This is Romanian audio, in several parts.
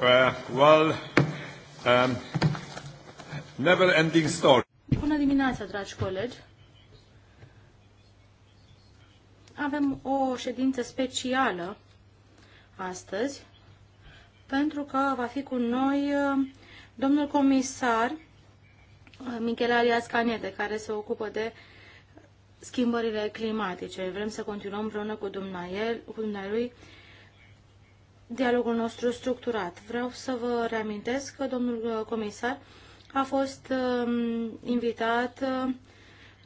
Uh, well, um, never ending story. Bună dimineața, dragi colegi. Avem o ședință specială astăzi, pentru că va fi cu noi uh, domnul comisar uh, Michele Arias Canete, care se ocupă de schimbările climatice. Vrem să continuăm împreună cu dumneavoastră dialogul nostru structurat. Vreau să vă reamintesc că domnul uh, comisar a fost um, invitat uh,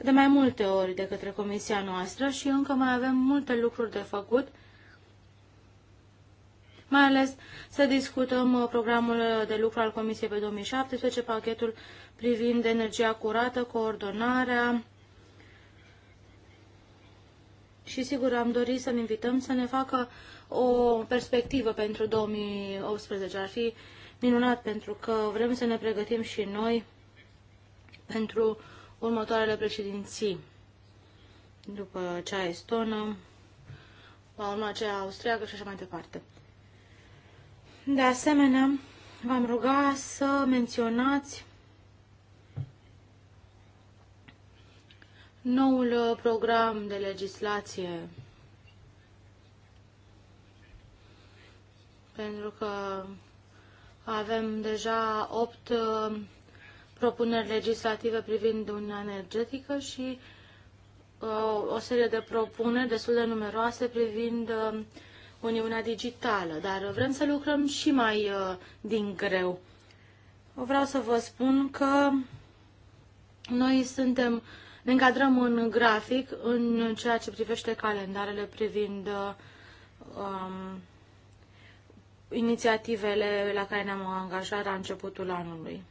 de mai multe ori de către comisia noastră și încă mai avem multe lucruri de făcut, mai ales să discutăm uh, programul de lucru al comisiei pe 2017, pachetul privind energia curată, coordonarea, și sigur am dorit să-l invităm să ne facă o perspectivă pentru 2018. Ar fi minunat pentru că vrem să ne pregătim și noi pentru următoarele președinții. După cea estonă, la urma aceea austriacă și așa mai departe. De asemenea, v-am ruga să menționați noul program de legislație pentru că avem deja opt uh, propuneri legislative privind Uniunea Energetică și uh, o serie de propuneri destul de numeroase privind uh, Uniunea Digitală, dar vrem să lucrăm și mai din greu. Vreau să vă spun că noi suntem, ne încadrăm în grafic în ceea ce privește calendarele privind um, inițiativele la care ne-am angajat la începutul anului.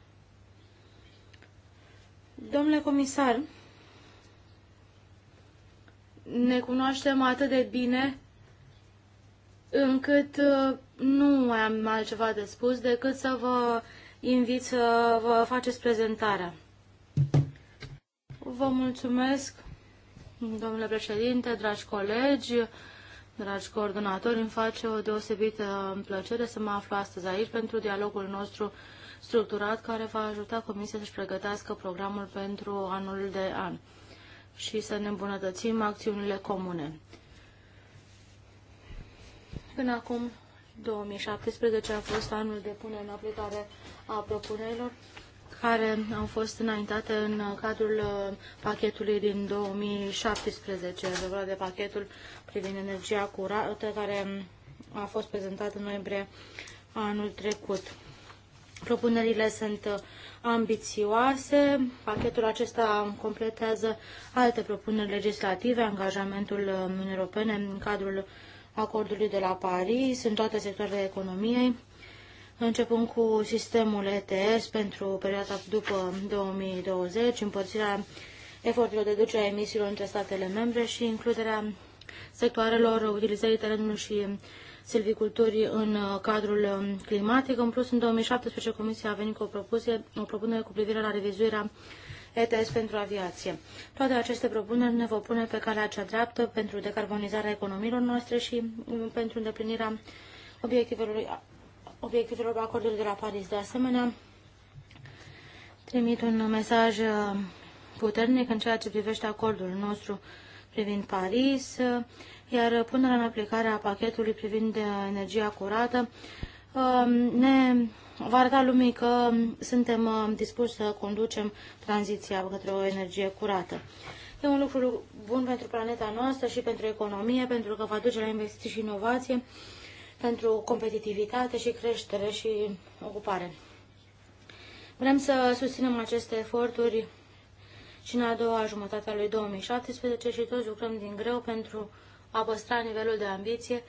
Domnule comisar, ne cunoaștem atât de bine încât uh, nu mai am altceva de spus decât să vă invit să vă faceți prezentarea. Vă mulțumesc, domnule președinte, dragi colegi, Dragi coordonatori, îmi face o deosebită plăcere să mă aflu astăzi aici pentru dialogul nostru structurat care va ajuta Comisia să-și pregătească programul pentru anul de an și să ne îmbunătățim acțiunile comune. Până acum, 2017 a fost anul de punere în aplicare a propunerilor care au fost înaintate în uh, cadrul uh, pachetului din 2017, vorba de pachetul privind energia curată, care um, a fost prezentat în noiembrie anul trecut. Propunerile sunt uh, ambițioase. Pachetul acesta completează alte propuneri legislative, angajamentul Uniunii Europene în cadrul acordului de la Paris, în toate sectoarele economiei, Începând cu sistemul ETS pentru perioada după 2020, împărțirea eforturilor de ducere a emisiilor între statele membre și includerea sectoarelor utilizării terenului și silviculturii în uh, cadrul um, climatic. În plus, în 2017, Comisia a venit cu o, propuse, o propunere cu privire la revizuirea ETS pentru aviație. Toate aceste propuneri ne vor pune pe calea cea dreaptă pentru decarbonizarea economiilor noastre și um, pentru îndeplinirea obiectivelor obiectivelor acordului de la Paris. De asemenea, trimit un mesaj uh, puternic în ceea ce privește acordul nostru privind Paris, uh, iar punerea în aplicare a pachetului privind uh, energia curată um, ne va arăta lumii că suntem dispuși să conducem tranziția către o energie curată. E un lucru bun pentru planeta noastră și pentru economie, pentru că va duce la investiții și inovație pentru competitivitate și creștere și ocupare. Vrem să susținem aceste eforturi și în a doua jumătate a lui 2017 și toți lucrăm din greu pentru a păstra nivelul de ambiție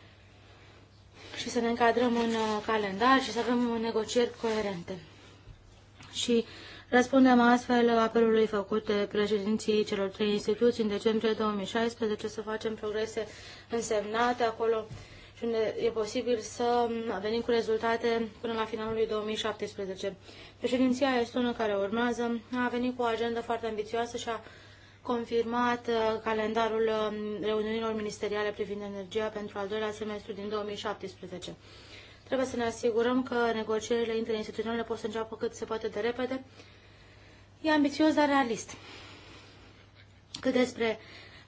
și să ne încadrăm în uh, calendar și să avem negocieri coerente. Și răspundem astfel apelului făcut de președinții celor trei instituții în decembrie 2016 să facem progrese însemnate acolo și unde e posibil să venim cu rezultate până la finalul lui 2017. Președinția estonă care urmează a venit cu o agendă foarte ambițioasă și a confirmat uh, calendarul uh, reuniunilor ministeriale privind energia pentru al doilea semestru din 2017. Trebuie să ne asigurăm că negocierile interinstituționale pot să înceapă cât se poate de repede. E ambițios, dar realist. Cât despre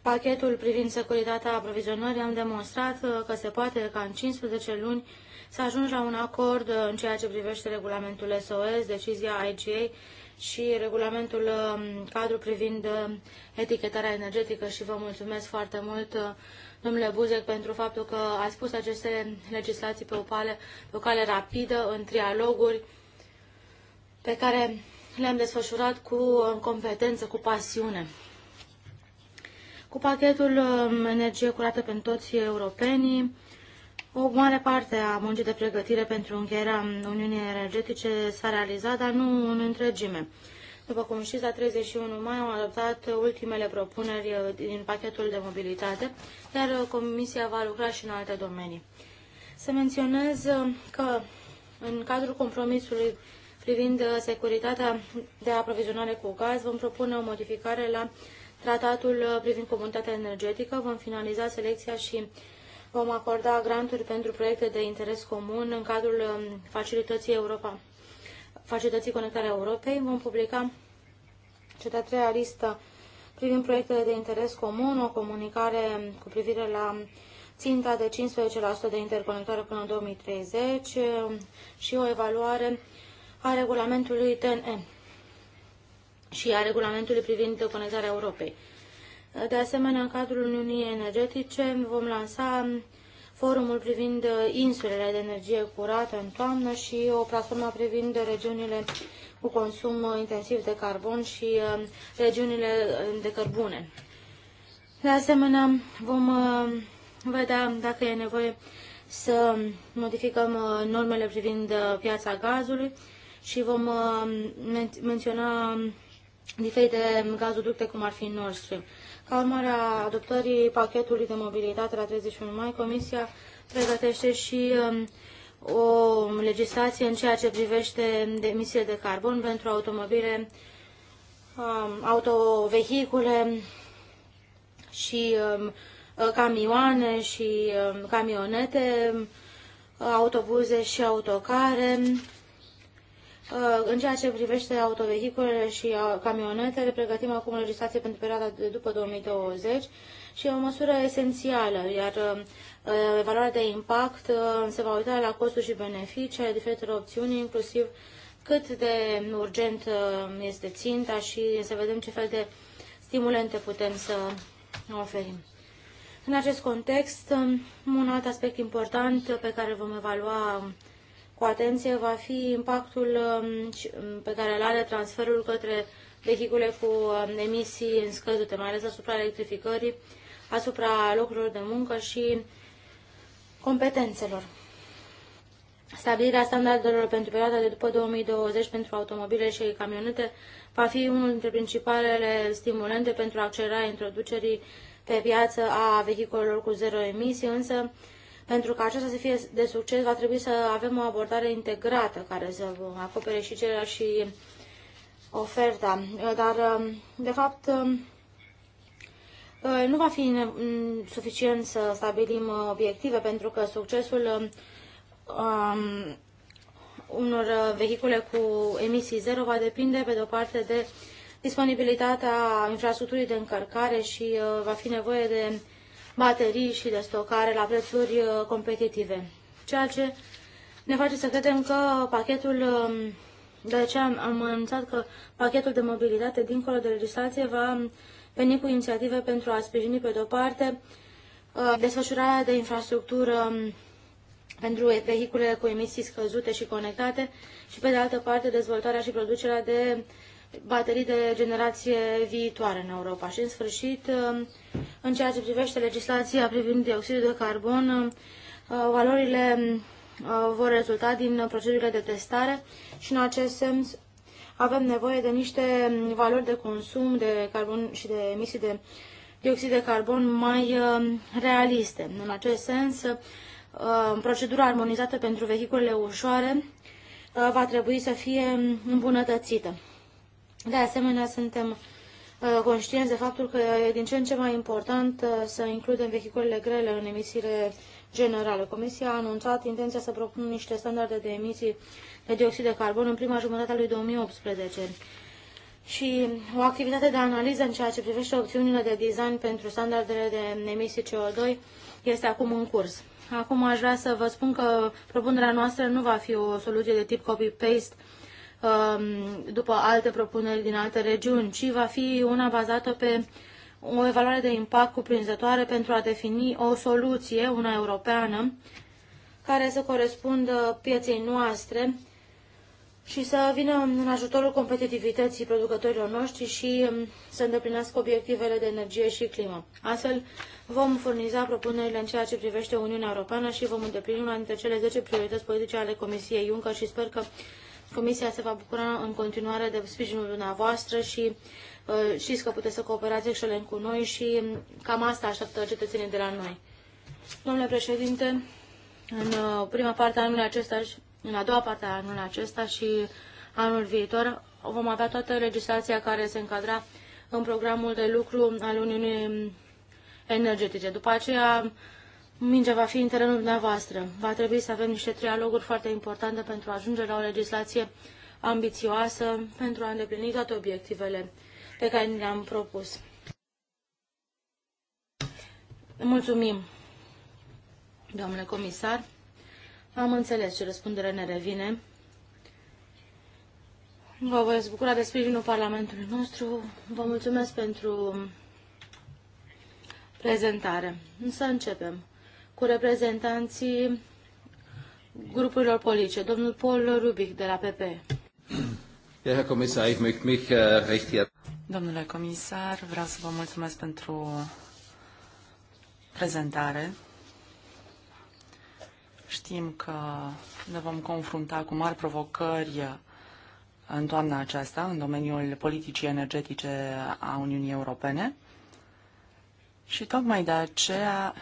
pachetul privind securitatea aprovizionării am demonstrat că se poate ca în 15 luni să ajungi la un acord uh, în ceea ce privește regulamentul SOS, decizia IGA și regulamentul um, cadru privind uh, etichetarea energetică și vă mulțumesc foarte mult, uh, domnule Buzec, pentru faptul că a spus aceste legislații pe o, pale, pe o cale rapidă, în trialoguri pe care le-am desfășurat cu competență, cu pasiune. Cu pachetul um, energie curată pentru toți europenii, o mare parte a muncii de pregătire pentru încheierea Uniunii Energetice s-a realizat, dar nu în întregime. După cum știți, la 31 mai au adoptat ultimele propuneri uh, din pachetul de mobilitate, iar uh, Comisia va lucra și în alte domenii. Să menționez uh, că în cadrul compromisului privind securitatea de aprovizionare cu gaz vom propune o modificare la tratatul uh, privind comunitatea energetică, vom finaliza selecția și vom acorda granturi pentru proiecte de interes comun în cadrul um, facilității Europa, facilității conectarea Europei. Vom publica cea de-a treia listă privind proiectele de interes comun, o comunicare cu privire la ținta de 15% de interconectare până în 2030 um, și o evaluare a regulamentului TNE și a regulamentului privind conectarea Europei. De asemenea, în cadrul Uniunii Energetice vom lansa forumul privind insulele de energie curată în toamnă și o platformă privind regiunile cu consum intensiv de carbon și um, regiunile um, de cărbune. De asemenea, vom um, vedea dacă e nevoie să modificăm uh, normele privind uh, piața gazului și vom menționa diferite gazoducte, cum ar fi Nord Stream. Ca urmare a adoptării pachetului de mobilitate la 31 mai, Comisia pregătește și um, o legislație în ceea ce privește emisiile de carbon pentru automobile, um, autovehicule și um, camioane și camionete, autobuze și autocare, Uh, în ceea ce privește autovehiculele și uh, camionetele, pregătim acum legislație pentru perioada de după 2020 și e o măsură esențială, iar uh, evaluarea de impact se va uita la costuri și beneficii ale diferitelor opțiuni, inclusiv cât de urgent este ținta și să vedem ce fel de stimulente putem să oferim. În acest context, um, un alt aspect important pe care vom evalua um, cu atenție va fi impactul um, um, pe care îl are transferul către vehicule cu um, emisii scăzute, mai ales asupra electrificării, asupra locurilor de muncă și competențelor. Stabilirea standardelor pentru perioada de după 2020 pentru automobile și camionete va fi unul dintre principalele stimulente pentru accelerarea introducerii pe piață a vehiculelor cu zero emisii, însă pentru că acesta să fie de succes, va trebui să avem o abordare integrată care să acopere și cererea și oferta. Dar, um, de fapt, um, uh, nu va fi suficient să stabilim uh, obiective, pentru că succesul um, um unor uh, vehicule cu emisii zero va depinde, pe de-o parte, de disponibilitatea infrastructurii de încărcare și uh, va fi nevoie de baterii și de stocare la prețuri uh, competitive. Ceea ce ne face să credem că pachetul, um, de aceea am anunțat că pachetul de mobilitate dincolo de legislație va veni cu inițiative pentru a sprijini pe de-o parte uh, desfășurarea de infrastructură um, pentru vehicule cu emisii scăzute și conectate și, pe de altă parte, dezvoltarea și producerea de baterii de generație viitoare în Europa. Și, în sfârșit, um, în ceea ce privește legislația privind dioxidul de carbon, um, uh, valorile um, uh, vor rezulta din procedurile de testare și, în acest sens, avem nevoie de niște valori de consum de carbon și de emisii de dioxid de carbon mai realiste. În acest sens, uh, procedura armonizată pentru vehiculele ușoare va trebui să fie îmbunătățită. De asemenea, suntem uh, conștienți de faptul că e din ce în ce mai important uh, să includem vehiculele grele în emisiile generale. Comisia a anunțat intenția să propună niște standarde de emisii de dioxid de carbon în prima jumătate a lui 2018 și o activitate de analiză în ceea ce privește opțiunile de design pentru standardele de emisii CO2 este acum în curs. Acum aș vrea să vă spun că propunerea noastră nu va fi o soluție de tip copy-paste Um, după alte propuneri din alte regiuni, ci va fi una bazată pe o evaluare de impact cuprinzătoare pentru a defini o soluție, una europeană, care să corespundă pieței noastre și să vină în ajutorul competitivității producătorilor noștri și um, să îndeplinească obiectivele de energie și climă. Astfel, vom furniza propunerile în ceea ce privește Uniunea Europeană și vom îndeplini una dintre cele 10 priorități politice ale Comisiei Juncker și sper că Comisia se va bucura în continuare de sprijinul dumneavoastră și uh, știți că puteți să cooperați excelent cu noi și cam asta așteaptă cetățenii de la noi. Domnule președinte, în uh, prima parte a anului acesta și în a doua parte a anului acesta și anul viitor vom avea toată legislația care se încadra în programul de lucru al Uniunii Energetice. După aceea, mingea va fi în terenul dumneavoastră. Va trebui să avem niște trialoguri foarte importante pentru a ajunge la o legislație ambițioasă, pentru a îndeplini toate obiectivele pe care ni le-am propus. Mulțumim, domnule comisar. Am înțeles ce răspundere ne revine. Vă voi bucura de sprijinul Parlamentului nostru. Vă mulțumesc pentru prezentare. Să începem cu reprezentanții grupurilor politice. Domnul Paul Rubic de la PP. Herr Kommissar, ich möchte mich äh, recht Domnule comisar, vreau să vă mulțumesc pentru prezentare. Știm că ne vom confrunta cu mari provocări în toamna aceasta, în domeniul politicii energetice a Uniunii Europene. Și tocmai de aceea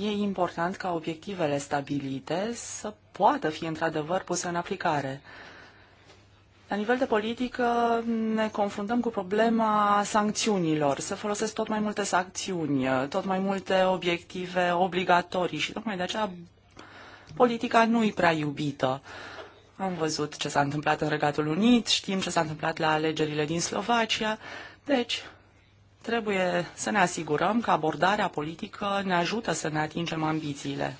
e important ca obiectivele stabilite să poată fi într-adevăr puse în aplicare. La nivel de politică ne confruntăm cu problema sancțiunilor. să folosesc tot mai multe sancțiuni, tot mai multe obiective obligatorii și tocmai de aceea politica nu e prea iubită. Am văzut ce s-a întâmplat în Regatul Unit, știm ce s-a întâmplat la alegerile din Slovacia, deci Trebuie să ne asigurăm că abordarea politică ne ajută să ne atingem ambițiile.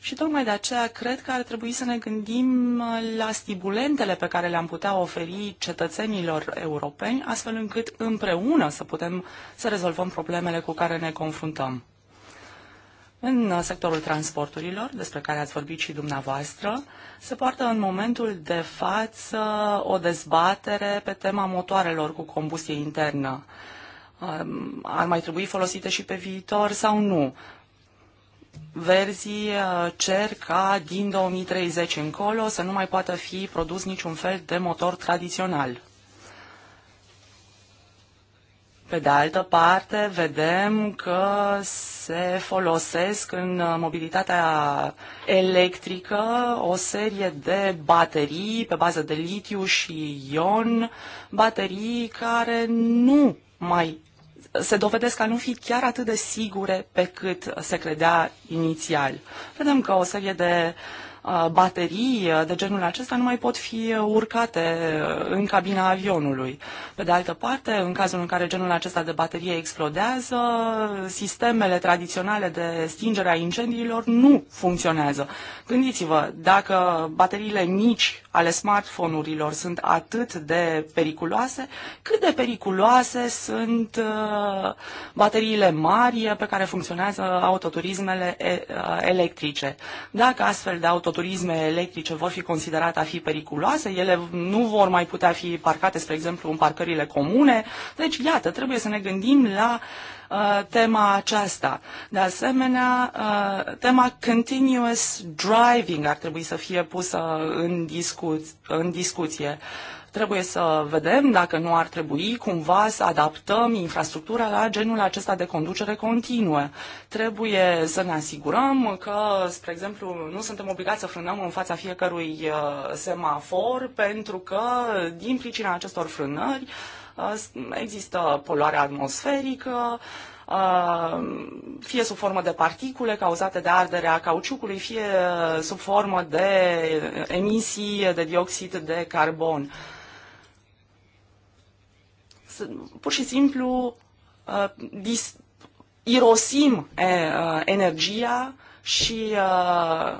Și tocmai de aceea cred că ar trebui să ne gândim la stimulentele pe care le-am putea oferi cetățenilor europeni, astfel încât împreună să putem să rezolvăm problemele cu care ne confruntăm. În sectorul transporturilor, despre care ați vorbit și dumneavoastră, se poartă în momentul de față o dezbatere pe tema motoarelor cu combustie internă. Um, ar mai trebui folosite și pe viitor sau nu. Verzii uh, cer ca din 2030 încolo să nu mai poată fi produs niciun fel de motor tradițional. Pe de altă parte, vedem că se folosesc în uh, mobilitatea electrică o serie de baterii pe bază de litiu și ion, baterii care nu mai se dovedesc a nu fi chiar atât de sigure pe cât se credea inițial. Vedem că o serie de uh, Uh, baterii uh, de genul acesta nu mai pot fi uh, urcate în cabina avionului. Pe de altă parte, în cazul în care genul acesta de baterie explodează, sistemele tradiționale de stingere a incendiilor nu funcționează. Gândiți-vă, dacă bateriile mici ale smartphone-urilor sunt atât de periculoase, cât de periculoase sunt bateriile mari pe care funcționează autoturismele electrice. Dacă astfel de auto autoturisme electrice vor fi considerate a fi periculoase, ele nu vor mai putea fi parcate, spre exemplu, în parcările comune. Deci, iată, trebuie să ne gândim la uh, tema aceasta. De asemenea, uh, tema continuous driving ar trebui să fie pusă în, discu- în discuție. Uh, Trebuie să vedem dacă nu ar trebui cumva să adaptăm infrastructura la genul acesta de conducere continuă. Trebuie să ne asigurăm că, spre exemplu, nu suntem obligați să frânăm în fața fiecărui uh, semafor pentru că, din pricina acestor frânări, uh, există poluare atmosferică, uh, fie sub formă de particule cauzate de arderea cauciucului, fie sub formă de emisii de dioxid de carbon pur și simplu uh, dis- irosim e, uh, energia și uh,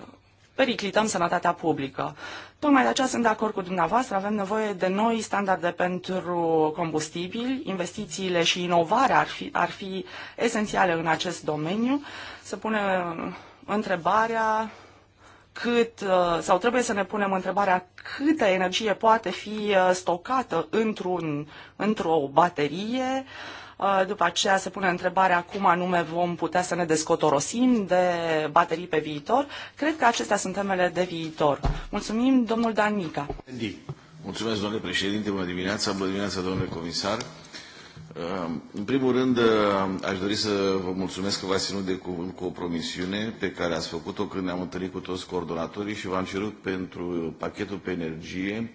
periclităm sănătatea publică. Tocmai de aceea sunt de acord cu dumneavoastră, avem nevoie de noi standarde pentru combustibili, investițiile și inovarea ar fi, ar fi esențiale în acest domeniu. Să punem uh, întrebarea cât, uh, sau trebuie să ne punem întrebarea câtă energie poate fi uh, stocată într-un, într-o baterie. Uh, după aceea se pune întrebarea cum anume vom putea să ne descotorosim de baterii pe viitor. Cred că acestea sunt temele de viitor. Mulțumim, domnul Dan Mulțumesc, domnule președinte, bună dimineața, bună dimineața, domnule comisar. Ehm, în primul rând, ehm, aș dori să vă mulțumesc că v-ați ținut de cuvânt cu o promisiune pe care ați făcut-o când ne-am întâlnit cu toți coordonatorii și v-am cerut pentru pachetul pe energie,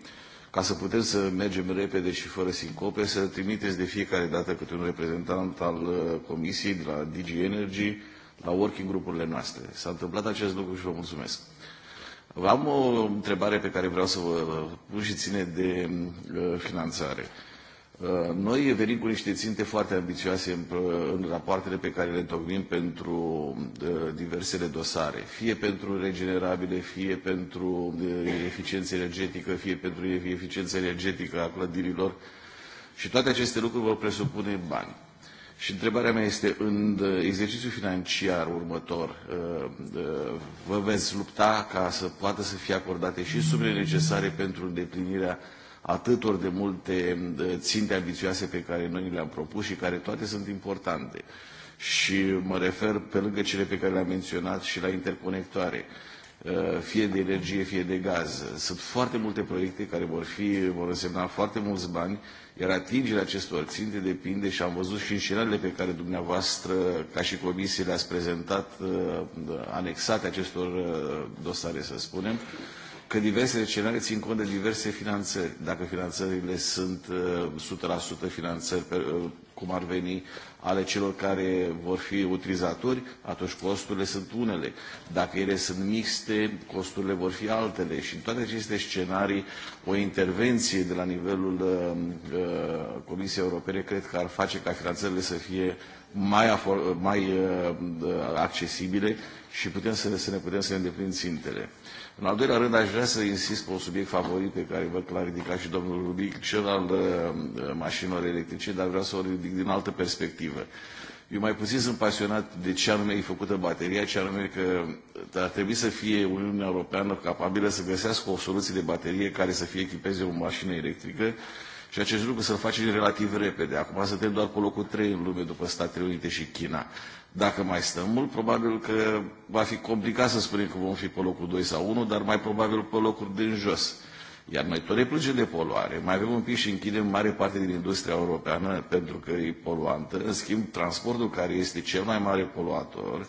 ca să putem să mergem repede și fără sincope, să trimiteți de fiecare dată câte un reprezentant al uh, Comisiei de la DG Energy la working grupurile noastre. S-a întâmplat acest lucru și vă mulțumesc. Am o întrebare pe care vreau să vă uh, pun și ține de uh, finanțare. Uh, noi venim cu niște ținte foarte ambițioase în, uh, în rapoartele pe care le întocmim pentru uh, diversele dosare, fie pentru regenerabile, fie pentru eficiență energetică, fie pentru eficiență energetică a clădirilor. Și toate aceste lucruri vor presupune bani. Și întrebarea mea este, în exercițiul financiar următor, vă veți lupta ca să poată să fie acordate și sumele necesare pentru îndeplinirea atâtor de multe eh, ținte ambițioase pe care noi le-am propus și care toate sunt importante. Și mă refer, pe lângă cele pe care le-am menționat, și la interconectare eh, fie de energie, fie de gaz. Sunt foarte multe proiecte care vor, fi, vor însemna foarte mulți bani, iar atingerea acestor ținte depinde și am văzut și în scenariile pe care dumneavoastră, ca și comisie, le-ați prezentat eh, anexate acestor dosare, să spunem, că diverse scenarii țin cont de diverse finanțări. Dacă finanțările sunt uh, 100% finanțări, uh, cum ar veni, ale celor care vor fi utilizatori, atunci costurile sunt unele. Dacă ele sunt mixte, costurile vor fi altele. Și în toate aceste scenarii, o intervenție de la nivelul uh, uh Comisiei Europene cred că ar face ca finanțările să fie mai, mai uh, accesibile și putem să, să ne putem să ne îndeplinim țintele. În al doilea rând, aș vrea să insist pe un subiect favorit pe care văd că l-a ridicat și domnul Rubic, cel al uh, mașinilor electrice, dar vreau să o ridic din altă perspectivă. Eu mai puțin sunt pasionat de ce anume e făcută bateria, ce anume că uh, ar trebui să fie Uniunea Europeană capabilă să găsească o soluție de baterie care să fie echipeze o mașină electrică și acest lucru să-l face relativ repede. Acum suntem doar pe locul 3 în lume după Statele Unite și China. Dacă mai stăm mult, probabil că va fi complicat să spunem că vom fi pe locul 2 sau 1, dar mai probabil pe locuri din jos. Iar noi tot ne de poluare. Mai avem un pic și închidem mare parte din industria europeană pentru că e poluantă. În schimb, transportul care este cel mai mare poluator,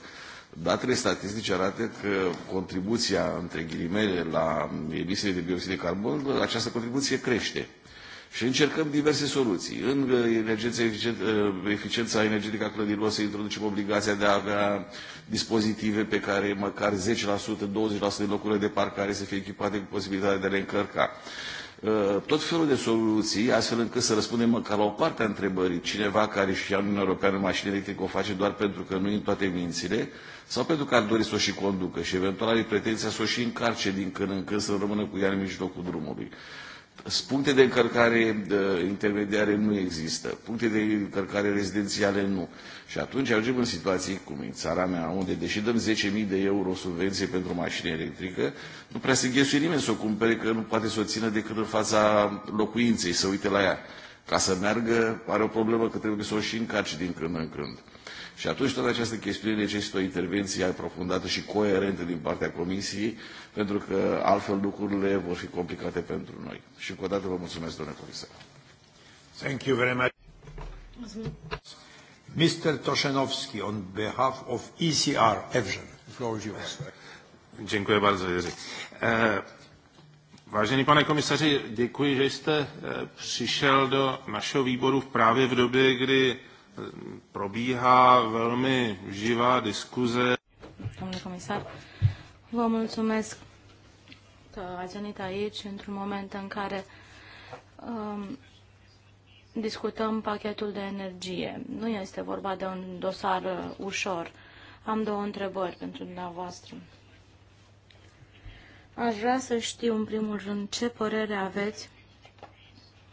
datele statistice arată că contribuția, între ghilimele, la emisiile de dioxid de carbon, această contribuție crește. Și încercăm diverse soluții. În uh, eficiența, uh, eficiența energetică a clădirilor să introducem obligația de a avea dispozitive pe care măcar 10%, 20% din locurile de parcare să fie echipate cu posibilitatea de a le încărca uh, tot felul de soluții, astfel încât să răspundem măcar la o parte a întrebării, cineva care și ia Uniunea Europeană mașină electrică o face doar pentru că nu e în toate mințile, sau pentru că ar dori să o și conducă și eventual are pretenția să o și încarce din când în când să rămână cu ea în mijlocul drumului. Puncte de încărcare intermediare nu există, puncte de încărcare rezidențiale nu. Și atunci ajungem în situații, cum în țara mea, unde deși dăm 10.000 de euro subvenție pentru o mașină electrică, nu prea se ghesuie nimeni să o cumpere, că nu poate să o țină decât în fața locuinței, să uite la ea. Ca să meargă, are o problemă că trebuie să o și încarci din când în când. Și atunci toată această chestiune necesită o intervenție aprofundată și coerentă din partea Comisiei, pentru că altfel lucrurile vor fi complicate pentru noi. Și încă o dată vă mulțumesc, domnule comisar. Thank you very much. Mr. Toshenovski, on behalf of ECR, Evgen, the floor is yours. Dziękuję bardzo, Jerzy. Vážený pane komisaři, děkuji, že jste přišel do našeho výboru právě v době, kdy probíhá velmi živá diskuze. Domnule comisar, vă mulțumesc că ați venit aici într-un moment în care um, discutăm pachetul de energie. Nu este vorba de un dosar uh, ușor. Am două întrebări pentru dumneavoastră. Aș vrea să știu, în primul rând, ce părere aveți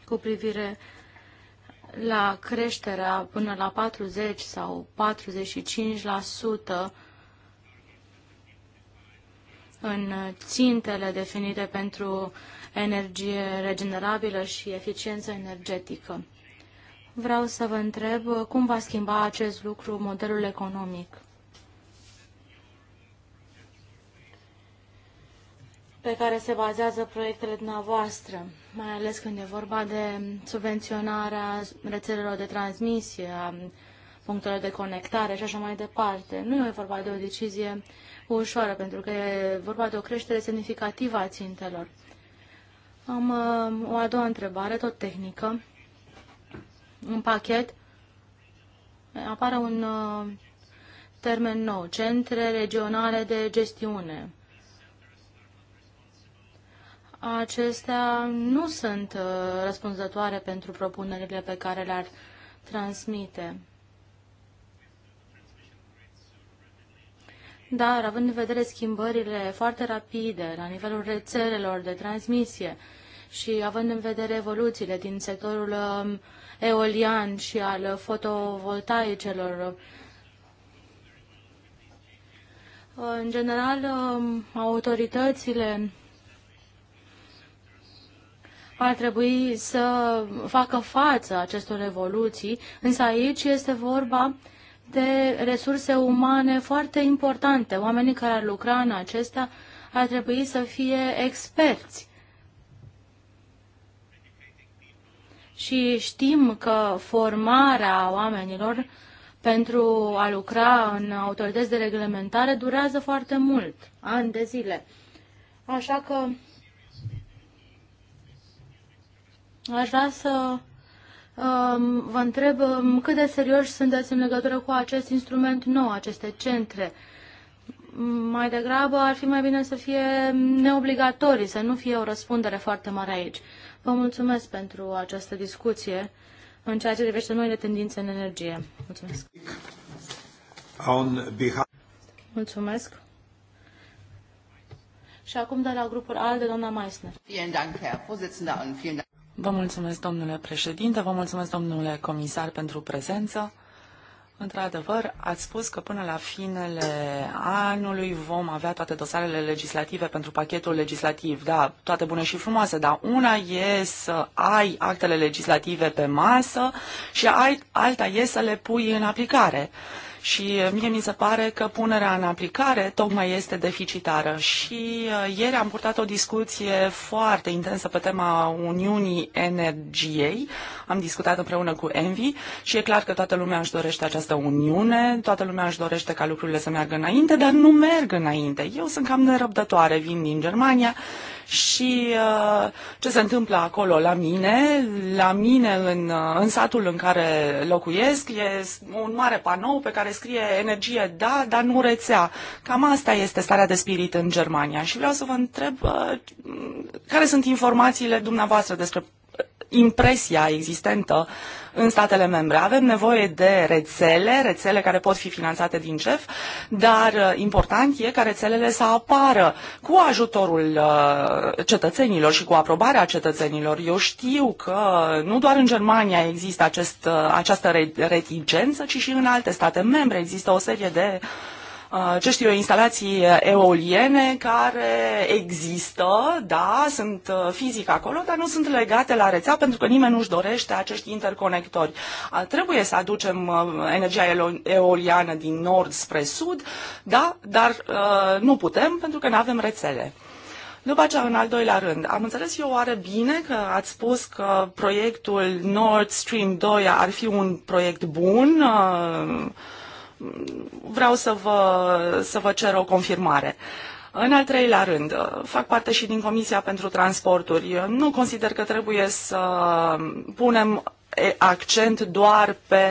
cu privire uh, la creșterea până la 40 sau 45% în țintele definite pentru energie regenerabilă și eficiență energetică. Vreau să vă întreb cum va schimba acest lucru modelul economic. pe care se bazează proiectele dumneavoastră, mai ales când e vorba de subvenționarea rețelelor de transmisie, a punctelor de conectare și așa mai departe. Nu e vorba de o decizie ușoară, pentru că e vorba de o creștere semnificativă a țintelor. Am uh, o a doua întrebare, tot tehnică. În pachet apare un uh, termen nou, centre regionale de gestiune acestea nu sunt uh, răspunzătoare pentru propunerile pe care le-ar transmite. Dar, având în vedere schimbările foarte rapide la nivelul rețelelor de transmisie și având în vedere evoluțiile din sectorul um, eolian și al fotovoltaicelor, uh, în general, um, autoritățile ar trebui să facă față acestor evoluții, însă aici este vorba de resurse umane foarte importante. Oamenii care ar lucra în acestea ar trebui să fie experți. Și știm că formarea oamenilor pentru a lucra în autorități de reglementare durează foarte mult, ani de zile. Așa că Aș vrea să um, vă întreb um, cât de serioși sunteți în legătură cu acest instrument nou, aceste centre. Mai degrabă ar fi mai bine să fie neobligatorii, să nu fie o răspundere foarte mare aici. Vă mulțumesc pentru această discuție în ceea ce privește noile tendințe în energie. Mulțumesc. Mulțumesc. Și acum de la grupul ALDE, doamna Meissner. Vă mulțumesc, domnule președinte, vă mulțumesc, domnule comisar, pentru prezență. Într-adevăr, ați spus că până la finele anului vom avea toate dosarele legislative pentru pachetul legislativ. Da, toate bune și frumoase, dar una e să ai actele legislative pe masă și alta e să le pui în aplicare. Și uh, mie mi se pare că punerea în aplicare tocmai este deficitară. Și uh, ieri am purtat o discuție foarte intensă pe tema Uniunii Energiei. Am discutat împreună cu Envi și e clar că toată lumea își dorește această uniune, toată lumea își dorește ca lucrurile să meargă înainte, dar nu merg înainte. Eu sunt cam nerăbdătoare, vin din Germania și uh, ce se întâmplă acolo la mine. La mine, în, uh, în satul în care locuiesc, e un mare panou pe care scrie energie da, dar nu rețea. Cam asta este starea de spirit în Germania și vreau să vă întreb uh, care sunt informațiile dumneavoastră despre impresia existentă uh, în statele membre. Avem nevoie de rețele, rețele care pot fi finanțate din CEF, dar uh, important e ca rețelele să apară cu ajutorul uh, cetățenilor și cu aprobarea cetățenilor. Eu știu că nu doar în Germania există acest, uh, această reticență, ci și în alte state membre există o serie de uh, ce știu eu, instalații eoliene care există, da, sunt uh, fizic acolo, dar nu sunt legate la rețea pentru că nimeni nu-și dorește acești interconectori. Trebuie să aducem uh, energia eoliană din nord spre sud, da, dar uh, nu putem pentru că nu avem rețele. După aceea, în al doilea rând, am înțeles eu oare bine că ați spus că proiectul Nord Stream 2 ar fi un proiect bun, uh, vreau să vă, să vă cer o confirmare. În al treilea rând, fac parte și din Comisia pentru Transporturi. Eu nu consider că trebuie să punem accent doar pe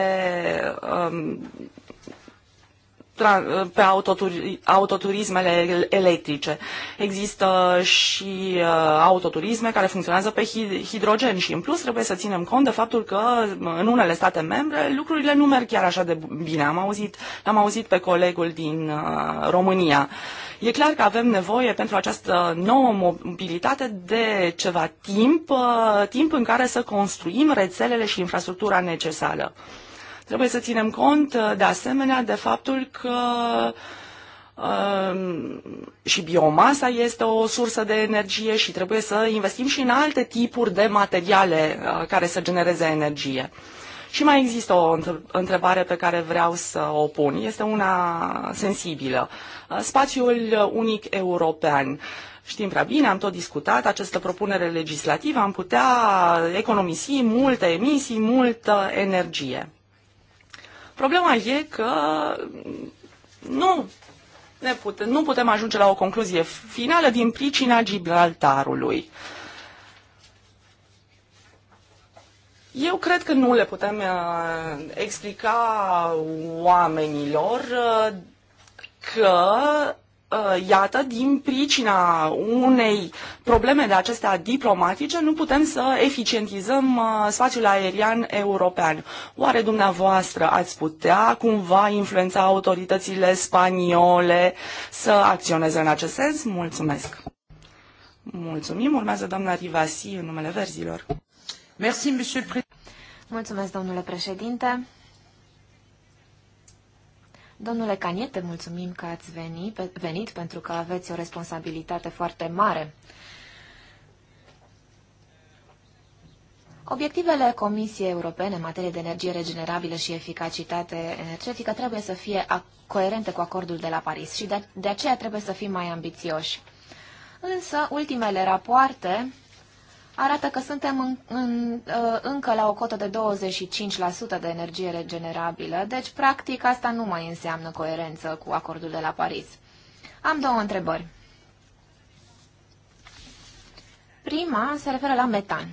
um, pe autoturi, autoturismele electrice. Există și uh, autoturisme care funcționează pe hidrogen și în plus trebuie să ținem cont de faptul că uh, în unele state membre lucrurile nu merg chiar așa de bine. Am auzit, am auzit pe colegul din uh, România. E clar că avem nevoie pentru această nouă mobilitate de ceva timp, uh, timp în care să construim rețelele și infrastructura necesară. Trebuie să ținem cont, uh, de asemenea, de faptul că um, și biomasa este o sursă de energie și trebuie să investim și în alte tipuri de materiale uh, care să genereze energie. Și mai există o întrebare pe care vreau să o pun. Este una sensibilă. Uh, spațiul unic european. Știm prea bine, am tot discutat această propunere legislativă, am putea economisi multe emisii, multă energie. Problema e că nu ne putem, nu putem ajunge la o concluzie finală din pricina Gibraltarului. Eu cred că nu le putem uh, explica oamenilor uh, că Uh, iată, din pricina unei probleme de acestea diplomatice, nu putem să eficientizăm uh, spațiul aerian european. Oare dumneavoastră ați putea cumva influența autoritățile spaniole să acționeze în acest sens? Mulțumesc! Mulțumim. Urmează doamna Rivasi în numele verzilor. Mulțumesc, domnule președinte. Domnule Caniete, mulțumim că ați venit, venit pentru că aveți o responsabilitate foarte mare. Obiectivele Comisiei Europene în materie de energie regenerabilă și eficacitate energetică trebuie să fie coerente cu acordul de la Paris și de, de aceea trebuie să fim mai ambițioși. Însă, ultimele rapoarte arată că suntem în, în, uh, încă la o cotă de 25% de energie regenerabilă, deci practic asta nu mai înseamnă coerență cu acordul de la Paris. Am două întrebări. Prima se referă la metan.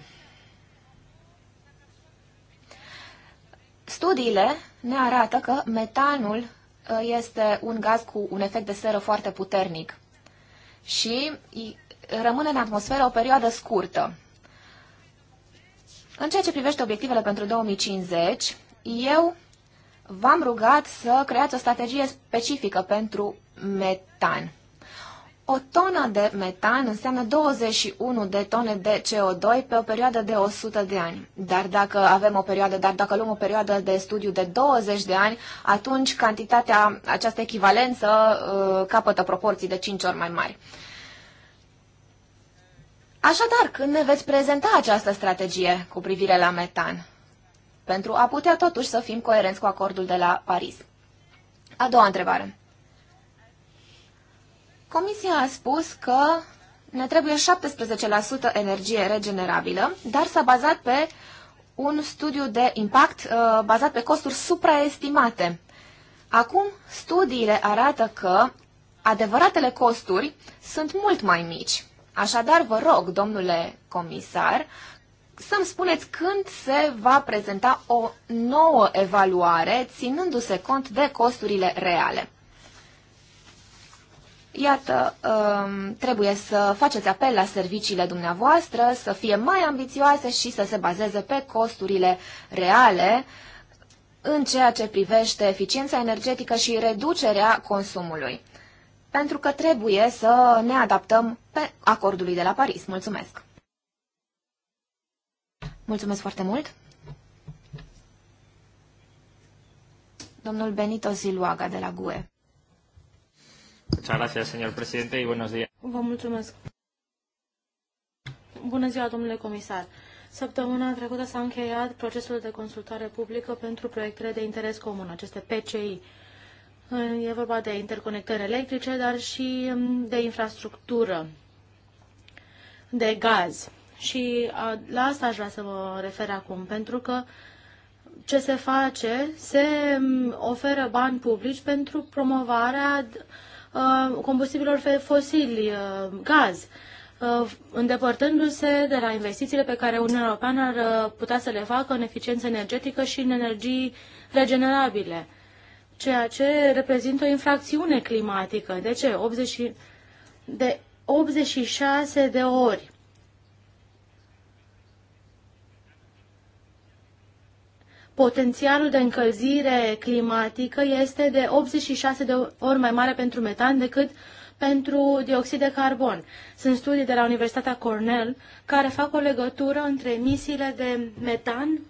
Studiile ne arată că metanul uh, este un gaz cu un efect de seră foarte puternic și rămâne în atmosferă o perioadă scurtă. În ceea ce privește obiectivele pentru 2050, eu v-am rugat să creați o strategie specifică pentru metan. O tonă de metan înseamnă 21 de tone de CO2 pe o perioadă de 100 de ani. Dar dacă avem o perioadă, dar dacă luăm o perioadă de studiu de 20 de ani, atunci cantitatea, această echivalență uh, capătă proporții de 5 ori mai mari. Așadar, când ne veți prezenta această strategie cu privire la metan? Pentru a putea totuși să fim coerenți cu acordul de la Paris. A doua întrebare. Comisia a spus că ne trebuie 17% energie regenerabilă, dar s-a bazat pe un studiu de impact uh, bazat pe costuri supraestimate. Acum, studiile arată că adevăratele costuri sunt mult mai mici. Așadar, vă rog, domnule comisar, să-mi spuneți când se va prezenta o nouă evaluare, ținându-se cont de costurile reale. Iată, um, trebuie să faceți apel la serviciile dumneavoastră, să fie mai ambițioase și să se bazeze pe costurile reale în ceea ce privește eficiența energetică și reducerea consumului pentru că trebuie să ne adaptăm pe acordului de la Paris. Mulțumesc! Mulțumesc foarte mult! Domnul Benito Ziluaga de la GUE. Vă mulțumesc. Bună ziua, domnule comisar. Săptămâna trecută s-a încheiat procesul de consultare publică pentru proiectele de interes comun, aceste PCI. E vorba de interconectări electrice, dar și mm, de infrastructură, de gaz. Și la asta aș vrea să mă refer acum, pentru că ce se face, se mm, oferă bani publici pentru promovarea combustibilor fosili, gaz, îndepărtându-se de la investițiile pe care Uniunea Europeană ar putea să le facă în eficiență energetică și în energii regenerabile ceea ce reprezintă o infracțiune climatică. De ce? 80, de 86 de ori. Potențialul de încălzire climatică este de 86 de ori mai mare pentru metan decât pentru dioxid de carbon. Sunt studii de la Universitatea Cornell care fac o legătură între emisiile de metan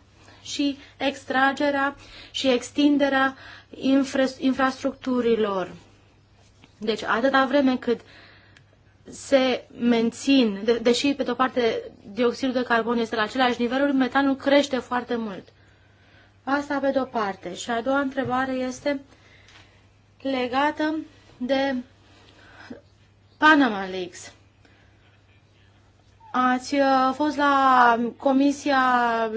și extragerea și extinderea infra infrastructurilor. Deci atâta vreme cât se mențin, de, deși pe de-o parte dioxidul de carbon este la același nivel, metanul crește foarte mult. Asta pe de-o parte. Și a doua întrebare este legată de Panama Leaks. Ați uh, fost la comisia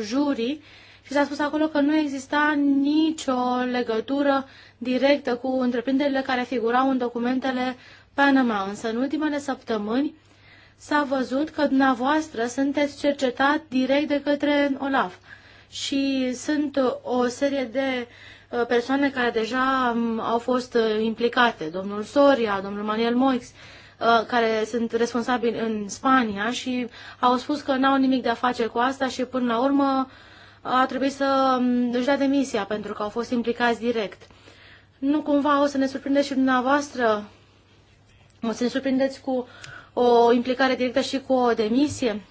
jurii și s-a spus acolo că nu exista nicio legătură directă cu întreprinderile care figurau în documentele Panama, însă în ultimele săptămâni s-a văzut că dumneavoastră sunteți cercetat direct de către OLAF și sunt o serie de uh, persoane care deja um, au fost uh, implicate, domnul Soria, domnul Manuel Moix, uh, care sunt responsabili în Spania și au spus că n-au nimic de a face cu asta și până la urmă a trebuit să mm, își dea demisia pentru că au fost implicați direct. Nu cumva o să ne surprindeți și dumneavoastră? O să ne surprindeți cu o implicare directă și cu o demisie?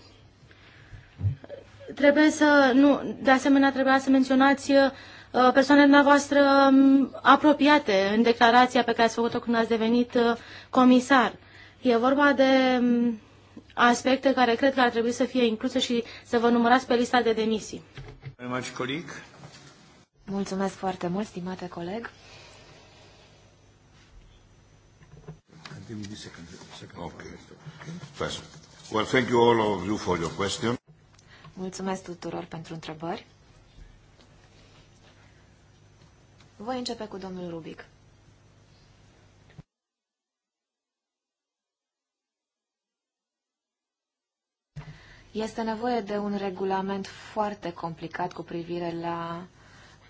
Trebuie să, nu, de asemenea trebuia să menționați uh, persoanele dumneavoastră mm, apropiate în declarația pe care ați făcut-o când ați devenit uh, comisar. E vorba de mm, aspecte care cred că ar trebui să fie incluse și să vă numărați pe lista de demisii. Mulțumesc foarte mult, stimate coleg. Well, thank you all of you for your question. Mulțumesc tuturor pentru întrebări. Voi începe cu domnul Rubic. Este nevoie de un regulament foarte complicat cu privire la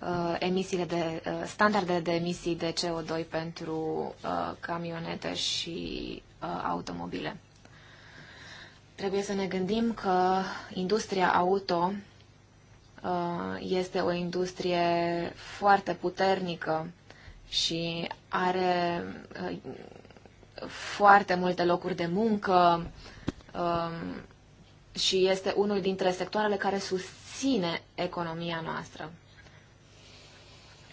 uh, emisiile de uh, standarde de emisii de CO2 pentru uh, camionete și uh, automobile. Trebuie să ne gândim că industria auto uh, este o industrie foarte puternică și are uh, foarte multe locuri de muncă, uh, și este unul dintre sectoarele care susține economia noastră.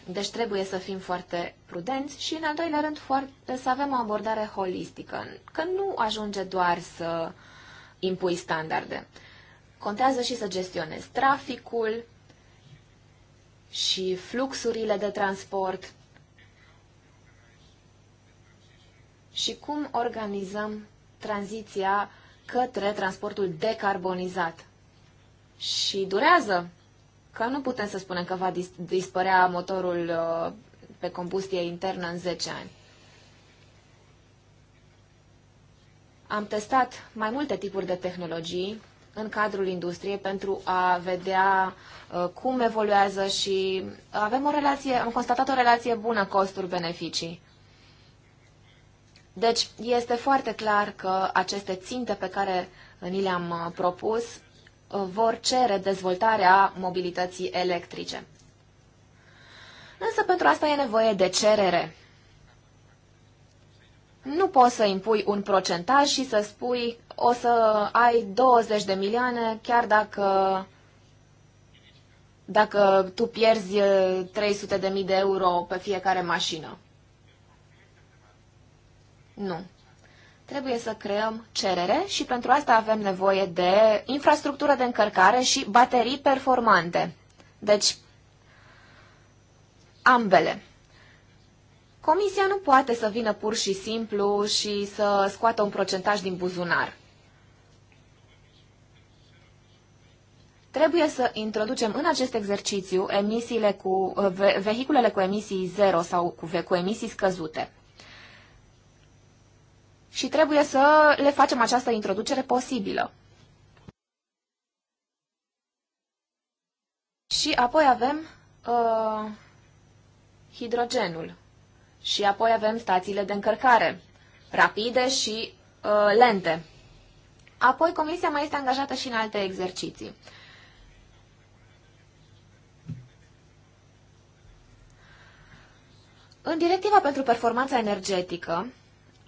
Deci trebuie să fim foarte prudenți și, în al doilea rând, foarte, să avem o abordare holistică, că nu ajunge doar să impui standarde. Contează și să gestionezi traficul și fluxurile de transport și cum organizăm tranziția către transportul decarbonizat. Și durează, că nu putem să spunem că va dis- dispărea motorul uh, pe combustie internă în 10 ani. Am testat mai multe tipuri de tehnologii în cadrul industriei pentru a vedea uh, cum evoluează și avem o relație, am constatat o relație bună costuri-beneficii. Deci este foarte clar că aceste ținte pe care ni le-am uh, propus uh, vor cere dezvoltarea mobilității electrice. Însă pentru asta e nevoie de cerere. Nu poți să impui un procentaj și să spui o să ai 20 de milioane chiar dacă, dacă tu pierzi 300 uh, de mii de euro pe fiecare mașină. Nu. Trebuie să creăm cerere și pentru asta avem nevoie de infrastructură de încărcare și baterii performante. Deci, ambele. Comisia nu poate să vină pur și simplu și să scoată un procentaj din buzunar. Trebuie să introducem în acest exercițiu emisiile cu, vehiculele cu emisii zero sau cu, cu emisii scăzute și trebuie să le facem această introducere posibilă. Și apoi avem uh, hidrogenul. Și apoi avem stațiile de încărcare, rapide și uh, lente. Apoi comisia mai este angajată și în alte exerciții. În directiva pentru performanța energetică,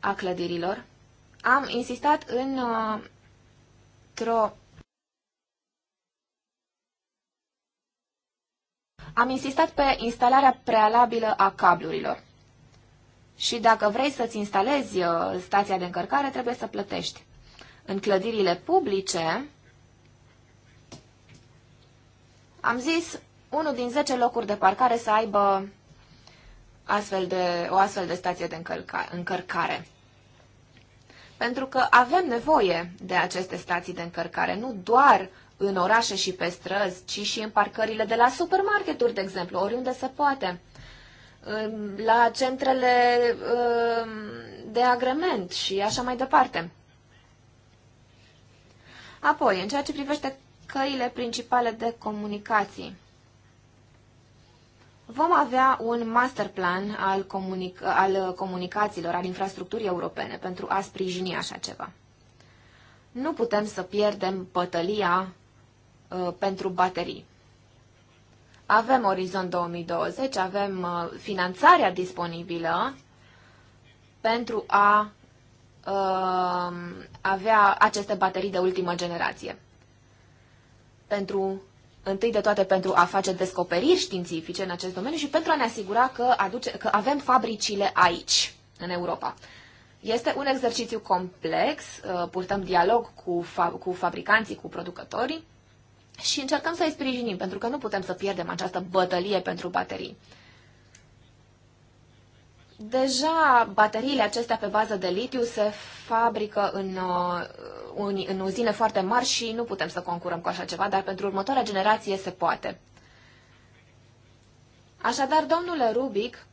a clădirilor. Am insistat în uh, tro Am insistat pe instalarea prealabilă a cablurilor. Și dacă vrei să-ți instalezi uh, stația de încărcare, trebuie să plătești. În clădirile publice, am zis, unul din 10 locuri de parcare să aibă astfel de, o astfel de stație de încărcare pentru că avem nevoie de aceste stații de încărcare, nu doar în orașe și pe străzi, ci și în parcările de la supermarketuri, de exemplu, oriunde se poate, la centrele um, de agrement și așa mai departe. Apoi, în ceea ce privește căile principale de comunicații, vom avea un master plan al, comunic- al comunicațiilor, al infrastructurii europene pentru a sprijini așa ceva. Nu putem să pierdem bătălia uh, pentru baterii. Avem Orizont 2020, avem uh, finanțarea disponibilă pentru a uh, avea aceste baterii de ultimă generație. Pentru întâi de toate pentru a face descoperiri științifice în acest domeniu și pentru a ne asigura că, aduce, că avem fabricile aici, în Europa. Este un exercițiu complex, uh, purtăm dialog cu, fa- cu fabricanții, cu producătorii și încercăm să îi sprijinim, pentru că nu putem să pierdem această bătălie pentru baterii. Deja bateriile acestea pe bază de litiu se fabrică în, uh, în uzine foarte mari și nu putem să concurăm cu așa ceva, dar pentru următoarea generație se poate. Așadar, domnule Rubic,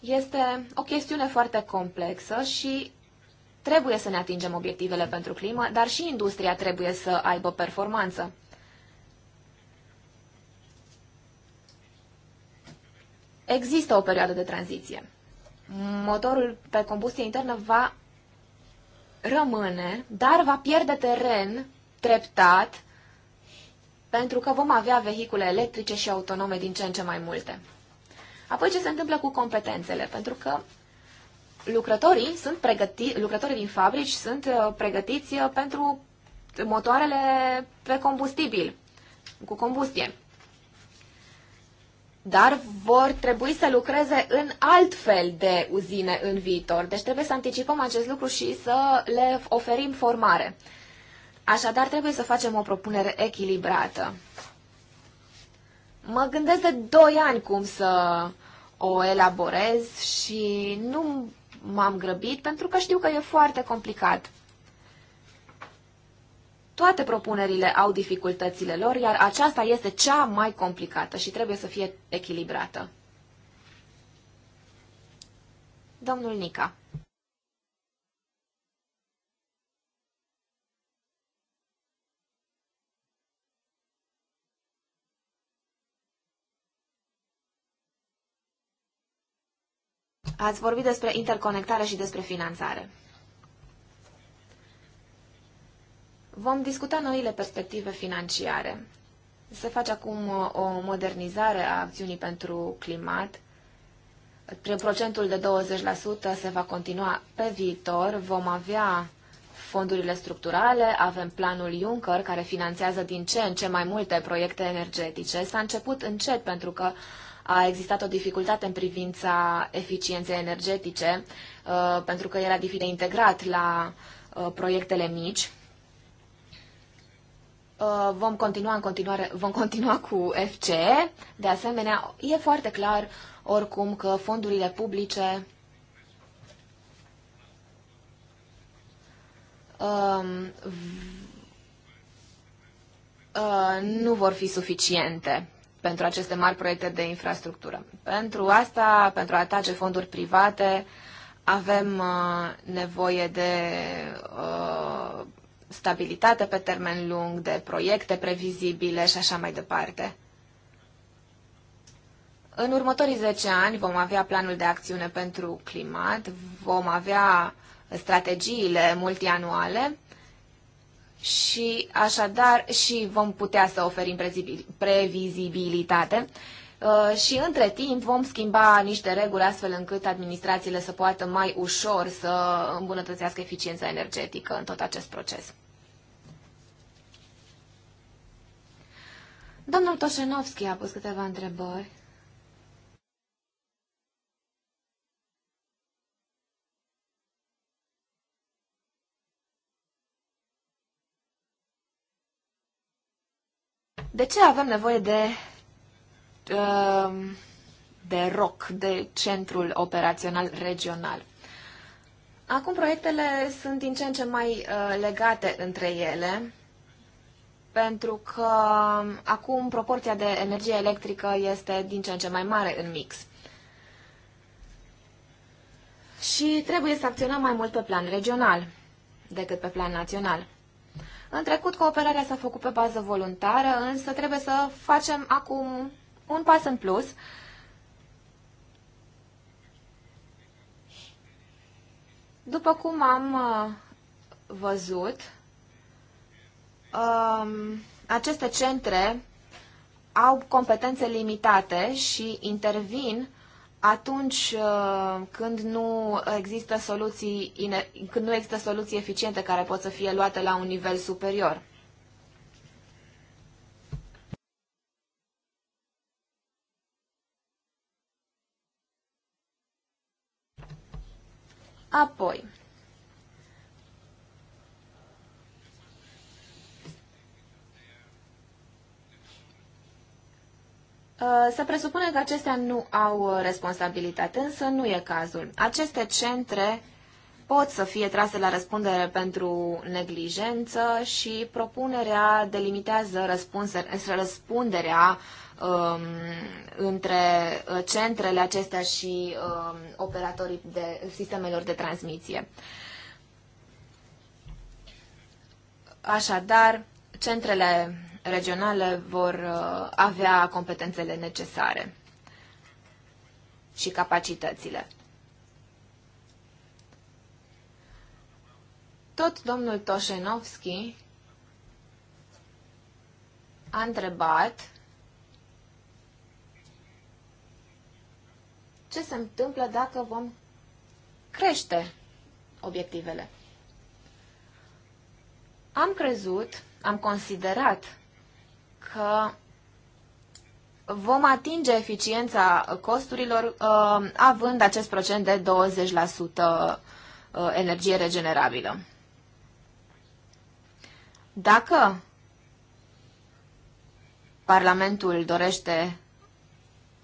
este o chestiune foarte complexă și trebuie să ne atingem obiectivele pentru climă, dar și industria trebuie să aibă performanță. Există o perioadă de tranziție motorul pe combustie internă va rămâne, dar va pierde teren treptat pentru că vom avea vehicule electrice și autonome din ce în ce mai multe. Apoi ce se întâmplă cu competențele? Pentru că lucrătorii, sunt pregăti, lucrătorii din fabrici sunt uh, pregătiți uh, pentru motoarele pe combustibil, cu combustie dar vor trebui să lucreze în alt fel de uzine în viitor. Deci trebuie să anticipăm acest lucru și să le oferim formare. Așadar, trebuie să facem o propunere echilibrată. Mă gândesc de 2 ani cum să o elaborez și nu m-am grăbit pentru că știu că e foarte complicat. Toate propunerile au dificultățile lor, iar aceasta este cea mai complicată și trebuie să fie echilibrată. Domnul Nica. Ați vorbit despre interconectare și despre finanțare. Vom discuta noile perspective financiare. Se face acum uh, o modernizare a acțiunii pentru climat. Prin procentul de 20% se va continua pe viitor. Vom avea fondurile structurale, avem planul Juncker, care finanțează din ce în ce mai multe proiecte energetice. S-a început încet pentru că a existat o dificultate în privința eficienței energetice, uh, pentru că era dificil de integrat la uh, proiectele mici Uh, vom continua în continuare, vom continua cu FCE. De asemenea, e foarte clar oricum că fondurile publice um, uh, nu vor fi suficiente pentru aceste mari proiecte de infrastructură. Pentru asta, pentru a atace fonduri private, avem uh, nevoie de uh, stabilitate pe termen lung, de proiecte previzibile și așa mai departe. În următorii 10 ani vom avea planul de acțiune pentru climat, vom avea strategiile multianuale și așadar și vom putea să oferim previzibilitate Uh, și între timp vom schimba niște reguli astfel încât administrațiile să poată mai ușor să îmbunătățească eficiența energetică în tot acest proces. Domnul Toșenovski a pus câteva întrebări. De ce avem nevoie de Ehm, de ROC, de Centrul Operațional Regional. Acum proiectele sunt din ce în ce mai eh, legate între ele, pentru că acum proporția de energie electrică este din ce în ce mai mare în mix. Și trebuie să acționăm mai mult pe plan regional decât pe plan național. În trecut, cooperarea s-a făcut pe bază voluntară, însă trebuie să facem acum un pas în plus. După cum am uh, văzut, um, aceste centre au competențe limitate și intervin atunci uh, când nu există soluții, când nu există soluții eficiente care pot să fie luate la un nivel superior. Apoi, uh, Să presupunem că acestea nu au uh, responsabilitate, însă nu e cazul. Aceste centre pot să fie trase la răspundere pentru neglijență și propunerea delimitează răspunderea um, între uh, centrele acestea și um, operatorii de sistemelor de transmisie. Așadar, centrele regionale vor uh, avea competențele necesare și capacitățile. Tot domnul Toșenovski a întrebat ce se întâmplă dacă vom crește obiectivele. Am crezut, am considerat că vom atinge eficiența costurilor uh, având acest procent de 20% uh, energie regenerabilă. Dacă Parlamentul dorește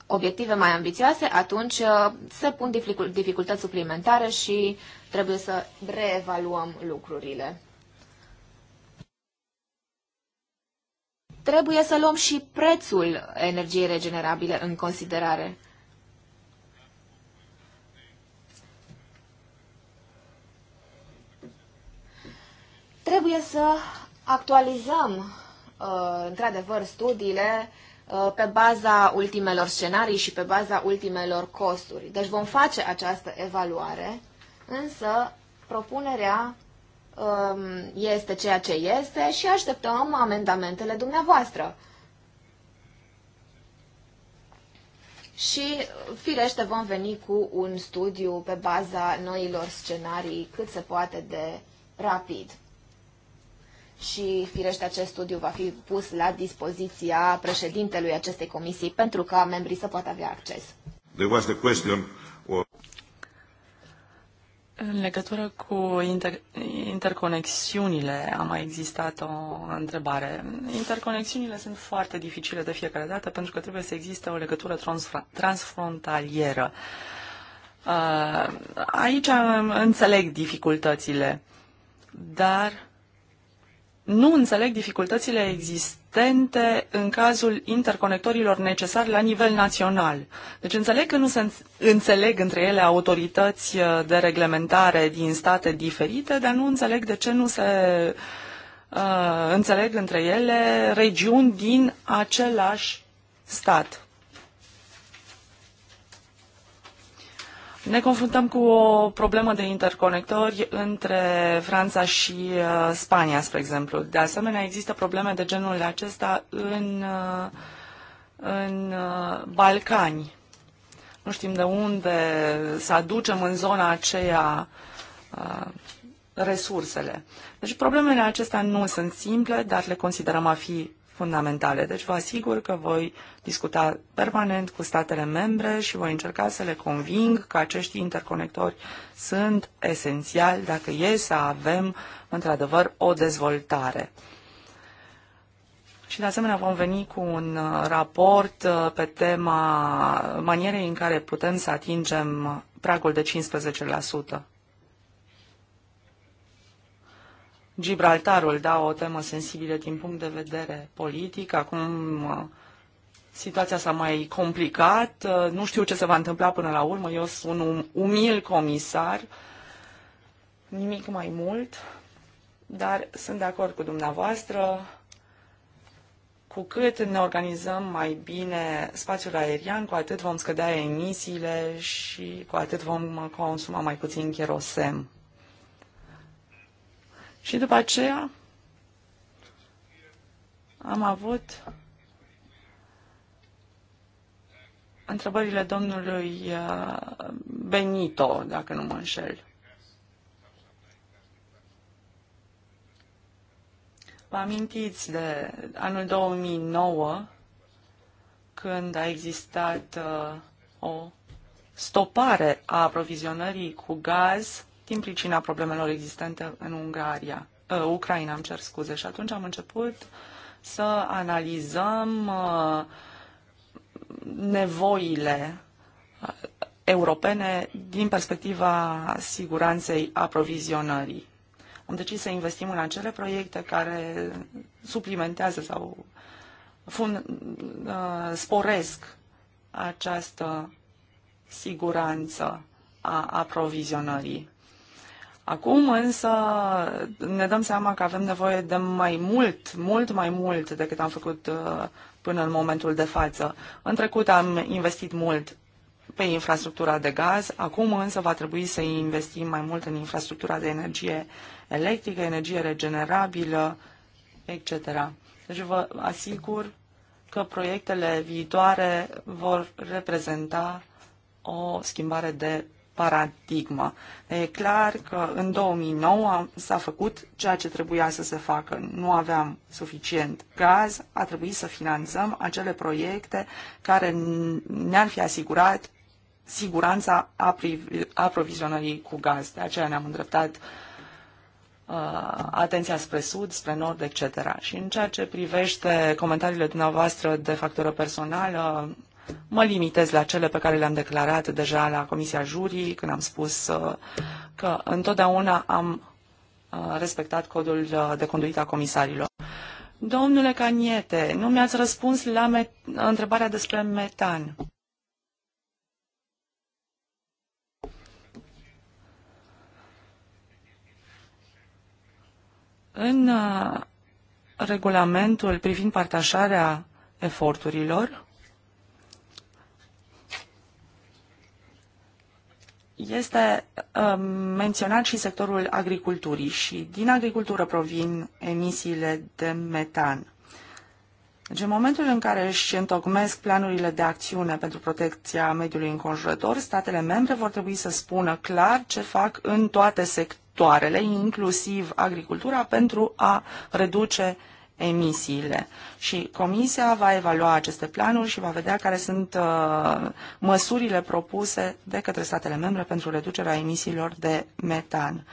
obiective mai ambițioase, atunci uh, se pun dificultăți suplimentare și trebuie să reevaluăm lucrurile. Trebuie să luăm și prețul energiei regenerabile în considerare. Trebuie să actualizăm, uh, într-adevăr, studiile uh, pe baza ultimelor scenarii și pe baza ultimelor costuri. Deci vom face această evaluare, însă propunerea um, este ceea ce este și așteptăm amendamentele dumneavoastră. Și, firește, vom veni cu un studiu pe baza noilor scenarii cât se poate de rapid și, firește, acest studiu va fi pus la dispoziția președintelui acestei comisii pentru ca membrii să poată avea acces. There was the question or... În legătură cu inter- interconexiunile a mai existat o întrebare. Interconexiunile sunt foarte dificile de fiecare dată pentru că trebuie să existe o legătură transfr- transfrontalieră. Uh, aici înțeleg dificultățile, dar nu înțeleg dificultățile existente în cazul interconectorilor necesari la nivel național. Deci înțeleg că nu se înțeleg între ele autorități uh, de reglementare din state diferite, dar nu înțeleg de ce nu se uh, înțeleg între ele regiuni din același stat. Ne confruntăm cu o problemă de interconectori între Franța și uh, Spania, spre exemplu. De asemenea, există probleme de genul acesta în, uh, în uh, Balcani. Nu știm de unde să aducem în zona aceea resursele. Deci problemele acestea nu sunt simple, dar le considerăm a fi fundamentale. Deci vă asigur că voi discuta permanent cu statele membre și voi încerca să le conving că acești interconectori sunt esențiali dacă e să avem într-adevăr o dezvoltare. Și de asemenea vom veni cu un uh, raport uh, pe tema manierei în care putem să atingem pragul de 15%. Gibraltarul, da, o temă sensibilă din punct de vedere politic. Acum situația s-a mai complicat. Nu știu ce se va întâmpla până la urmă. Eu sunt un um, umil comisar, nimic mai mult, dar sunt de acord cu dumneavoastră. Cu cât ne organizăm mai bine spațiul aerian, cu atât vom scădea emisiile și cu atât vom consuma mai puțin cherosem. Și după aceea am avut întrebările domnului uh, Benito, dacă nu mă înșel. Vă amintiți de anul 2009, când a existat uh, o stopare a aprovizionării cu gaz din pricina problemelor existente în Ungaria, uh, Ucraina, îmi cer scuze, și atunci am început să analizăm uh, nevoile uh, europene din perspectiva siguranței aprovizionării. Am decis să investim în acele proiecte care suplimentează sau fun, uh, sporesc această siguranță a aprovizionării. Acum însă ne dăm seama că avem nevoie de mai mult, mult mai mult decât am făcut uh, până în momentul de față. În trecut am investit mult pe infrastructura de gaz, acum însă va trebui să investim mai mult în infrastructura de energie electrică, energie regenerabilă, etc. Deci vă asigur că proiectele viitoare vor reprezenta o schimbare de paradigmă. E clar că în 2009 s-a făcut ceea ce trebuia să se facă. Nu aveam suficient gaz, a trebuit să finanțăm acele proiecte care ne-ar fi asigurat siguranța aprovizionării cu gaz. De aceea ne-am îndreptat uh, atenția spre sud, spre nord, etc. Și în ceea ce privește comentariile dumneavoastră de factură personală, Mă limitez la cele pe care le-am declarat deja la Comisia Jurii, când am spus uh, că întotdeauna am uh, respectat codul uh, de conduită a comisarilor. Domnule Caniete, nu mi-ați răspuns la întrebarea despre metan. În regulamentul privind partajarea eforturilor, este uh, menționat și sectorul agriculturii și din agricultură provin emisiile de metan. Deci în momentul în care își întocmesc planurile de acțiune pentru protecția mediului înconjurător, statele membre vor trebui să spună clar ce fac în toate sectoarele, inclusiv agricultura, pentru a reduce uh, emisiile. Și comisia va evalua aceste planuri și va vedea care sunt uh, măsurile propuse de către statele membre pentru reducerea emisiilor de metan.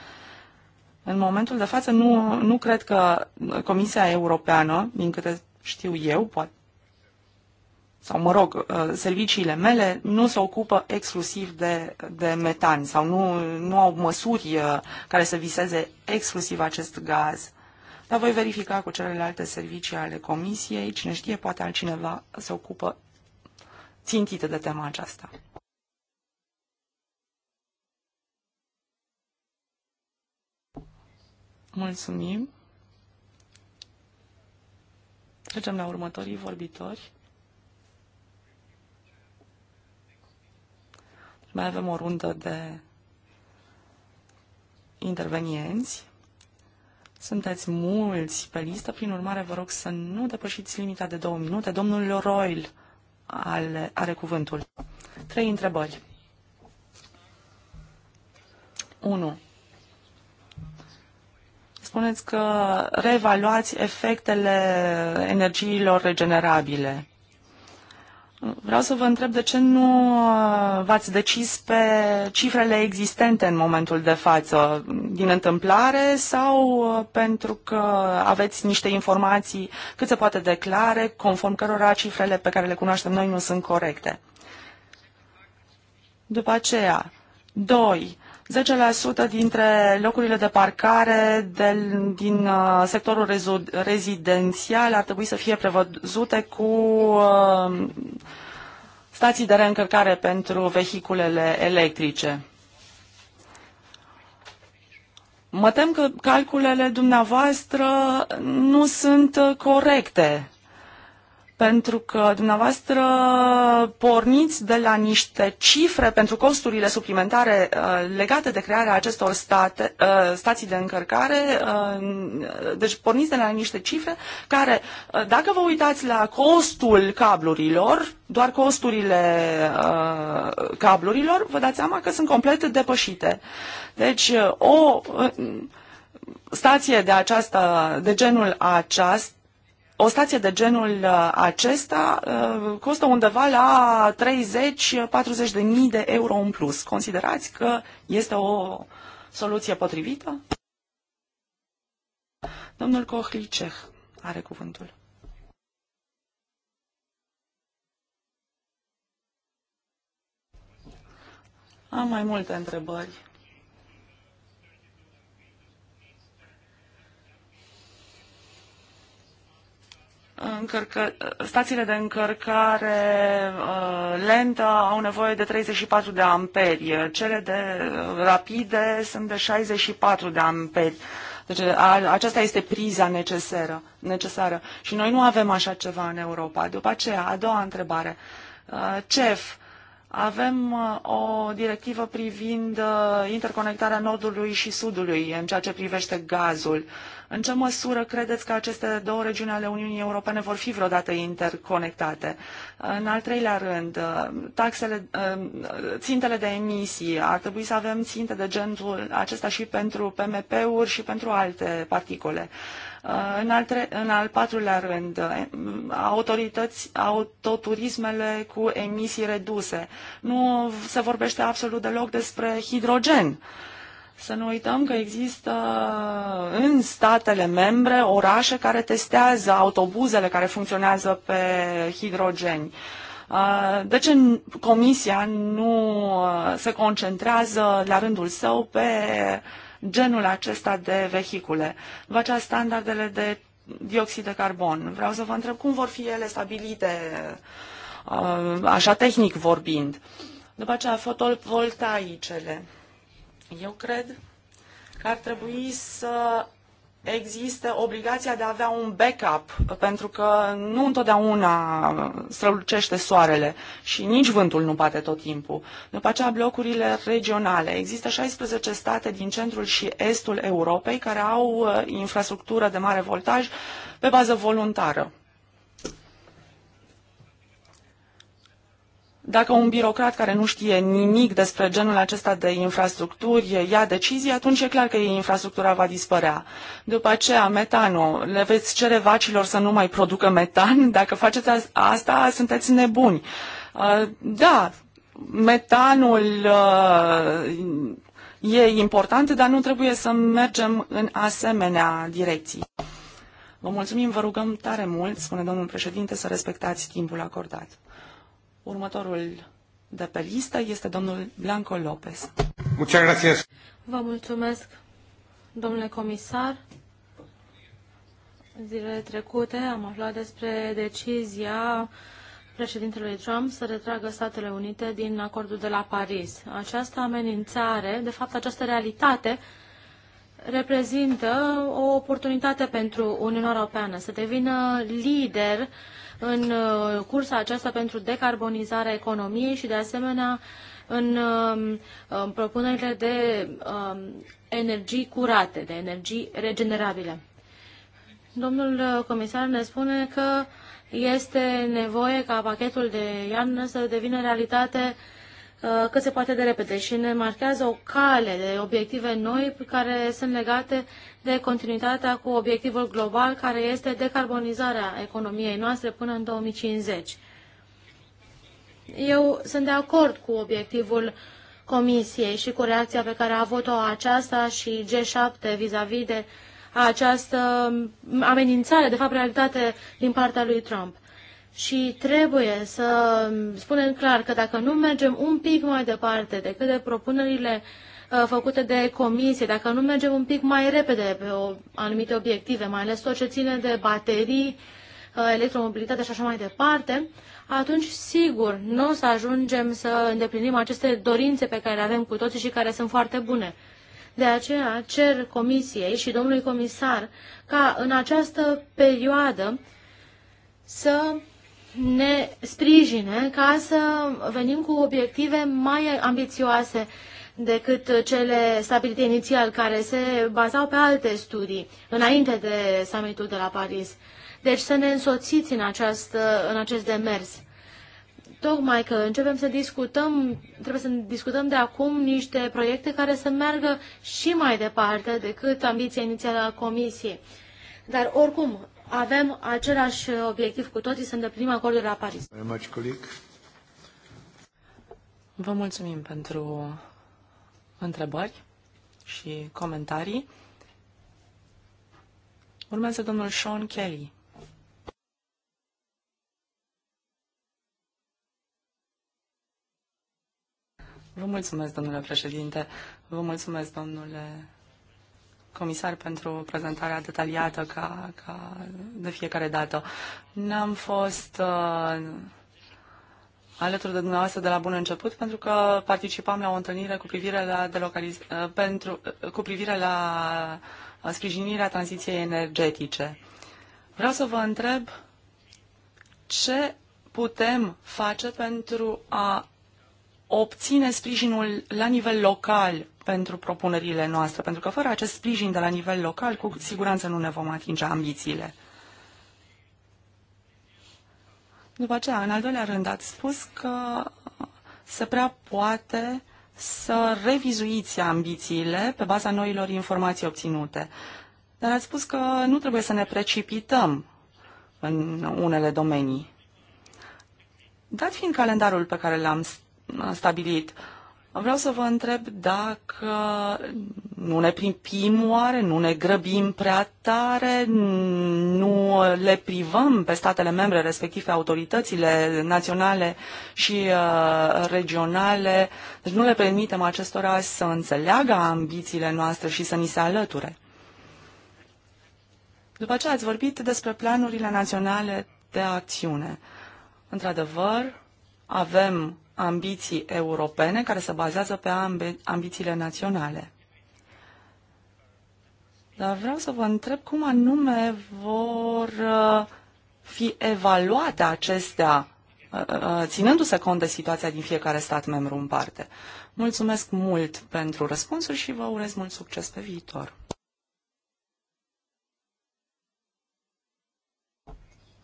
În momentul de față nu, nu cred că Comisia Europeană, din câte știu eu, poate, sau mă rog, uh, serviciile mele nu se ocupă exclusiv de, de metan sau nu, nu au măsuri uh, care să viseze exclusiv acest gaz. Dar voi verifica cu celelalte servicii ale comisiei. Cine știe, poate altcineva se ocupă țintită de tema aceasta. Mulțumim. Trecem la următorii vorbitori. Mai avem o rundă de intervenienți. Sunteți mulți pe listă, prin urmare vă rog să nu depășiți limita de două minute. Domnul Roil ale, are cuvântul. Trei întrebări. 1. Spuneți că reevaluați efectele energiilor regenerabile. Vreau să vă întreb de ce nu uh, v-ați decis pe cifrele existente în momentul de față, din întâmplare sau uh, pentru că aveți niște informații cât se poate declare, conform cărora cifrele pe care le cunoaștem noi nu sunt corecte. După aceea, doi, 10% dintre locurile de parcare de, din uh, sectorul rezidențial ar trebui să fie prevăzute cu uh, stații de reîncărcare pentru vehiculele electrice. Mă tem că calculele dumneavoastră nu sunt uh, corecte pentru că dumneavoastră porniți de la niște cifre pentru costurile suplimentare uh, legate de crearea acestor state, uh, stații de încărcare, uh, deci porniți de la niște cifre care, dacă vă uitați la costul cablurilor, doar costurile cablurilor, vă dați seama că sunt complet depășite. Deci, o... stație de aceasta, de genul acesta o stație de genul uh, acesta uh, costă undeva la 30-40 de mii de euro în plus. Considerați că este o soluție potrivită? Domnul Kohliceh are cuvântul. Am mai multe întrebări. încărcă, stațiile de încărcare uh, lentă au nevoie de 34 de amperi, cele de uh, rapide sunt de 64 de amperi. Deci a, aceasta este priza necesară, necesară. Și noi nu avem așa ceva în Europa. După aceea, a doua întrebare. Uh, CEF, avem o directivă privind interconectarea nordului și sudului în ceea ce privește gazul. Uh, în ce măsură credeți că aceste două regiuni ale Uniunii Europene vor fi vreodată interconectate? În al treilea rând, uh, taxele, uh, țintele de emisii, ar trebui să avem ținte de genul acesta și pentru PMP-uri și pentru alte particule. Uh, în al, tre- în al patrulea rând, autorități, autoturismele cu emisii reduse. Nu se vorbește absolut deloc despre hidrogen. Uh, să nu uităm că există în statele membre orașe care testează autobuzele care funcționează pe hidrogen, uh, De ce Comisia nu uh, se concentrează la rândul său pe genul acesta de vehicule? Va cea standardele de dioxid de carbon. Vreau să vă întreb cum vor fi ele stabilite, uh, așa tehnic vorbind. După aceea, fotovoltaicele. Eu cred că ar trebui să existe obligația de a avea un backup, pentru că nu întotdeauna strălucește soarele și nici vântul nu bate tot timpul. După aceea, blocurile regionale. Există 16 state din centrul și estul Europei care au uh, infrastructură de mare voltaj pe bază voluntară. Dacă un birocrat care nu știe nimic despre genul acesta de infrastructuri ia decizii, atunci e clar că infrastructura va dispărea. După aceea, metanul. Le veți cere vacilor să nu mai producă metan? Dacă faceți asta, sunteți nebuni. Uh, da, metanul uh, e important, dar nu trebuie să mergem în asemenea direcții. Vă mulțumim, vă rugăm tare mult, spune domnul președinte, să respectați timpul acordat. Următorul de pe listă este domnul Blanco Lopez. Muchas gracias. Vă mulțumesc, domnule comisar. Zilele trecute am aflat despre decizia președintelui Trump să retragă Statele Unite din acordul de la Paris. Această amenințare, de fapt această realitate, reprezintă o oportunitate pentru Uniunea Europeană să devină lider în uh, cursa aceasta pentru decarbonizarea economiei și, de asemenea, în um, propunerile de um, energii curate, de energii regenerabile. Domnul uh, comisar ne spune că este nevoie ca pachetul de iarnă să devină realitate uh, cât se poate de repede și ne marchează o cale de obiective noi care sunt legate de continuitatea cu obiectivul global care este decarbonizarea economiei noastre până în 2050. Eu sunt de acord cu obiectivul Comisiei și cu reacția pe care a avut-o aceasta și G7 vis-a-vis -vis de această amenințare, de fapt realitate din partea lui Trump. Și trebuie să spunem clar că dacă nu mergem un pic mai departe decât de propunerile uh, Uh, făcute de comisie, dacă nu mergem un pic mai repede pe o, anumite obiective, mai ales tot ce ține de baterii, uh, electromobilitate și așa mai departe, atunci sigur nu o să ajungem să îndeplinim aceste dorințe pe care le avem cu toții și care sunt foarte bune. De aceea cer comisiei și domnului comisar ca în această perioadă să ne sprijine ca să venim cu obiective mai ambițioase decât uh, cele stabilite inițial, care se bazau pe alte studii, înainte de summitul de la Paris. Deci să ne însoțiți în, această, în acest demers. Tocmai că începem să discutăm, trebuie să discutăm de acum niște proiecte care să meargă și mai departe decât ambiția inițială a Comisiei. Dar oricum, avem același obiectiv cu toții să îndeplinim acordul la Paris. Vă mulțumim pentru întrebări și comentarii. Urmează domnul Sean Kelly. Vă mulțumesc, domnule președinte. Vă mulțumesc, domnule comisar, pentru prezentarea detaliată ca, ca de fiecare dată. N-am fost uh, alături de dumneavoastră de la bun început, pentru că participam la o întâlnire cu privire la, delocaliz- uh, pentru, uh, cu privire la uh, sprijinirea tranziției energetice. Vreau să vă întreb ce putem face pentru a obține sprijinul la nivel local pentru propunerile noastre, pentru că fără acest sprijin de la nivel local, cu siguranță nu ne vom atinge ambițiile. După aceea, în al doilea rând, ați spus că se prea poate să revizuiți ambițiile pe baza noilor informații obținute. Dar ați spus că nu trebuie să ne precipităm în unele domenii. Dat fiind calendarul pe care l-am stabilit, uh, Vreau să vă întreb dacă nu ne pripim oare, nu ne grăbim prea tare, nu le privăm pe statele membre, respective autoritățile naționale și uh, regionale, deci nu le permitem acestora să înțeleagă ambițiile noastre și să ni se alăture. După aceea ați vorbit despre planurile naționale de acțiune. Într-adevăr, avem ambiții europene care se bazează pe ambițiile naționale. Dar vreau să vă întreb cum anume vor uh, fi evaluate acestea, uh, uh, ținându-se cont de situația din fiecare stat membru în parte. Mulțumesc mult pentru răspunsuri și vă urez mult succes pe viitor.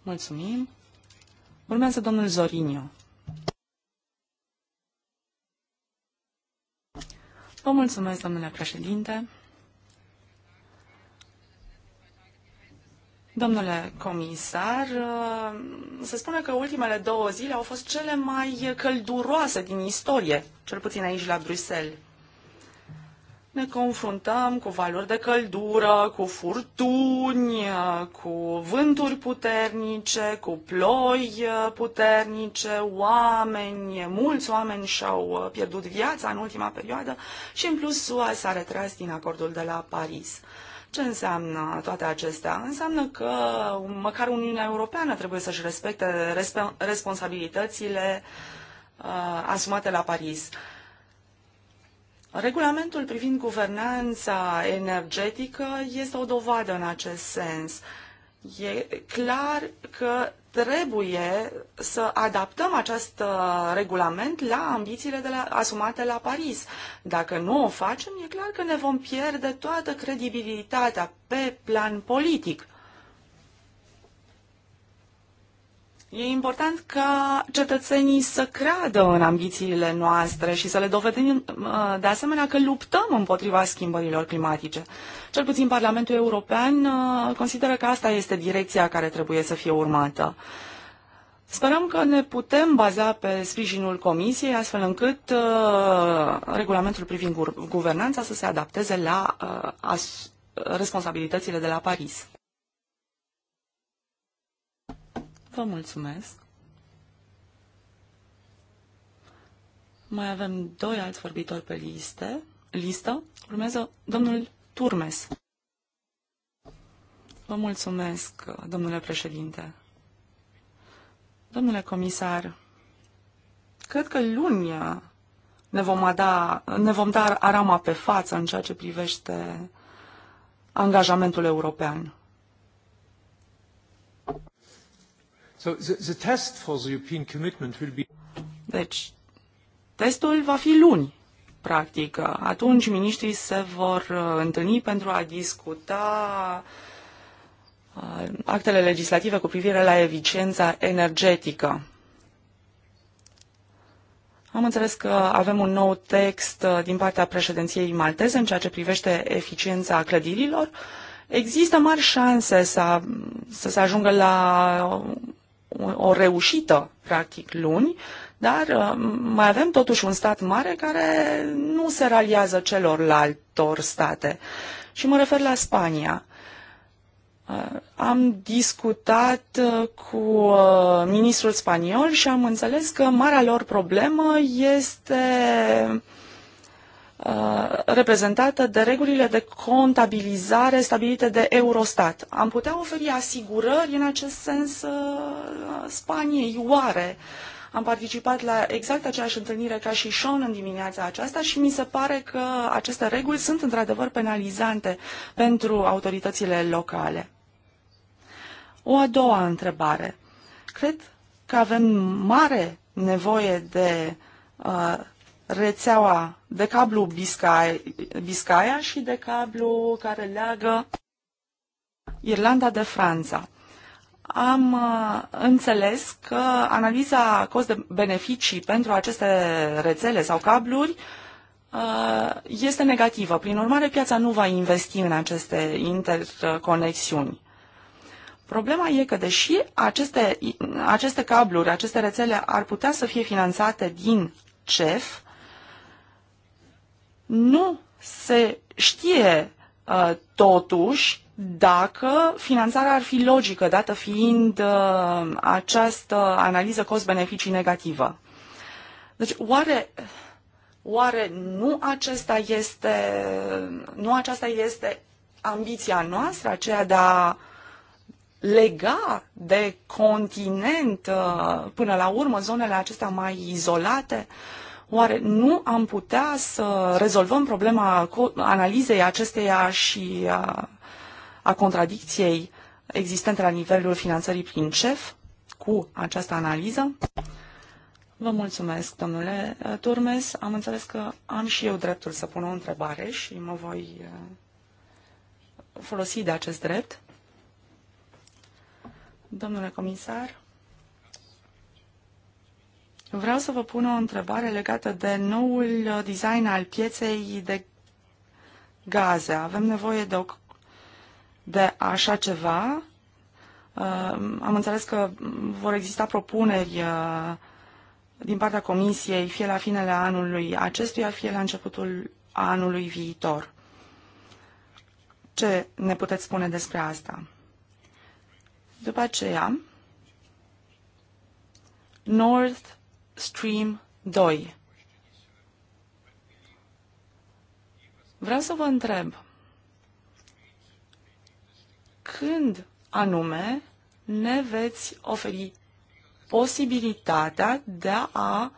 Mulțumim. Urmează domnul Zorinio. Vă mulțumesc, domnule președinte. Domnule comisar, se spune că ultimele două zile au fost cele mai călduroase din istorie, cel puțin aici la Bruxelles ne confruntăm cu valori de căldură, cu furtuni, cu vânturi puternice, cu ploi puternice, oameni, mulți oameni și-au pierdut viața în ultima perioadă și în plus SUA s-a retras din acordul de la Paris. Ce înseamnă toate acestea? Înseamnă că măcar Uniunea Europeană trebuie să-și respecte resp- responsabilitățile uh, asumate la Paris. Regulamentul privind guvernanța energetică este o dovadă în acest sens. E clar că trebuie să adaptăm acest uh, regulament la ambițiile de la, asumate la Paris. Dacă nu o facem, e clar că ne vom pierde toată credibilitatea pe plan politic. E important ca cetățenii să creadă în ambițiile noastre și să le dovedim uh, de asemenea că luptăm împotriva schimbărilor climatice. Cel puțin Parlamentul European uh, consideră că asta este direcția care trebuie să fie urmată. Sperăm că ne putem baza pe sprijinul Comisiei, astfel încât uh, regulamentul privind guvernanța să se adapteze la responsabilitățile de la Paris. Vă mulțumesc. Mai avem doi alți vorbitori pe liste. listă. Urmează domnul Turmes. Vă mulțumesc, domnule președinte. Domnule comisar, cred că luni ne vom, da, ne vom da arama pe față în ceea ce privește angajamentul european. So the, the test for the European commitment will be... Deci, testul va fi luni, practic. Atunci miniștrii se vor uh, întâlni pentru a discuta uh, actele legislative cu privire la eficiența energetică. Am înțeles că avem un nou text uh, din partea președinției malteze în ceea ce privește eficiența clădirilor. Există mari șanse să, să se ajungă la o reușită, practic, luni, dar uh, mai avem totuși un stat mare care nu se raliază celorlaltor state. Și mă refer la Spania. Uh, am discutat uh, cu ministrul spaniol și am înțeles că marea lor problemă este Uh, reprezentată de regulile de contabilizare stabilite de Eurostat. Am putea oferi asigurări în acest sens uh, Spaniei, oare? Am participat la exact aceeași întâlnire ca și Sean în dimineața aceasta și mi se pare că aceste reguli sunt într-adevăr penalizante pentru autoritățile locale. O a doua întrebare. Cred că avem mare nevoie de uh, rețeaua de cablu Biscaia, Biscaia și de cablu care leagă Irlanda de Franța. Am uh, înțeles că analiza cost-beneficii pentru aceste rețele sau cabluri uh, este negativă. Prin urmare, piața nu va investi în aceste interconexiuni. Problema e că, deși aceste, aceste cabluri, aceste rețele ar putea să fie finanțate din CEF, nu se știe uh, totuși dacă finanțarea ar fi logică, dată fiind uh, această analiză cost-beneficii negativă. Deci, oare, oare nu, acesta este, nu aceasta este ambiția noastră, aceea de a lega de continent uh, până la urmă zonele acestea mai izolate? Uh, Oare nu am putea să rezolvăm problema analizei acesteia și a, a contradicției existente la nivelul finanțării prin CEF cu această analiză? Vă mulțumesc, domnule uh, Turmes. Am înțeles că am și eu dreptul să pun o întrebare și mă voi uh, folosi de acest drept. Domnule comisar, Vreau să vă pun o întrebare legată de noul design al pieței de gaze. Avem nevoie de, o, de așa ceva? Uh, am înțeles că vor exista propuneri uh, din partea Comisiei, fie la finele anului acestuia, fie la începutul anului viitor. Ce ne puteți spune despre asta? După aceea, North Stream 2. Vreau să vă întreb când anume ne veți oferi posibilitatea de a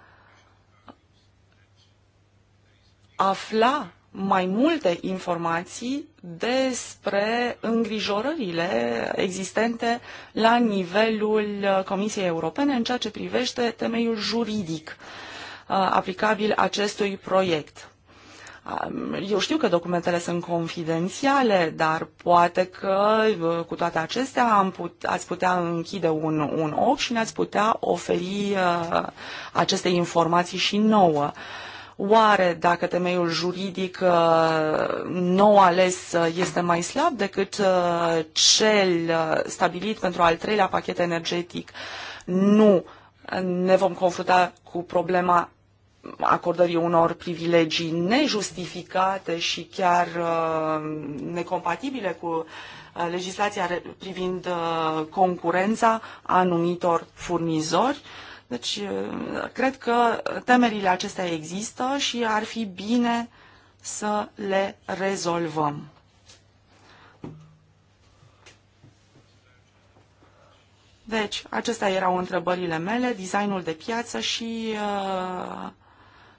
afla mai multe informații despre îngrijorările existente la nivelul Comisiei Europene în ceea ce privește temeiul juridic uh, aplicabil acestui proiect. Uh, eu știu că documentele sunt confidențiale, dar poate că uh, cu toate acestea am put, ați putea închide un, un ochi și ne-ați putea oferi uh, aceste informații și nouă. Uh, Oare dacă temeiul juridic uh, nou ales uh, este mai slab decât uh, cel stabilit pentru al treilea pachet energetic, nu ne vom confrunta cu problema acordării unor privilegii nejustificate și chiar necompatibile cu legislația privind concurența anumitor furnizori. Deci, cred că temerile acestea există și ar fi bine să le rezolvăm. Deci, acestea erau întrebările mele, designul de piață și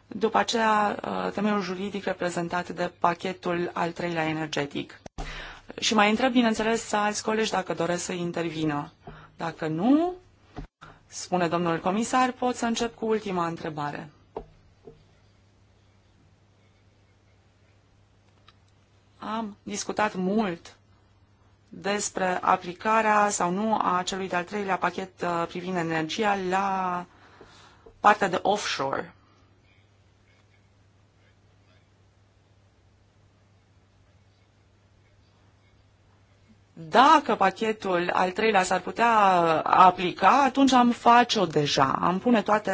după aceea temerul juridic reprezentat de pachetul al treilea energetic. Și mai întreb, bineînțeles, alți colegi dacă doresc să intervină. Dacă nu, spune domnul comisar, pot să încep cu ultima întrebare. Am discutat mult despre aplicarea sau nu a celui de-al treilea pachet uh, privind energia la partea de offshore. Dacă pachetul al treilea s-ar putea aplica, atunci am face-o deja, am pune toate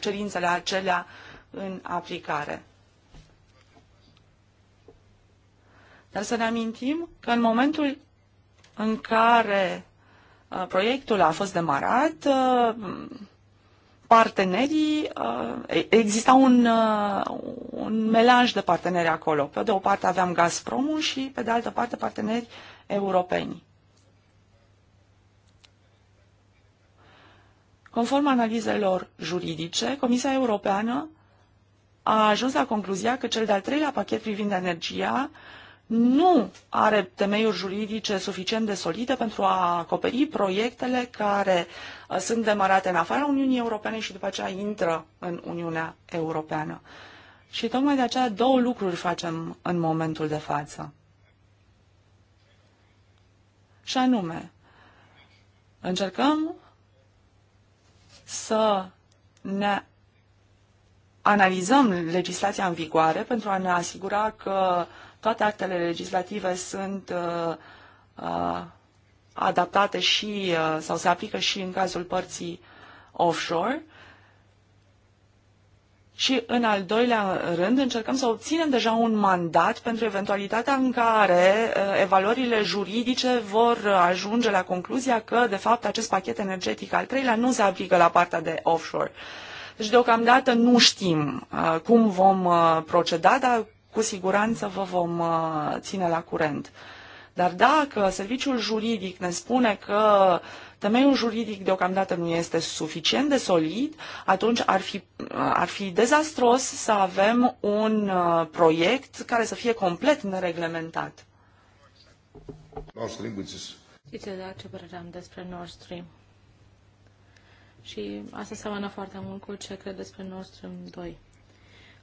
cerințele acelea în aplicare. Dar să ne amintim că în momentul în care uh, proiectul a fost demarat, uh, partenerii, uh, exista un, uh, un melanj de parteneri acolo. Pe de o parte aveam Gazprom și pe de altă parte parteneri europeni. Conform analizelor juridice, Comisia Europeană a ajuns la concluzia că cel de-al treilea pachet privind energia nu are temeiuri juridice suficient de solide pentru a acoperi proiectele care uh, sunt demarate în afara Uniunii Europene și după aceea intră în Uniunea Europeană. Și tocmai de aceea două lucruri facem în momentul de față. Și anume, încercăm să ne analizăm legislația în vigoare pentru a ne asigura că uh, toate actele legislative sunt uh, uh, adaptate și uh, sau se aplică și în cazul părții offshore. Și în al doilea rând încercăm să obținem deja un mandat pentru eventualitatea în care uh, evaluările juridice vor ajunge la concluzia că, de fapt, acest pachet energetic al treilea nu se aplică la partea de offshore. Deci, deocamdată nu știm uh, cum vom uh, proceda, dar cu siguranță vă vom uh, ține la curent. Dar dacă serviciul juridic ne spune că temeiul juridic deocamdată nu este suficient de solid, atunci ar fi, uh, ar fi dezastros să avem un uh, proiect care să fie complet nereglementat. Nord Stream, Știți exact ce părere am despre Nord Stream. Și asta seamănă foarte mult cu ce cred despre Nord Stream 2.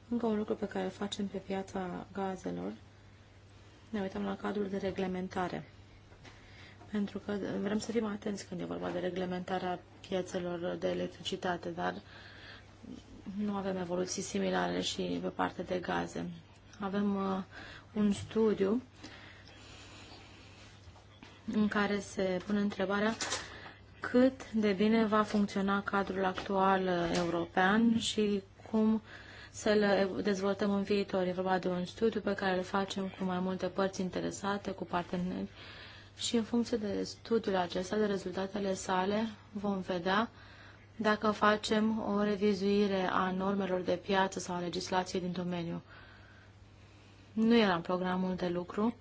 Încă un lucru pe care îl facem pe piața gazelor, ne uităm la cadrul de reglementare. Pentru că vrem să fim atenți când e vorba de reglementarea piețelor de electricitate, dar nu avem evoluții similare și pe partea de gaze. Avem uh, un studiu în care se pune întrebarea cât de bine va funcționa cadrul actual european și cum uh, să-l dezvoltăm în viitor. E vorba de un studiu pe care îl facem cu mai multe părți interesate, cu parteneri și în funcție de studiul acesta, de rezultatele sale, vom vedea dacă facem o revizuire a normelor de piață sau a legislației din domeniu. Nu era în programul de lucru.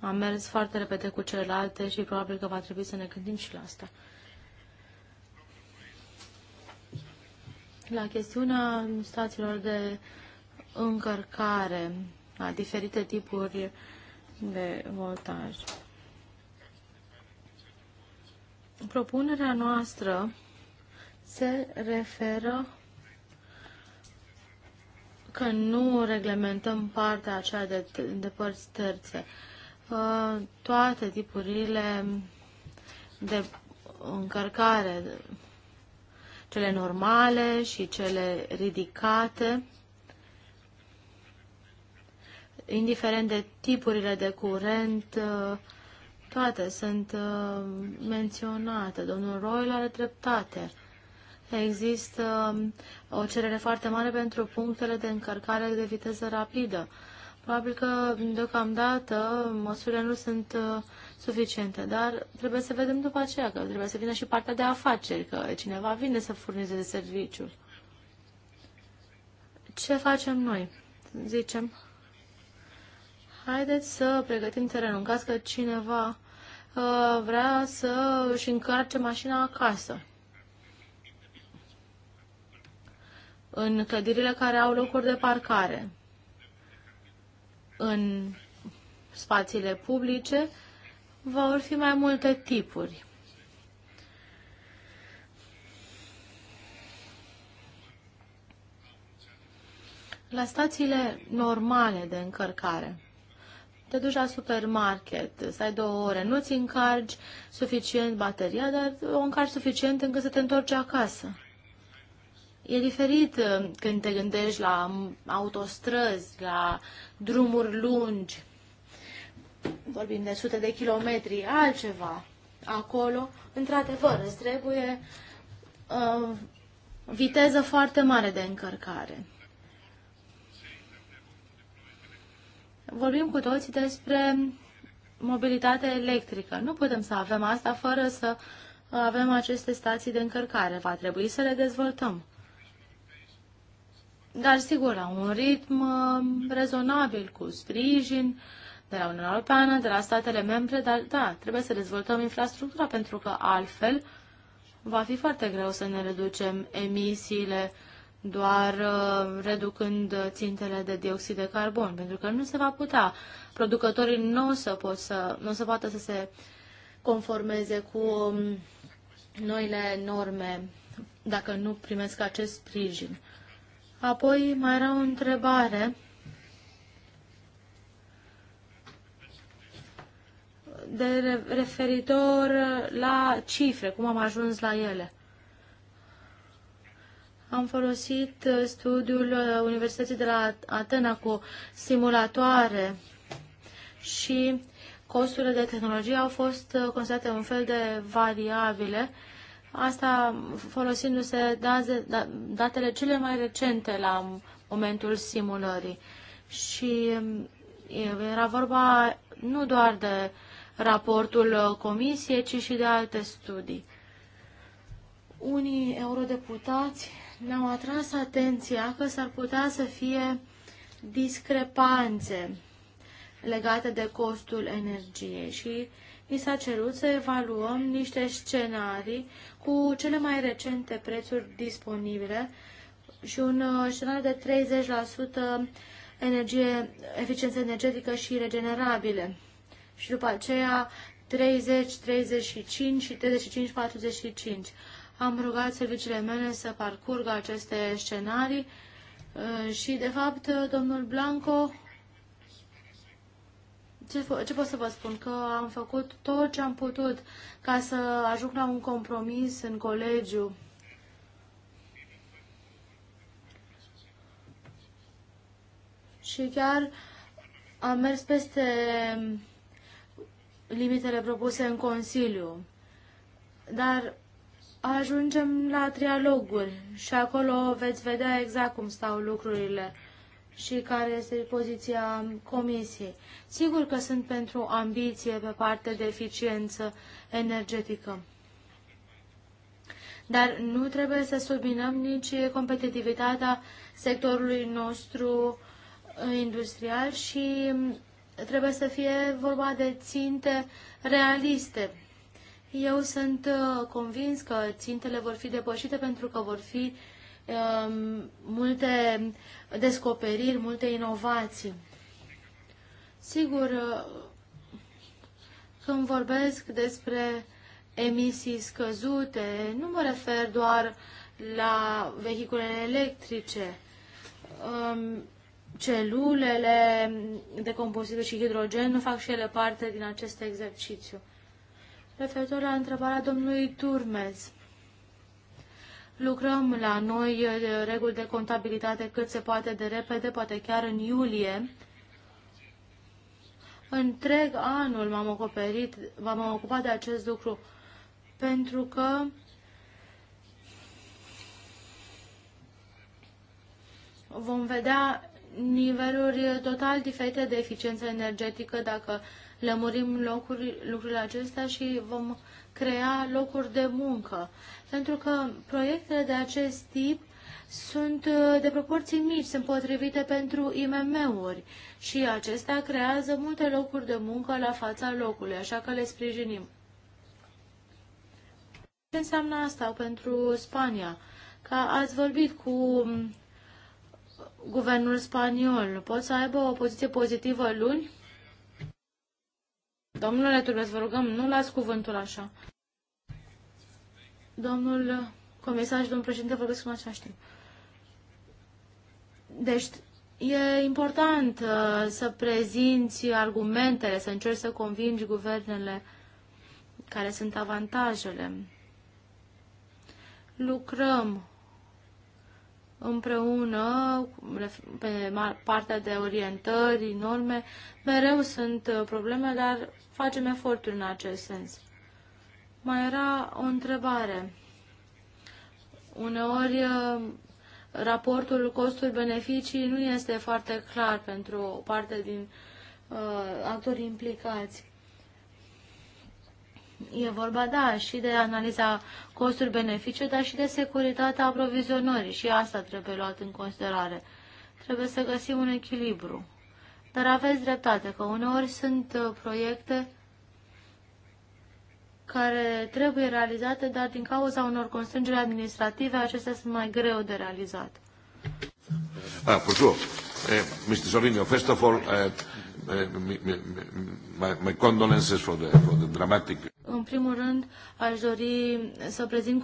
Am mers foarte repede cu celelalte și probabil că va trebui să ne gândim și la asta. La chestiunea stațiilor de încărcare a diferite tipuri de voltaj. Propunerea noastră se referă că nu reglementăm partea aceea de, de părți terțe. Ă, toate tipurile de încărcare cele normale și cele ridicate, indiferent de tipurile de curent, uh, toate sunt uh, menționate. Domnul Royal are dreptate. Există um, o cerere foarte mare pentru punctele de încărcare de viteză rapidă. Probabil că deocamdată măsurile nu sunt uh, suficientă, dar trebuie să vedem după aceea că trebuie să vină și partea de afaceri, că cineva vine să furnizeze serviciul. Ce facem noi? Zicem, haideți să pregătim terenul în caz că cineva uh, vrea să își încarce mașina acasă. În clădirile care au locuri de parcare, în spațiile publice, vor fi mai multe tipuri. La stațiile normale de încărcare, te duci la supermarket, stai două ore, nu-ți încarci suficient bateria, dar o încarci suficient încât să te întorci acasă. E diferit uh, când te gândești la autostrăzi, la drumuri lungi vorbim de sute de kilometri, altceva acolo, într-adevăr, îți trebuie uh, viteză foarte mare de încărcare. Vorbim cu toții despre mobilitate electrică. Nu putem să avem asta fără să avem aceste stații de încărcare. Va trebui să le dezvoltăm. Dar, sigur, la un ritm uh, rezonabil, cu sprijin, uh, de la Uniunea Europeană, de la statele membre, dar da, trebuie să dezvoltăm infrastructura pentru că altfel va fi foarte greu să ne reducem emisiile doar uh, reducând țintele de dioxid de carbon, pentru că nu se va putea. Producătorii nu o să, pot să, nu o să poată să se conformeze cu um, noile norme dacă nu primesc acest sprijin. Apoi mai era o întrebare de referitor la cifre, cum am ajuns la ele. Am folosit studiul Universității de la Atena cu simulatoare și costurile de tehnologie au fost considerate un fel de variabile, asta folosindu-se da, datele cele mai recente la momentul simulării. Și mm, era vorba nu doar de raportul uh, comisiei, ci și de alte studii. Unii eurodeputați ne-au atras atenția că s-ar putea să fie discrepanțe legate de costul energiei și ni s-a cerut să evaluăm niște scenarii cu cele mai recente prețuri disponibile și un uh, scenariu de 30% energie, eficiență energetică și regenerabile și după aceea 30, 35 și 35, 45. Am rugat serviciile mele să parcurgă aceste scenarii uh, și, de fapt, domnul Blanco, ce, ce pot să vă spun? Că am făcut tot ce am putut ca să ajung la un compromis în colegiu. Și chiar am mers peste limitele propuse în Consiliu. Dar ajungem la trialoguri și acolo veți vedea exact cum stau lucrurile și care este poziția Comisiei. Sigur că sunt pentru ambiție pe partea de eficiență energetică. Dar nu trebuie să subminăm nici competitivitatea sectorului nostru industrial și trebuie să fie vorba de ținte realiste. Eu sunt uh, convins că țintele vor fi depășite pentru că vor fi um, multe descoperiri, multe inovații. Sigur, uh, când vorbesc despre emisii scăzute, nu mă refer doar la vehiculele electrice. Um, celulele de compozitor și hidrogen nu fac și ele parte din acest exercițiu. Referitor la întrebarea domnului Turmez, lucrăm la noi eh, reguli de contabilitate cât se poate de repede, poate chiar în iulie. Întreg anul m-am acoperit, m-am ocupat de acest lucru, pentru că vom vedea niveluri total diferite de eficiență energetică dacă lămurim locuri, lucrurile acestea și vom crea locuri de muncă. Pentru că proiectele de acest tip sunt uh, de proporții mici, sunt potrivite pentru IMM-uri și acestea creează multe locuri de muncă la fața locului, așa că le sprijinim. Ce înseamnă asta pentru Spania? Că ați vorbit cu guvernul spaniol pot să aibă o poziție pozitivă luni? Domnule Turbes, vă rugăm, nu las cuvântul așa. Domnul comisar și domnul președinte vorbesc în același timp. Deci, e important uh, să prezinți argumentele, să încerci să convingi guvernele care sunt avantajele. Lucrăm împreună pe partea de orientări, norme, mereu sunt uh, probleme, dar facem eforturi în acest sens. Mai era o întrebare. Uneori uh, raportul costuri-beneficii nu este foarte clar pentru o parte din uh, actorii implicați. E vorba, da, și de analiza costuri-beneficiu, dar și de securitatea aprovizionării și asta trebuie luat în considerare. Trebuie să găsim un echilibru. Dar aveți dreptate că uneori sunt uh, proiecte care trebuie realizate, dar din cauza unor constrângeri administrative, acestea sunt mai greu de realizat. Ah, for sure. Uh, Mr. first of all, uh, my, condolences for the, for the dramatic... În primul rând, aș dori să prezint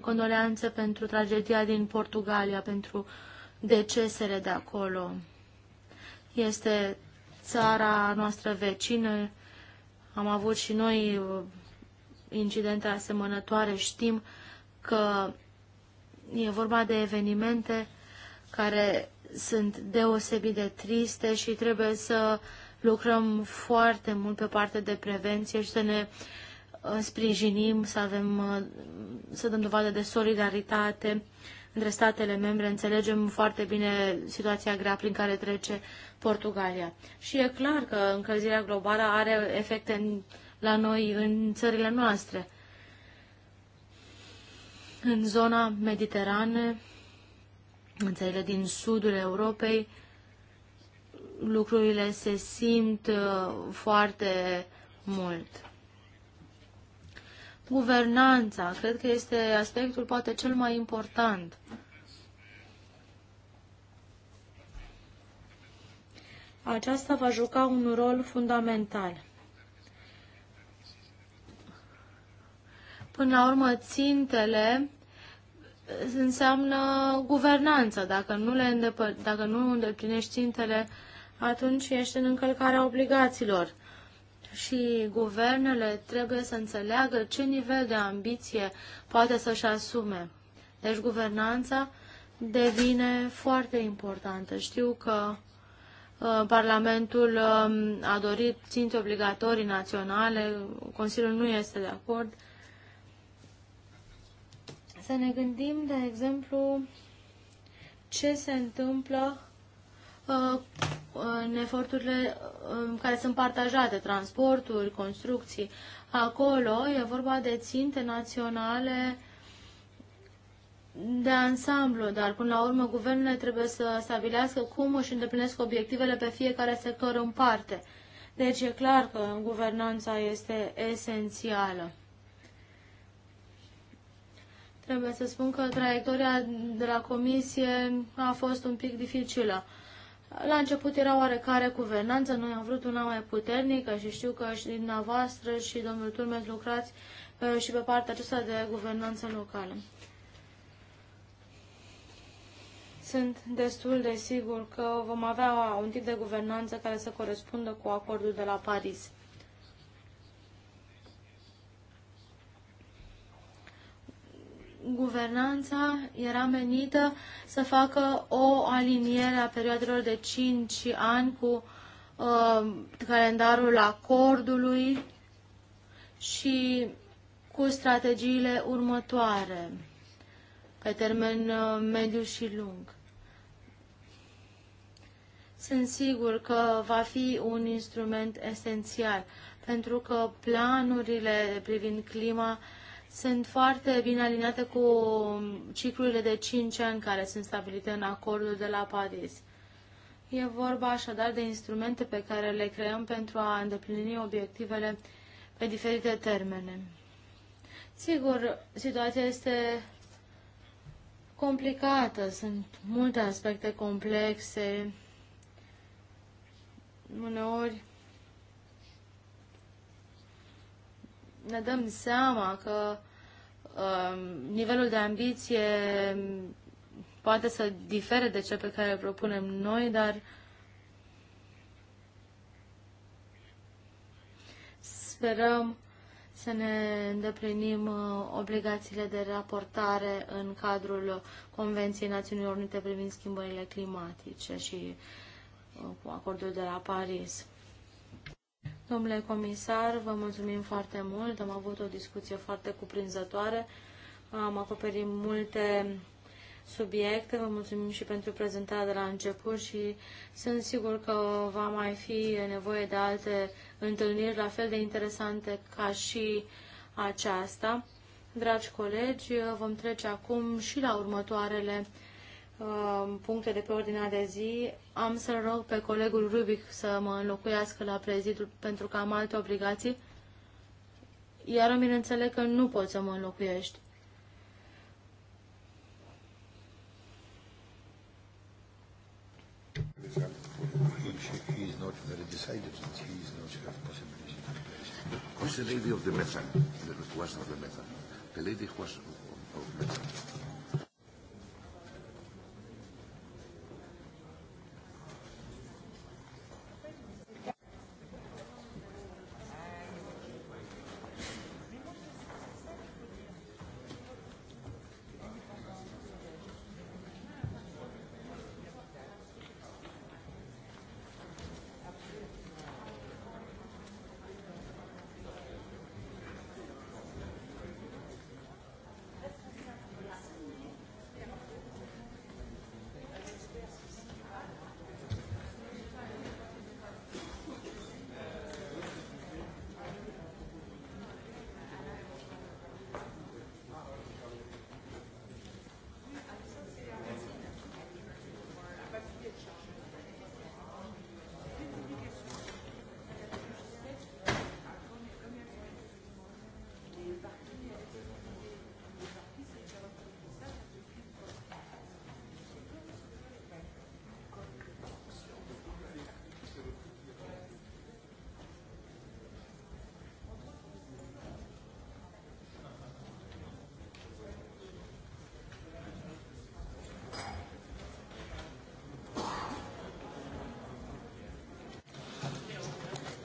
condoleanțe pentru tragedia din Portugalia, pentru decesele de acolo. Este țara noastră vecină. Am avut și noi uh, incidente asemănătoare. Știm că e vorba de evenimente care sunt deosebit de triste și trebuie să lucrăm foarte mult pe partea de prevenție și să ne uh, sprijinim, să avem, uh, să dăm dovadă de solidaritate între statele membre. Înțelegem foarte bine situația grea prin care trece Portugalia. Și e clar că încălzirea globală are efecte în, la noi, în țările noastre. În zona mediterane, în țările din sudul Europei lucrurile se simt uh, foarte mult. Guvernanța, cred că este aspectul poate cel mai important. Aceasta va juca un rol fundamental. Până la urmă, țintele înseamnă guvernanță. Dacă nu, le îndepă- dacă nu îndeplinești țintele, atunci ești în încălcarea obligațiilor. Și guvernele trebuie să înțeleagă ce nivel de ambiție poate să-și asume. Deci guvernanța devine foarte importantă. Știu că uh, Parlamentul uh, a dorit ținte obligatorii naționale, Consiliul nu este de acord, să ne gândim, de exemplu, ce se întâmplă uh, în eforturile uh, care sunt partajate, transporturi, construcții. Acolo e vorba de ținte naționale de ansamblu, dar până la urmă guvernele trebuie să stabilească cum își îndeplinesc obiectivele pe fiecare sector în parte. Deci e clar că guvernanța este esențială. Trebuie să spun că traiectoria de la comisie a fost un pic dificilă. La început era oarecare guvernanță, noi am vrut una mai puternică și știu că și dumneavoastră și domnul Turmes lucrați uh, și pe partea aceasta de guvernanță locală. Sunt destul de sigur că vom avea un tip de guvernanță care să corespundă cu acordul de la Paris. guvernanța era menită să facă o aliniere a perioadelor de 5 ani cu uh, calendarul acordului și cu strategiile următoare pe termen uh, mediu și lung. Sunt sigur că va fi un instrument esențial, pentru că planurile privind clima sunt foarte bine aliniate cu ciclurile de 5 ani care sunt stabilite în acordul de la Paris. E vorba așadar de instrumente pe care le creăm pentru a îndeplini obiectivele pe diferite termene. Sigur, situația este complicată, sunt multe aspecte complexe. Uneori ne dăm seama că um, nivelul de ambiție poate să difere de cel pe care îl propunem noi, dar sperăm să ne îndeplinim uh, obligațiile de raportare în cadrul Convenției Națiunilor Unite privind schimbările climatice și uh, cu acordul de la Paris. Domnule comisar, vă mulțumim foarte mult. Am avut o discuție foarte cuprinzătoare. Am acoperit multe subiecte. Vă mulțumim și pentru prezentarea de la început și sunt sigur că va mai fi nevoie de alte întâlniri la fel de interesante ca și aceasta. Dragi colegi, vom trece acum și la următoarele Um, puncte de pe ordinea de zi. Am să rog pe colegul Rubic să mă înlocuiască la prezidiu pentru că am alte obligații, iar îmi înțeleg că nu pot să mă înlocuiești. Consider the of the method? That was of the method. The lady was of method.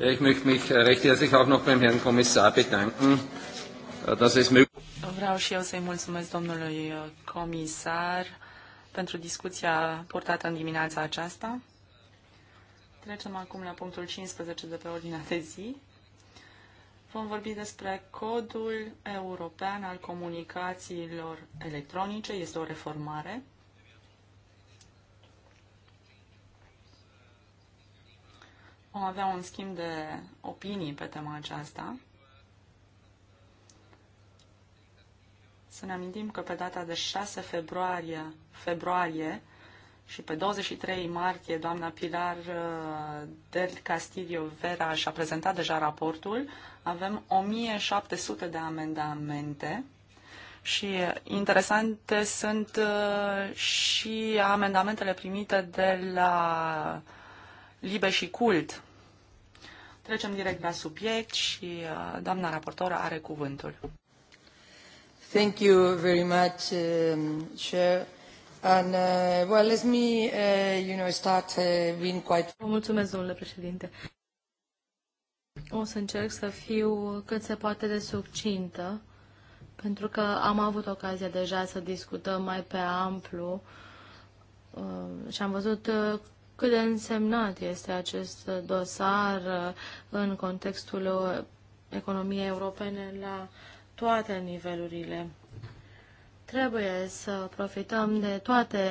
Ich möchte mich recht herzlich auch noch beim Herrn Kommissar bedanken, äh, dass es möglich Vreau și eu să-i mulțumesc domnului uh, comisar pentru discuția portată în dimineața aceasta. Trecem acum la punctul 15 de pe ordinea de zi. Vom vorbi despre codul european al comunicațiilor electronice. Este o reformare Vom avea un schimb de opinii pe tema aceasta. Să ne amintim că pe data de 6 februarie, februarie și pe 23 martie, doamna Pilar uh, del Castillo Vera și-a prezentat deja raportul. Avem 1700 de amendamente și uh, interesante sunt uh, și amendamentele primite de la Libe și Cult. Trecem direct la subiect și uh, doamna raportor are cuvântul. Thank you very much, um, Chair. And, uh, well, let me, uh, you know, start uh, being quite... Vă mulțumesc, domnule președinte. O să încerc să fiu cât se poate de succintă, pentru că am avut ocazia deja să discutăm mai pe amplu uh, și am văzut uh, cât de însemnat este acest dosar în contextul economiei europene la toate nivelurile. Trebuie să profităm de toate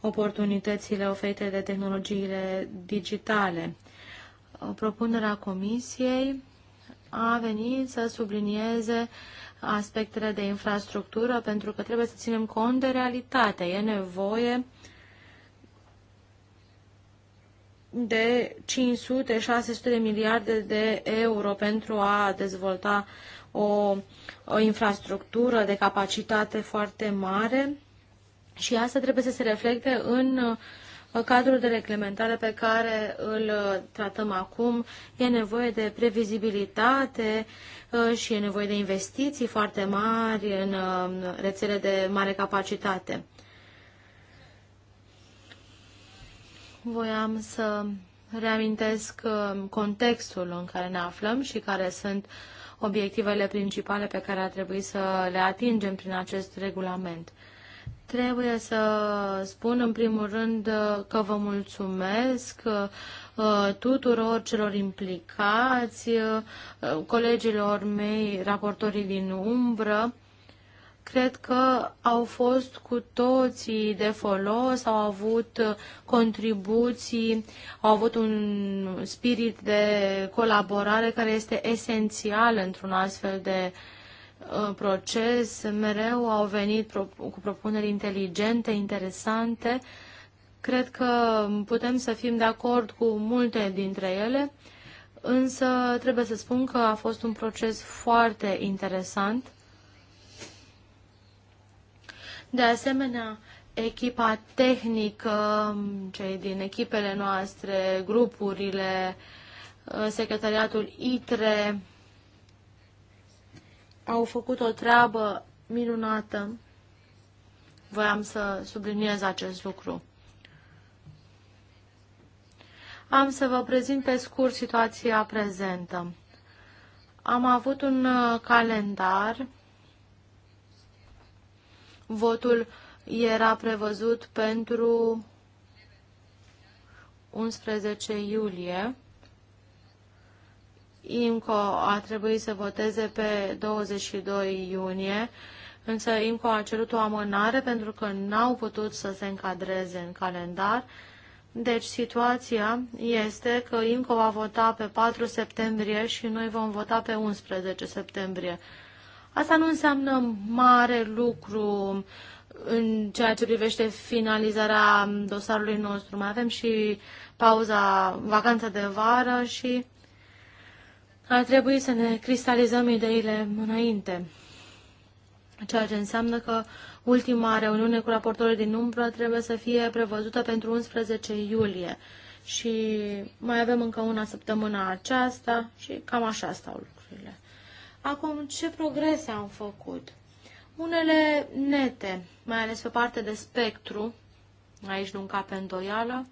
oportunitățile oferite de tehnologiile digitale. Propunerea Comisiei a venit să sublinieze aspectele de infrastructură pentru că trebuie să ținem cont de realitate. E nevoie de 500-600 de miliarde de euro pentru a dezvolta o, o infrastructură de capacitate foarte mare și asta trebuie să se reflecte în uh, cadrul de reglementare pe care îl uh, tratăm acum. E nevoie de previzibilitate uh, și e nevoie de investiții foarte mari în rețele de mare capacitate. voiam să reamintesc uh, contextul în care ne aflăm și care sunt obiectivele principale pe care ar trebui să le atingem prin acest regulament. Trebuie să spun în primul rând uh, că vă mulțumesc uh, tuturor celor implicați, colegilor mei, raportorii din umbră, cred că au fost cu toții de folos, au avut contribuții, au avut un spirit de colaborare care este esențial într-un astfel de uh, proces. Mereu au venit cu propuneri inteligente, interesante. Cred că putem să fim de acord cu multe dintre ele, însă trebuie să spun că a fost un proces foarte interesant de asemenea, echipa tehnică, um, cei din echipele noastre, grupurile, uh, secretariatul ITRE, au făcut o treabă minunată. Voiam să subliniez acest lucru. Am să vă prezint pe scurt situația prezentă. Am avut un uh, calendar Votul era prevăzut pentru 11 iulie. IMCO a trebuit să voteze pe 22 iunie, însă IMCO a cerut o amânare pentru că n-au putut să se încadreze în calendar. Deci situația este că IMCO va vota pe 4 septembrie și noi vom vota pe 11 septembrie. Asta nu înseamnă mare lucru în ceea ce privește finalizarea dosarului nostru. Mai avem și pauza, vacanța de vară și ar trebui să ne cristalizăm ideile înainte. Ceea ce înseamnă că ultima reuniune cu raportorul din umbră trebuie să fie prevăzută pentru 11 iulie. Și mai avem încă una săptămână aceasta și cam așa stau lucrurile. Acum, ce progrese am făcut? Unele nete, mai ales pe parte de spectru, aici nu încape îndoială,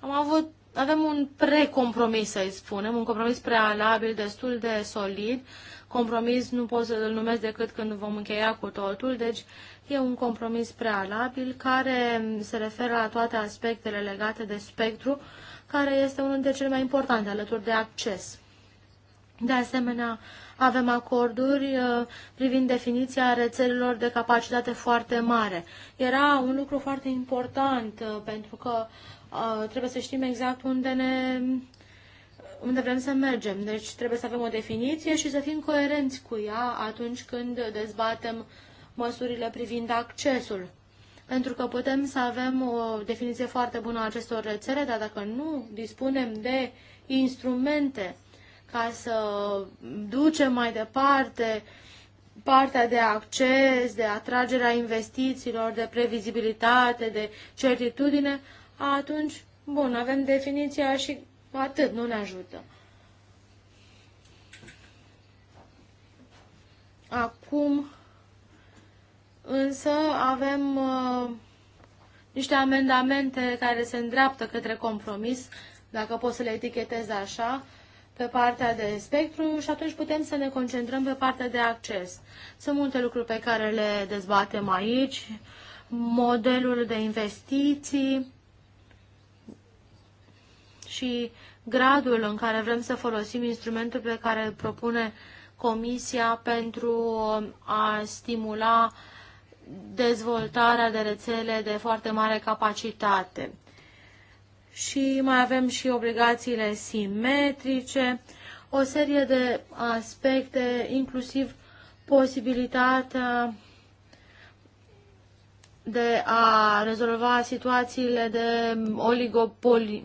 am avut, avem un precompromis, să-i spunem, un compromis prealabil destul de solid. Compromis nu pot să-l numesc decât când vom încheia cu totul, deci e un compromis prealabil care se referă la toate aspectele legate de spectru care este unul dintre cele mai importante alături de acces. De asemenea, avem acorduri uh, privind definiția rețelelor de capacitate foarte mare. Era un lucru foarte important uh, pentru că uh, trebuie să știm exact unde ne unde vrem să mergem. Deci trebuie să avem o definiție și să fim coerenți cu ea atunci când dezbatem măsurile privind accesul pentru că putem să avem o definiție foarte bună a acestor rețele, dar dacă nu dispunem de instrumente ca să ducem mai departe partea de acces, de atragerea investițiilor, de previzibilitate, de certitudine, atunci, bun, avem definiția și atât, nu ne ajută. Acum însă avem uh, niște amendamente care se îndreaptă către compromis, dacă pot să le etichetez așa, pe partea de spectru și atunci putem să ne concentrăm pe partea de acces. Sunt multe lucruri pe care le dezbatem aici, modelul de investiții și gradul în care vrem să folosim instrumentul pe care îl propune Comisia pentru a stimula uh, dezvoltarea de rețele de foarte mare capacitate. Și mai avem și obligațiile simetrice, o serie de aspecte, inclusiv posibilitatea de a rezolva situațiile de oligopol,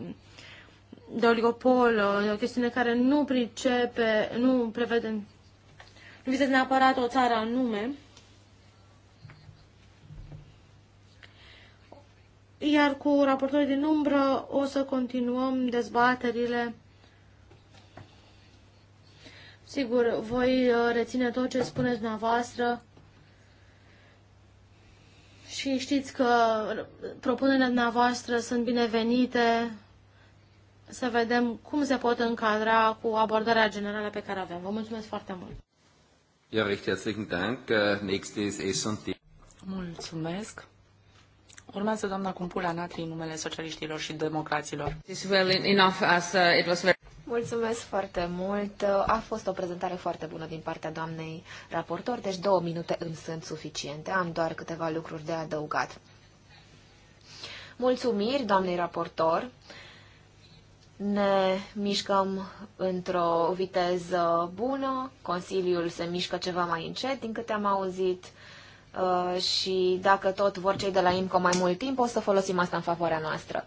de oligopol, o chestiune care nu pricepe, nu prevede, nu vizează neapărat o țară anume, iar cu raportorii din umbră o să continuăm dezbaterile. Sigur, voi uh, reține tot ce spuneți dumneavoastră și știți că propunerile dumneavoastră sunt binevenite să vedem cum se pot încadra cu abordarea generală pe care avem. Vă mulțumesc foarte mult! Ja, recht herzlichen Dank. Äh, nächste ist S&D. Mulțumesc. Urmează doamna Cumpula Natri în numele socialiștilor și democraților. Uh, Mulțumesc foarte mult. A fost o prezentare foarte bună din partea doamnei raportor, deci două minute îmi sunt suficiente. Am doar câteva lucruri de adăugat. Mulțumiri doamnei raportor. Ne mișcăm într-o viteză bună. Consiliul se mișcă ceva mai încet, din câte am auzit Uh, și dacă tot vor cei de la IMCO mai mult timp, o să folosim asta în favoarea noastră.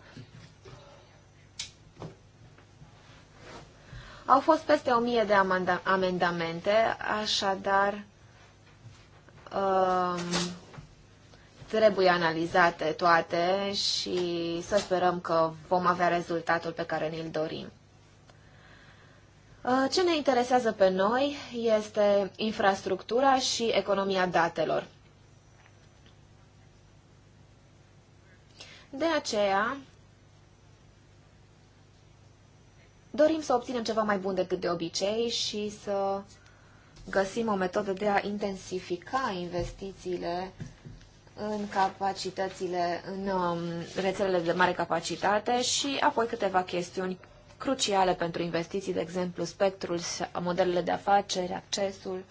Au fost peste o mie de amendamente, așadar um, trebuie analizate toate și să sperăm că vom avea rezultatul pe care ne-l dorim. Uh, ce ne interesează pe noi este infrastructura și economia datelor. De aceea, dorim să obținem ceva mai bun decât de obicei și să găsim o metodă de a intensifica investițiile în capacitățile, în um, rețelele de mare capacitate și apoi câteva chestiuni cruciale pentru investiții, de exemplu spectrul, modelele de afaceri, accesul.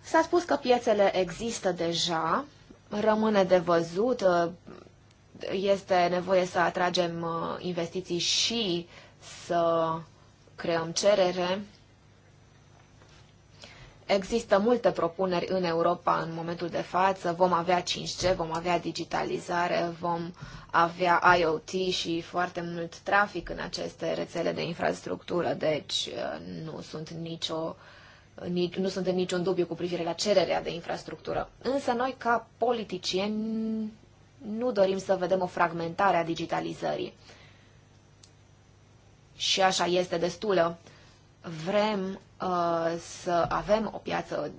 S-a spus că piețele există deja, rămâne de văzut. Uh, este nevoie să atragem uh, investiții și să creăm cerere. Există multe propuneri în Europa în momentul de față. Vom avea 5G, vom avea digitalizare, vom avea IoT și foarte mult trafic în aceste rețele de infrastructură, deci uh, nu sunt nicio nici, nu sunt în niciun dubiu cu privire la cererea de infrastructură. Însă noi, ca politicieni, nu dorim să vedem o fragmentare a digitalizării. Și așa este destulă. Vrem uh, să avem o piață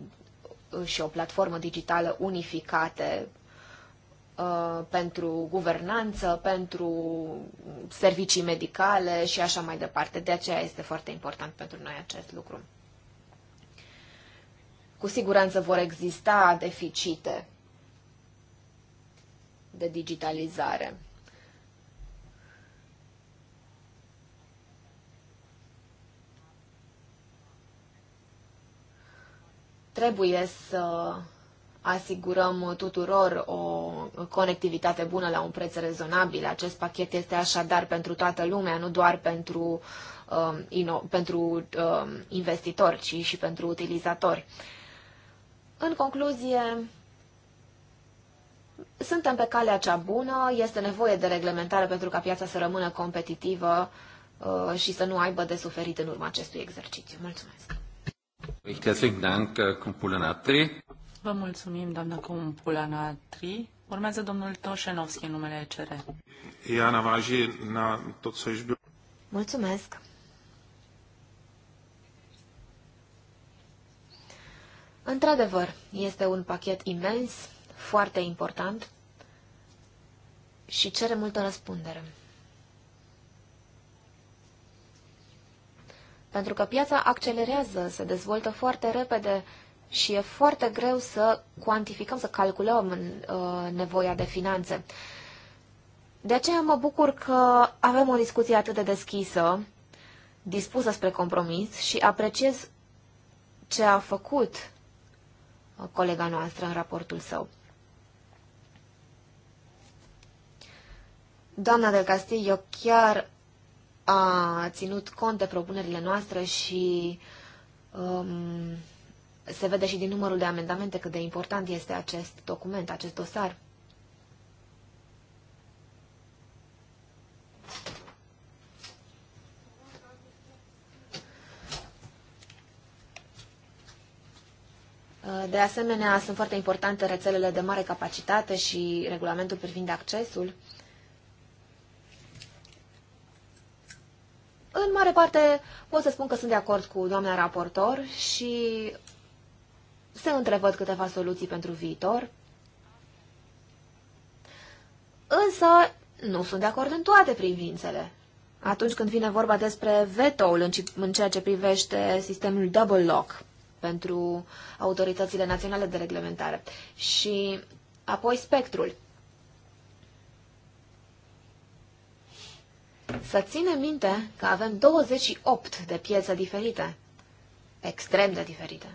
uh, și o platformă digitală unificate uh, pentru guvernanță, pentru servicii medicale și așa mai departe. De aceea este foarte important pentru noi acest lucru cu siguranță vor exista deficite de digitalizare. Trebuie să asigurăm tuturor o conectivitate bună la un preț rezonabil. Acest pachet este așadar pentru toată lumea, nu doar pentru, uh, ino- pentru uh, investitori, ci și pentru utilizatori. Uh, în concluzie, suntem pe calea cea bună, este nevoie de reglementare pentru ca piața să rămână competitivă uh, și să nu aibă de suferit în urma acestui exercițiu. Mulțumesc! Uh, Vă mulțumim, doamna Compulanatri. Urmează domnul Toșenovski în numele ECR. Ia na to, co Mulțumesc! Într-adevăr, este un pachet imens, foarte important și cere multă răspundere. Pentru că piața accelerează, se dezvoltă foarte repede și e foarte greu să cuantificăm, să calculăm uh, nevoia de finanțe. De aceea mă bucur că avem o discuție atât de deschisă, dispusă spre compromis și apreciez ce a făcut colega noastră în raportul său. Doamna del Castillo chiar a ținut cont de propunerile noastre și um, se vede și din numărul de amendamente cât de important este acest document, acest dosar. De asemenea, sunt foarte importante rețelele de mare capacitate și regulamentul privind accesul. În mare parte pot să spun că sunt de acord cu doamna raportor și se întrevăd câteva soluții pentru viitor. Însă nu sunt de acord în toate privințele. Atunci când vine vorba despre veto-ul în ceea ce privește sistemul double lock, pentru autoritățile naționale de reglementare. Și apoi spectrul. Să ținem minte că avem 28 de piețe diferite, extrem de diferite.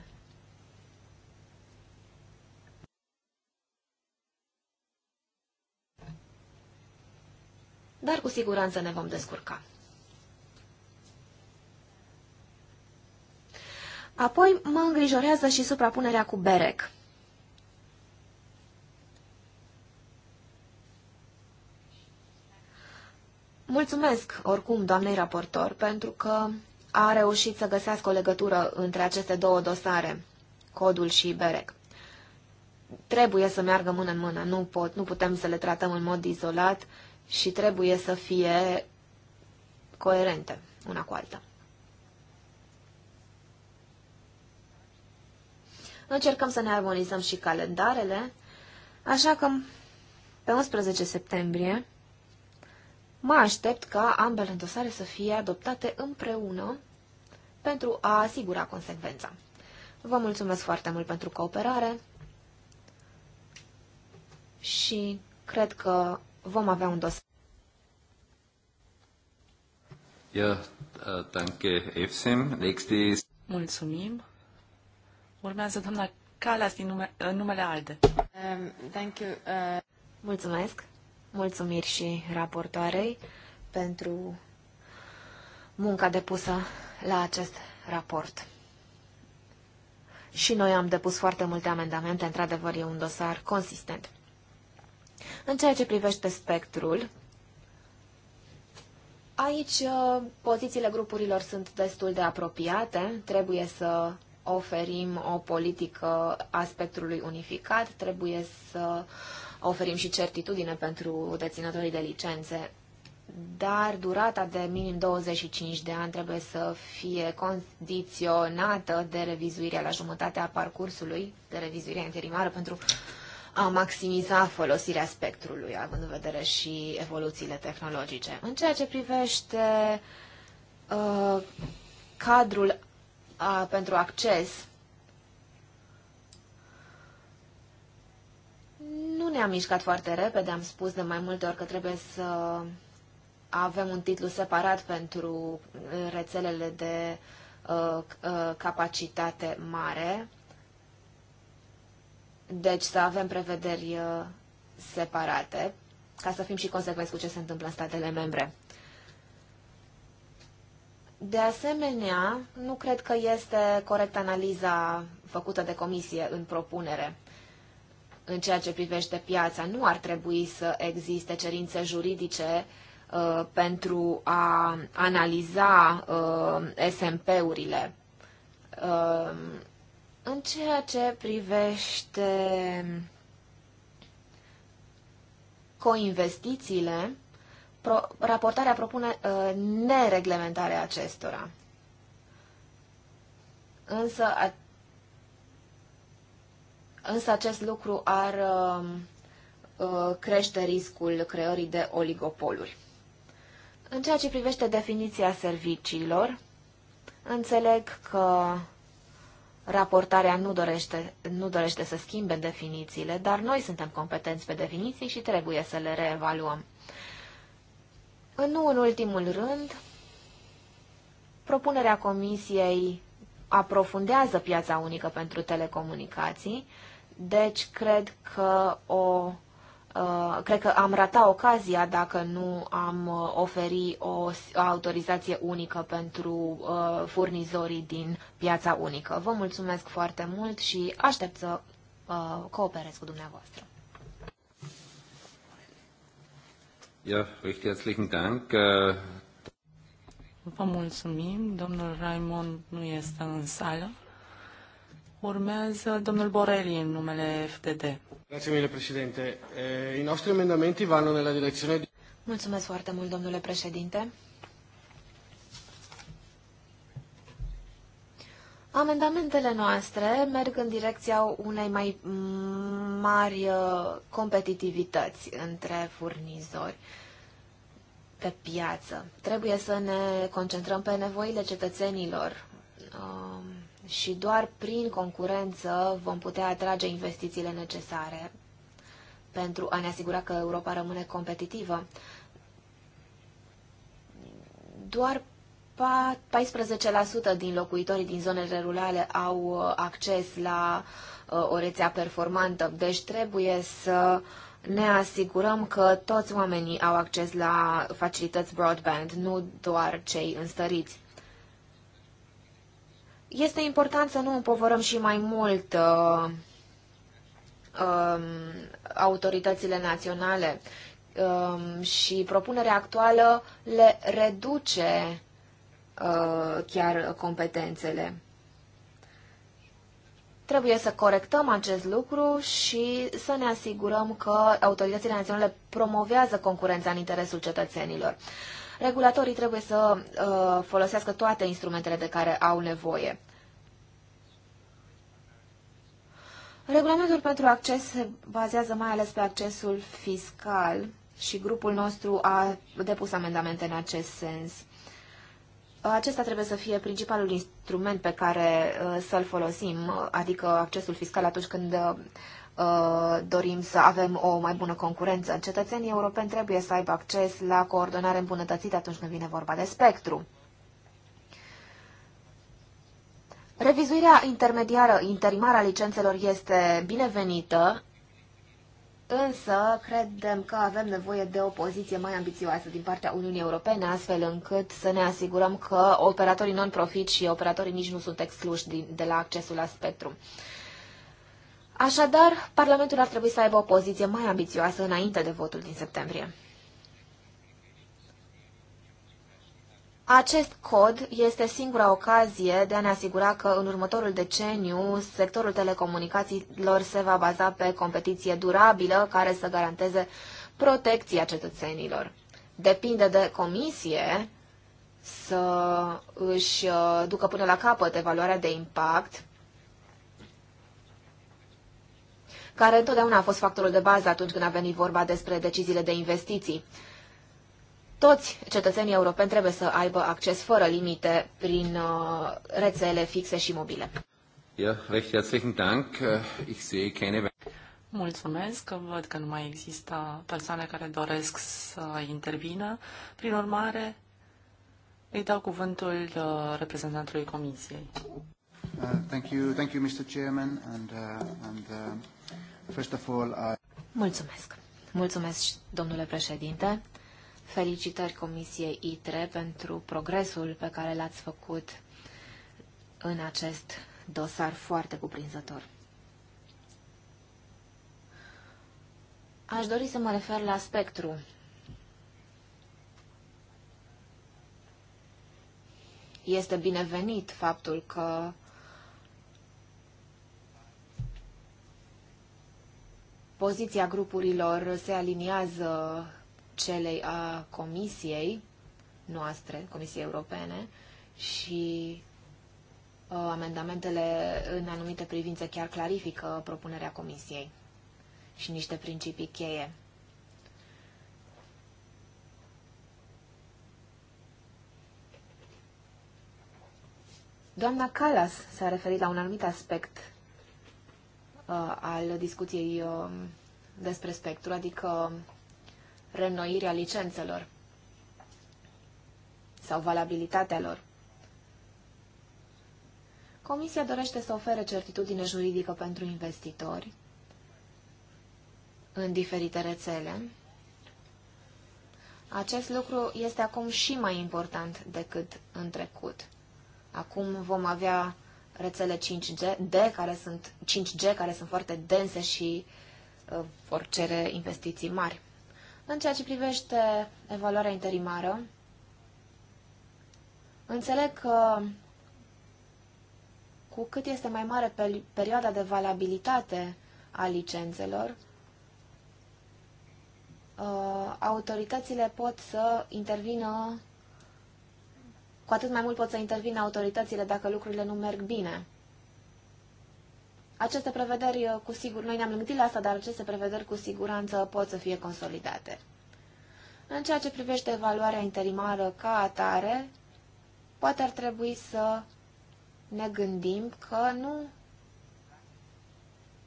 Dar cu siguranță ne vom descurca. Apoi mă îngrijorează și suprapunerea cu BEREC. Mulțumesc, oricum, doamnei raportor, pentru că a reușit să găsească o legătură între aceste două dosare, codul și BEREC. Trebuie să meargă mână în mână, nu, pot, nu putem să le tratăm în mod izolat și trebuie să fie coerente una cu alta. Încercăm să ne armonizăm și calendarele, așa că pe 11 septembrie mă aștept ca ambele dosare să fie adoptate împreună pentru a asigura consecvența. Vă mulțumesc foarte mult pentru cooperare și cred că vom avea un dosar. Ja, äh, danke, Efsim. Nächste Mulțumim. Urmează doamna Calas din nume, numele ALDE. Um, thank you. Uh... Mulțumesc. Mulțumiri și raportoarei pentru munca depusă la acest raport. Și noi am depus foarte multe amendamente, într-adevăr e un dosar consistent. În ceea ce privește spectrul, aici uh, pozițiile grupurilor sunt destul de apropiate, trebuie să oferim o politică a spectrului unificat, trebuie să oferim și certitudine pentru deținătorii de licențe. Dar durata de minim 25 de ani trebuie să fie condiționată de revizuirea la jumătatea parcursului, de revizuirea interimară pentru a maximiza folosirea spectrului, având în vedere și evoluțiile tehnologice. În ceea ce privește uh, cadrul a, pentru acces. Nu ne-am mișcat foarte repede, am spus de mai multe ori că trebuie să avem un titlu separat pentru uh, rețelele de a, uh, a, uh, capacitate mare. Deci să avem prevederi separate, ca să fim și consecvenți cu ce se întâmplă în statele membre. De asemenea, nu cred că este corect analiza făcută de comisie în propunere. În ceea ce privește piața, nu ar trebui să existe cerințe juridice uh, pentru a analiza uh, SMP-urile. Uh, în ceea ce privește coinvestițiile, pro, raportarea propune uh, nereglementarea acestora. Însă, a, însă acest lucru ar um, uh, crește riscul creării de oligopoluri. În ceea ce privește definiția serviciilor, înțeleg că raportarea nu dorește, nu dorește să schimbe definițiile, dar noi suntem competenți pe definiții și trebuie să le reevaluăm. În Nu în ultimul rând, propunerea Comisiei aprofundează piața unică pentru telecomunicații, deci cred că o ă, cred că am rata ocazia dacă nu am oferi o autorizație unică pentru ă, furnizorii din piața unică. Vă mulțumesc foarte mult și aștept să ă, cooperez cu dumneavoastră. Ja, recht herzlichen Dank. Äh, Vă mulțumim. Domnul Raimond nu este în sală. Urmează domnul Borelli în numele FDD. Grazie mille, eh, I nostri emendamenti vanno nella direzione di... Mulțumesc foarte mult, domnule președinte. Amendamentele noastre merg în direcția unei mai mari uh, competitivități între furnizori pe piață. Trebuie să ne concentrăm pe nevoile cetățenilor um, și doar prin concurență vom putea atrage investițiile necesare pentru a ne asigura că Europa rămâne competitivă. Doar 14% din locuitorii din zonele rurale au uh, acces la uh, o rețea performantă, deci trebuie să ne asigurăm că toți oamenii au acces la facilități broadband, nu doar cei înstăriți. Este important să nu împovărăm și mai mult uh, uh, autoritățile naționale uh, și propunerea actuală le reduce Uh, chiar competențele. Trebuie să corectăm acest lucru și să ne asigurăm că autoritățile naționale promovează concurența în interesul cetățenilor. Regulatorii trebuie să uh, folosească toate instrumentele de care au nevoie. Regulamentul pentru acces se bazează mai ales pe accesul fiscal și grupul nostru a depus amendamente în acest sens. Acesta trebuie să fie principalul instrument pe care uh, să-l folosim, adică accesul fiscal atunci când uh, dorim să avem o mai bună concurență. Cetățenii europeni trebuie să aibă acces la coordonare îmbunătățită atunci când vine vorba de spectru. Revizuirea intermediară, interimară a licențelor este binevenită, Însă, credem că avem nevoie de o poziție mai ambițioasă din partea Uniunii Europene, astfel încât să ne asigurăm că operatorii non-profit și operatorii nici nu sunt excluși din, de la accesul la spectrum. Așadar, Parlamentul ar trebui să aibă o poziție mai ambițioasă înainte de votul din septembrie. Acest cod este singura ocazie de a ne asigura că în următorul deceniu sectorul telecomunicațiilor se va baza pe competiție durabilă care să garanteze protecția cetățenilor. Depinde de comisie să își uh, ducă până la capăt evaluarea de impact, care întotdeauna a fost factorul de bază atunci când a venit vorba despre deciziile de investiții toți cetățenii europeni trebuie să aibă acces fără limite prin uh, rețele fixe și mobile. Ja, recht herzlichen Dank. Äh, ich sehe keine Mulțumesc, văd că nu mai există persoane care doresc să intervină. Prin urmare, îi dau cuvântul uh, reprezentantului Comisiei. Uh, thank you, thank you, Mr. Chairman, and, uh, and uh, first of all, I... Mulțumesc. Mulțumesc, domnule președinte. Felicitări Comisiei ITRE pentru progresul pe care l-ați făcut în acest dosar foarte cuprinzător. Aș dori să mă refer la spectru. Este binevenit faptul că poziția grupurilor se aliniază celei a Comisiei noastre, Comisiei Europene, și uh, amendamentele în anumite privințe chiar clarifică propunerea Comisiei și niște principii cheie. Doamna Calas s-a referit la un anumit aspect uh, al discuției uh, despre spectru, adică reînnoirea licențelor sau valabilitatea lor. Comisia dorește să ofere certitudine juridică pentru investitori în diferite rețele. Acest lucru este acum și mai important decât în trecut. Acum vom avea rețele 5G, D, care sunt, 5G care sunt foarte dense și uh, vor cere investiții mari. În ceea ce privește evaluarea interimară, înțeleg că cu cât este mai mare perioada de valabilitate a licențelor, uh, autoritățile pot să intervină, cu atât mai mult pot să intervină autoritățile dacă lucrurile nu merg bine. Aceste prevederi, uh, cu sigur, noi ne-am gândit la asta, dar aceste prevederi cu siguranță pot să fie consolidate. În ceea ce privește evaluarea interimară ca atare, poate ar trebui să ne gândim că nu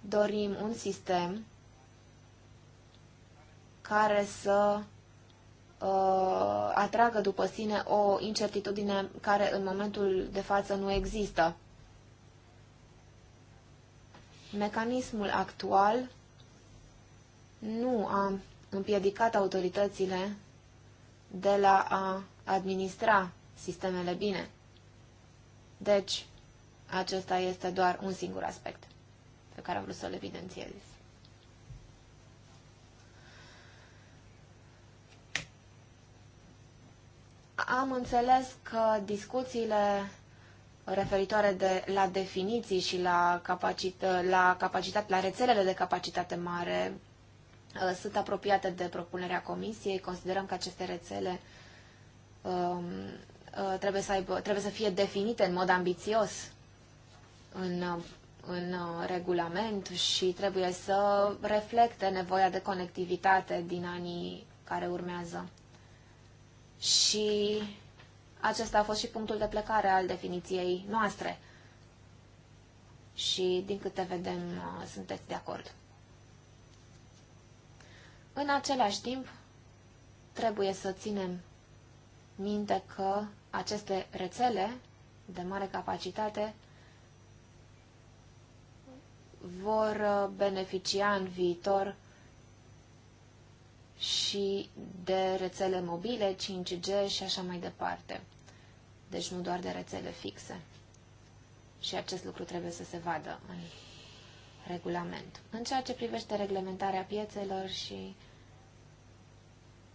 dorim un sistem care să uh, atragă după sine o incertitudine care în momentul de față nu există. Mecanismul actual nu a împiedicat autoritățile de la a administra sistemele bine. Deci, acesta este doar un singur aspect pe care am vrut să-l evidențiez. Am înțeles că discuțiile referitoare de, la definiții și la, capacit, la, capacitate, la rețelele de capacitate mare uh, sunt apropiate de propunerea comisiei. Considerăm că aceste rețele um, uh, trebuie, să aibă, trebuie să fie definite în mod ambițios în, uh, în regulament și trebuie să reflecte nevoia de conectivitate din anii care urmează. Și acesta a fost și punctul de plecare al definiției noastre. Și, din câte vedem, uh, sunteți de acord. În același timp, trebuie să ținem minte că aceste rețele de mare capacitate vor uh, beneficia în viitor și de rețele mobile, 5G și așa mai departe. Deci nu doar de rețele fixe. Și acest lucru trebuie să se vadă în regulament. În ceea ce privește reglementarea piețelor și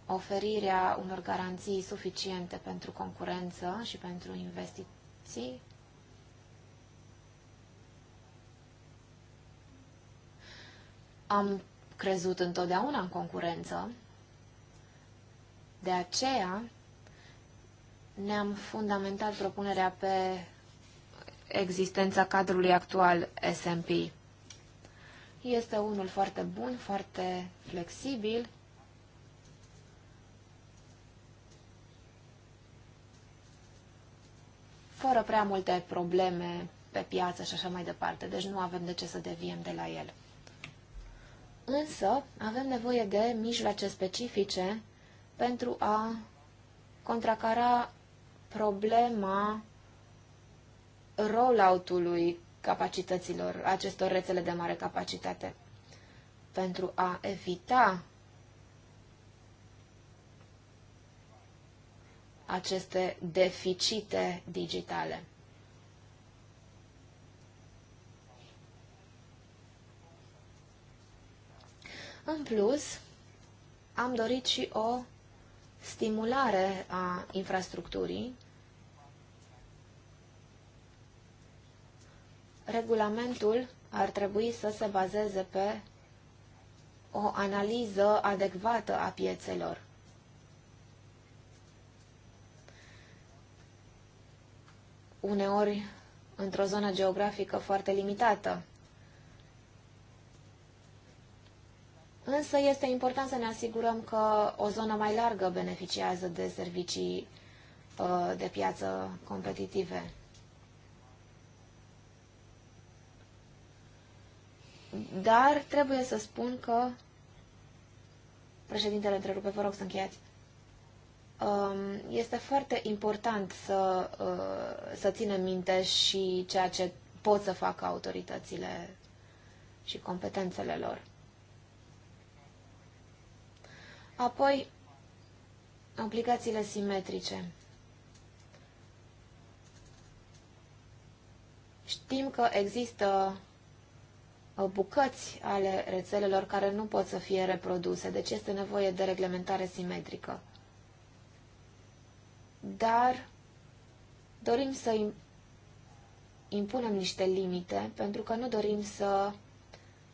oferirea unor garanții suficiente pentru concurență și pentru investiții, am crezut întotdeauna în concurență. De aceea ne-am fundamentat propunerea pe existența cadrului actual SMP. Este unul foarte bun, foarte flexibil fără prea multe probleme pe piață și așa mai departe, deci nu avem de ce să deviem de la el. Însă, avem nevoie de mijloace specifice pentru a contracara problema rollout-ului capacităților acestor rețele de mare capacitate pentru a evita aceste deficite digitale. În plus, am dorit și o stimulare a infrastructurii. Regulamentul ar trebui să se bazeze pe o analiză adecvată a piețelor. Uneori într-o zonă geografică foarte limitată. Însă este important să ne asigurăm că o zonă mai largă beneficiază de servicii uh, de piață competitive. Dar trebuie să spun că președintele întrerupe, vă rog să încheiați. Um, este foarte important să, uh, să ținem minte și ceea ce pot să facă autoritățile și competențele lor. Apoi, obligațiile simetrice. Știm că există uh, bucăți ale rețelelor care nu pot să fie reproduse, deci este nevoie de reglementare simetrică. Dar dorim să impunem niște limite, pentru că nu dorim să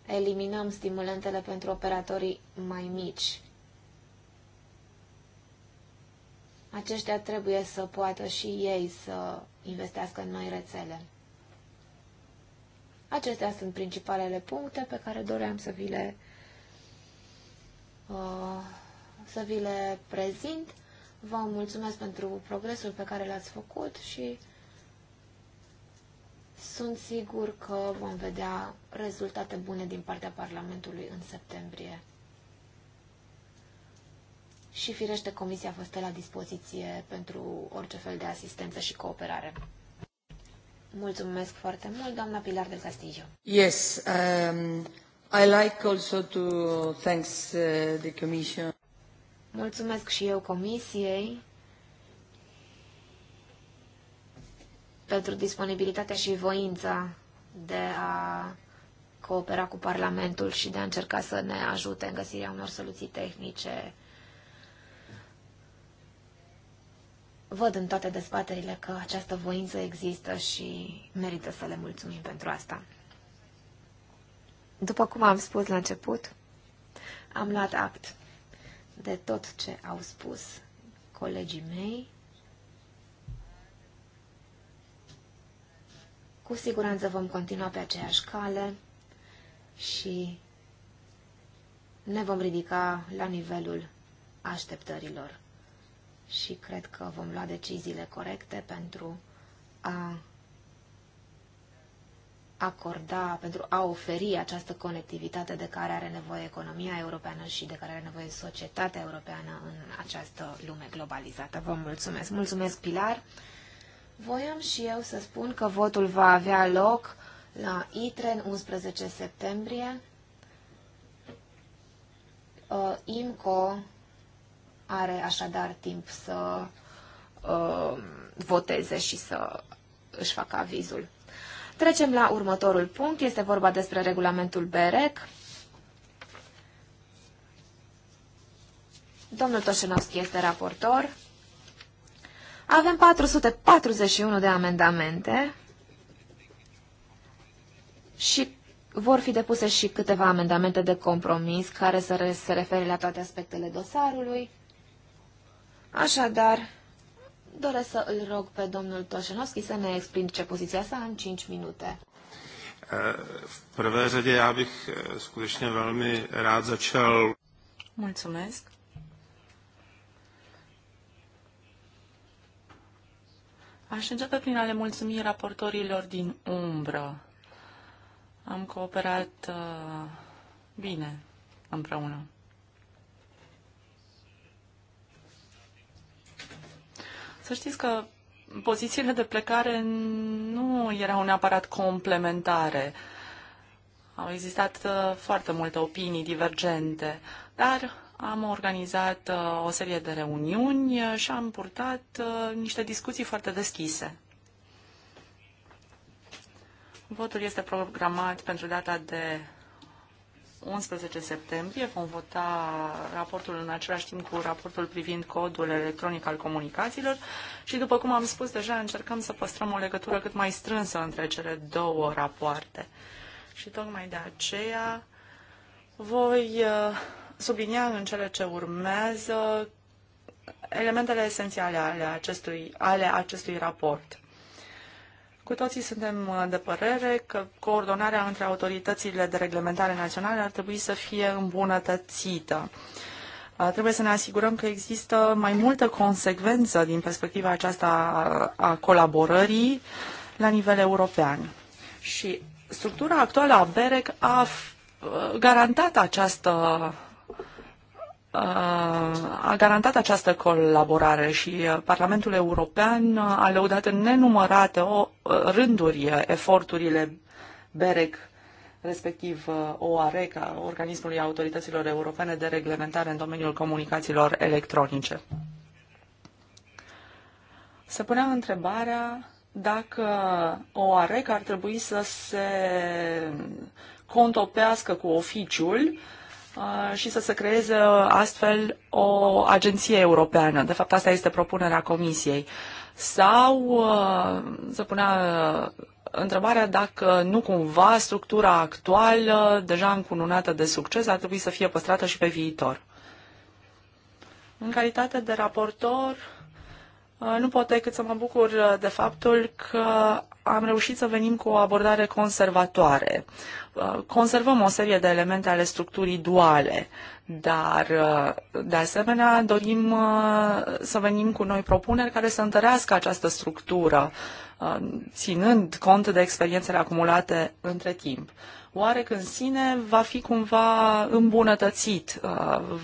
eliminăm stimulentele pentru operatorii mai mici. aceștia trebuie să poată și ei să investească în noi rețele. Acestea sunt principalele puncte pe care doream să vi le, uh, să vi le prezint. Vă mulțumesc pentru progresul pe care l-ați făcut și sunt sigur că vom vedea rezultate bune din partea Parlamentului în septembrie și firește comisia vă stă la dispoziție pentru orice fel de asistență și cooperare. Mulțumesc foarte mult, doamna Pilar del Castillo. Yes, um, I like also to thanks uh, the commission. Mulțumesc și eu comisiei pentru disponibilitatea și voința de a coopera cu Parlamentul și de a încerca să ne ajute în găsirea unor soluții tehnice Văd în toate dezbaterile că această voință există și merită să le mulțumim pentru asta. După cum am spus la început, am luat act de tot ce au spus colegii mei. Cu siguranță vom continua pe aceeași cale și ne vom ridica la nivelul așteptărilor și cred că vom lua deciziile corecte pentru a acorda, pentru a oferi această conectivitate de care are nevoie economia europeană și de care are nevoie societatea europeană în această lume globalizată. Vă mulțumesc. Mulțumesc, Pilar. Voiam și eu să spun că votul va avea loc la ITREN 11 septembrie. Uh, IMCO are așadar timp să uh, voteze și să își facă avizul. Trecem la următorul punct. Este vorba despre regulamentul BEREC. Domnul Toșenovski este raportor. Avem 441 de amendamente și vor fi depuse și câteva amendamente de compromis care să se refere la toate aspectele dosarului. Așadar, doresc să îl rog pe domnul Toșenovski să ne explice poziția sa în 5 minute. Eh, v prvé řadě já bych eh, skutečně velmi rád začal. Mulțumesc. Aș începe prin a le mulțumi raportorilor din umbră. Am cooperat uh, bine împreună. Să știți că pozițiile de plecare nu erau neapărat complementare. Au existat uh, foarte multe opinii divergente, dar am organizat uh, o serie de reuniuni uh, și am purtat niște discuții foarte deschise. Votul este programat pentru data de 11 septembrie. Vom vota raportul în același timp cu raportul privind codul electronic al comunicațiilor și, după cum am spus deja, încercăm să păstrăm o legătură cât mai strânsă între cele două rapoarte. Și tocmai de aceea voi uh, sublinia în cele ce urmează elementele esențiale ale acestui, ale acestui raport. Cu toții suntem uh, de părere că coordonarea între autoritățile de reglementare naționale ar trebui să fie îmbunătățită. Uh, trebuie să ne asigurăm că există mai multă consecvență din perspectiva aceasta a colaborării la nivel european. Și structura actuală a BEREC a uh, garantat această Uh, a garantat această colaborare și uh, Parlamentul European uh, a lăudat în nenumărate o, rânduri eforturile BEREC respectiv OAREC, Organismului Autorităților Europene de Reglementare în domeniul comunicațiilor electronice. Se punea întrebarea dacă OAREC ar trebui să se contopească cu oficiul uh, Ah, și să se creeze uh, astfel o agenție europeană. De fapt, asta este propunerea Comisiei. Sau uh, se punea uh, întrebarea dacă nu cumva structura actuală, deja încununată de succes, ar trebui să fie păstrată și pe viitor. În calitate de raportor, nu pot decât să mă bucur de faptul că am reușit să venim cu o abordare conservatoare. Uh, conservăm o serie de elemente ale structurii duale, dar uh, de asemenea dorim uh, să venim cu noi propuneri care să întărească această structură, ținând cont de experiențele acumulate între timp. Oare în sine va fi cumva îmbunătățit,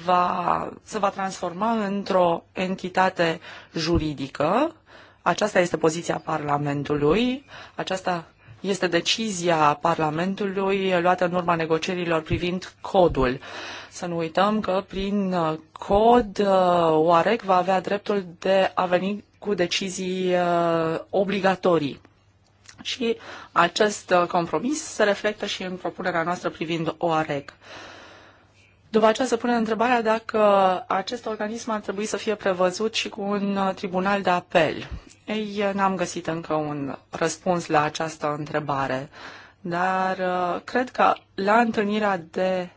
va, se va transforma într-o entitate juridică aceasta este poziția Parlamentului, aceasta este decizia Parlamentului luată în urma negocierilor privind codul. Să nu uităm că prin cod uh, OAREC va avea dreptul de a veni cu decizii uh, obligatorii. Și acest uh, compromis se reflectă și în propunerea noastră privind OAREC. După aceea se pune întrebarea dacă acest organism ar trebui să fie prevăzut și cu un uh, tribunal de apel. Ei, uh, n-am găsit încă un răspuns la această întrebare, dar uh, cred că la întâlnirea de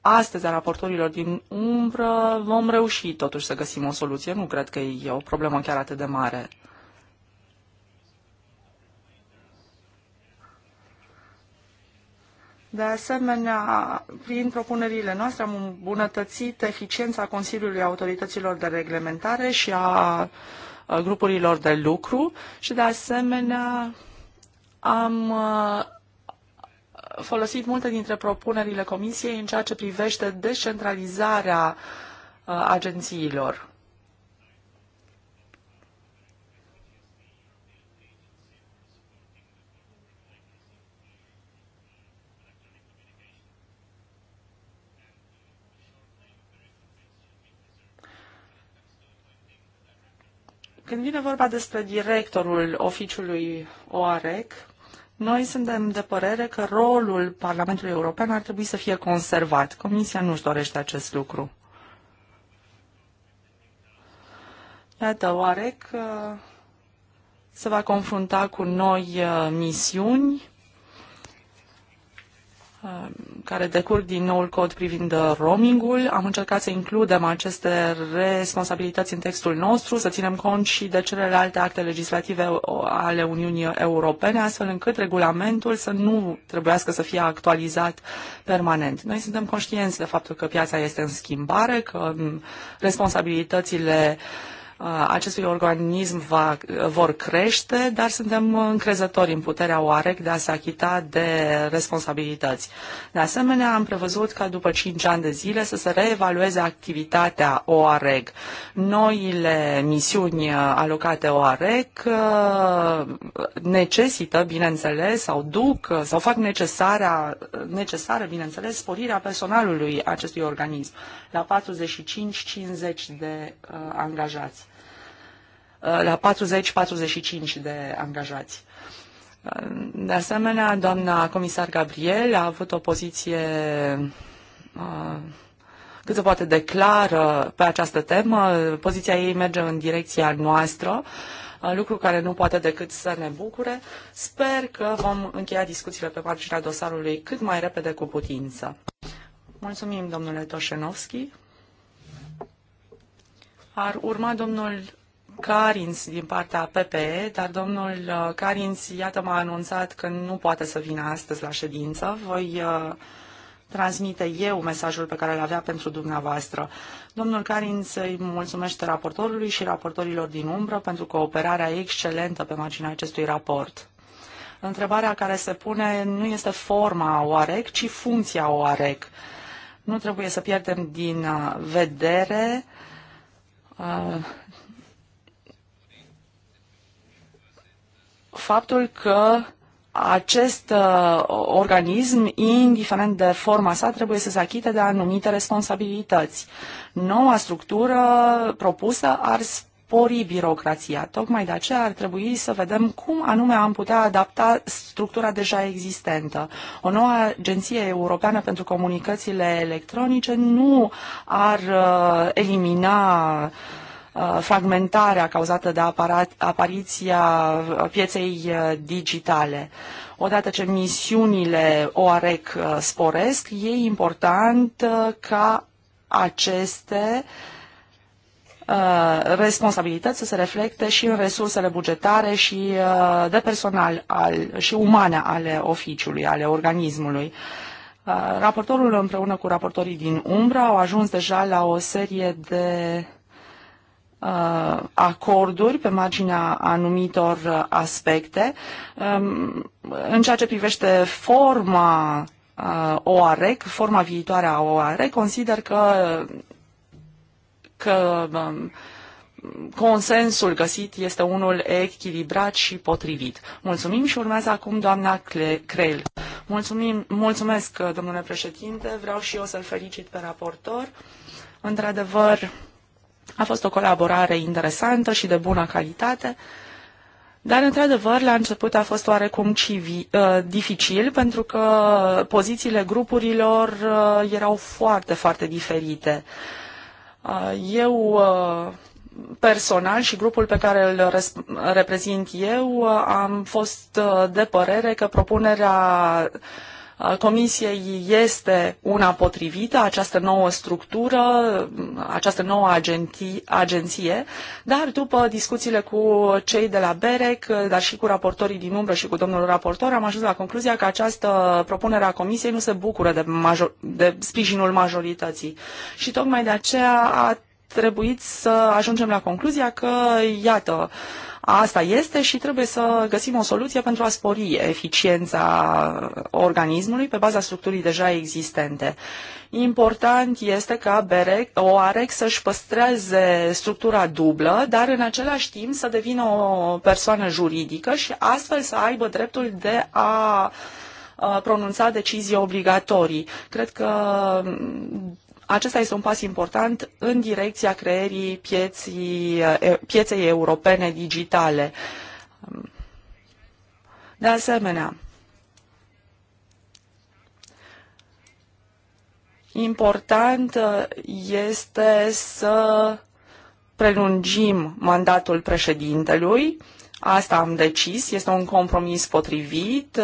astăzi a raportorilor din umbră vom reuși totuși să găsim o soluție. Nu cred că e o problemă chiar atât de mare. De asemenea, prin propunerile noastre am îmbunătățit eficiența Consiliului Autorităților de Reglementare și a grupurilor de lucru și, de asemenea, am folosit multe dintre propunerile Comisiei în ceea ce privește descentralizarea agențiilor. Când vine vorba despre directorul oficiului OAREC, noi suntem de părere că rolul Parlamentului European ar trebui să fie conservat. Comisia nu-și dorește acest lucru. Iată, OAREC uh, se va confrunta cu noi uh, misiuni Um, care decurg din noul cod privind uh, roamingul. Am încercat să includem aceste responsabilități în textul nostru, să ținem cont și de celelalte acte legislative uh, ale Uniunii Europene, astfel încât regulamentul să nu trebuiască să fie actualizat permanent. Noi suntem conștienți de faptul că piața este în schimbare, că um, responsabilitățile uh, acestui organism va, vor crește, dar suntem încrezători în puterea OAREC de a se achita de responsabilități. De asemenea, am prevăzut ca după 5 ani de zile să se reevalueze activitatea OAREC. Noile misiuni alocate OAREC necesită, bineînțeles, sau duc, sau fac necesarea, necesară, bineînțeles, sporirea personalului acestui organism la 45-50 de uh, angajați. Uh, la 40-45 de angajați. Uh, de asemenea, doamna comisar Gabriel a avut o poziție uh, cât se poate declară pe această temă. Poziția ei merge în direcția noastră, lucru care nu poate decât să ne bucure. Sper că vom încheia discuțiile pe marginea dosarului cât mai repede cu putință. Mulțumim, domnule Toșenovski. Ar urma domnul Carins din partea PPE, dar domnul uh, Carins, iată, m-a anunțat că nu poate să vină astăzi la ședință. Voi uh, transmite eu mesajul pe care îl avea pentru dumneavoastră. Domnul Carin îi mulțumește raportorului și raportorilor din umbră pentru cooperarea excelentă pe marginea acestui raport. Întrebarea care se pune nu este forma OAREC, ci funcția OAREC. Nu trebuie să pierdem din uh, vedere uh, faptul că acest uh, organism, indiferent de forma sa, trebuie să se achite de anumite responsabilități. Noua structură propusă ar spori birocrația. Tocmai de aceea ar trebui să vedem cum anume am putea adapta structura deja existentă. O nouă agenție europeană pentru comunicațiile electronice nu ar uh, elimina uh, Uh, fragmentarea cauzată de apariția uh, pieței uh, digitale. Odată ce misiunile OAREC sporesc, e important ca aceste responsabilități să se reflecte și în resursele bugetare și de personal al, și umane ale oficiului, ale organismului. Raportorul împreună cu raportorii din Umbra au ajuns deja la o serie de Uh, acorduri pe marginea anumitor uh, aspecte. Um, în ceea ce privește forma uh, OAREC, forma viitoare a OAREC, consider că, că um, consensul găsit este unul echilibrat și potrivit. Mulțumim și urmează acum doamna Creel. Mulțumim, mulțumesc, domnule președinte, vreau și eu să-l felicit pe raportor. Într-adevăr, a fost o colaborare interesantă și de bună calitate, dar, într-adevăr, la început a fost oarecum civi, uh, dificil, pentru că pozițiile grupurilor uh, erau foarte, foarte diferite. Uh, eu uh, personal și grupul pe care îl reprezint eu uh, am fost uh, de părere că propunerea uh, Comisiei este una potrivită, această nouă structură, această nouă agenție, agenție, dar după discuțiile cu cei de la BEREC, dar și cu raportorii din umbră și cu domnul raportor, am ajuns la concluzia că această propunere a Comisiei nu se bucură de, major, de sprijinul majorității. Și tocmai de aceea a trebuit să ajungem la concluzia că, iată, uh, Asta este și trebuie să găsim o soluție pentru a spori eficiența organismului pe baza structurii deja existente. Important este ca BEREC, OAREC să-și păstreze structura dublă, dar în același timp să devină o persoană juridică și astfel să aibă dreptul de a pronunța decizii obligatorii. Cred că acesta este un pas important în direcția creierii pieții, pieței europene digitale. De asemenea, important este să prelungim mandatul președintelui. Asta am decis, este un compromis potrivit.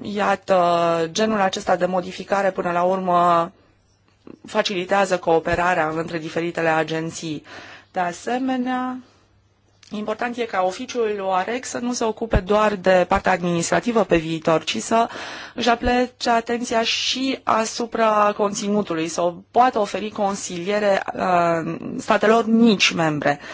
Iată, genul acesta de modificare până la urmă facilitează cooperarea între diferitele agenții. De asemenea, important e ca oficiul OAREC să nu se ocupe doar de partea administrativă pe viitor, ci să își aplece atenția și asupra conținutului, să o poată oferi consiliere uh, statelor mici membre. Uh,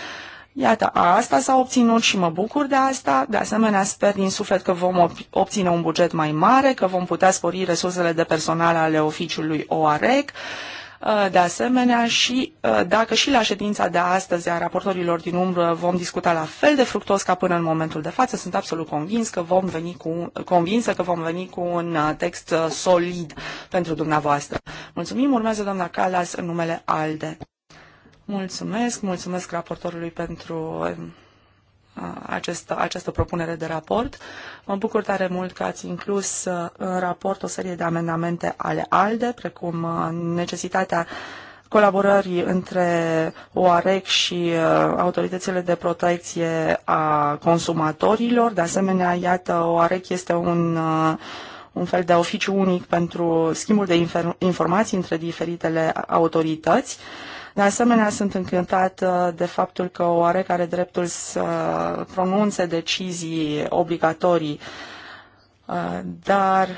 Iată, asta s-a obținut și mă bucur de asta. De asemenea, sper din suflet că vom obține un buget mai mare, că vom putea spori resursele de personal ale oficiului OAREC. Uh, de asemenea, și uh, dacă și la ședința de astăzi a raportorilor din umbră vom discuta la fel de fructos ca până în momentul de față, sunt absolut convins că vom veni cu, convinsă că vom veni cu un uh, text solid pentru dumneavoastră. Mulțumim, urmează doamna Calas în numele ALDE. Mulțumesc, mulțumesc raportorului pentru um, acest, această propunere de raport. Mă bucur tare mult că ați inclus uh, în raport o serie de amendamente ale ALDE, precum uh, necesitatea colaborării între OAREC și uh, autoritățile de protecție a consumatorilor. De asemenea, iată, OAREC este un un fel de oficiu unic pentru schimbul de informații între diferitele autorități. Uh, de asemenea, sunt încântată de faptul că oarecare dreptul să pronunțe decizii obligatorii, uh, dar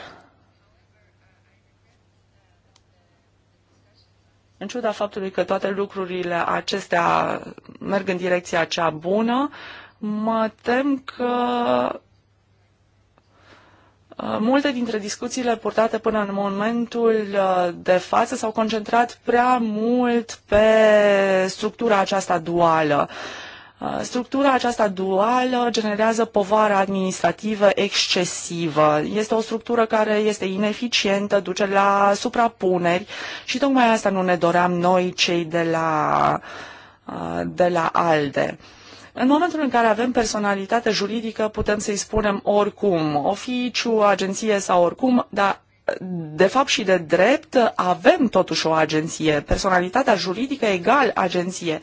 în ciuda faptului că toate lucrurile acestea merg în direcția cea bună, mă tem că Uh, multe dintre discuțiile purtate până în momentul uh, de față s-au concentrat prea mult pe structura aceasta duală. Uh, structura aceasta duală generează povară administrativă excesivă. Este o structură care este ineficientă, duce la suprapuneri și tocmai asta nu ne doream noi cei de la, de la ALDE. În momentul în care avem personalitate juridică, putem să-i spunem oricum, oficiu, agenție sau oricum, dar de fapt și de drept, avem totuși o agenție, personalitatea juridică egal agenție.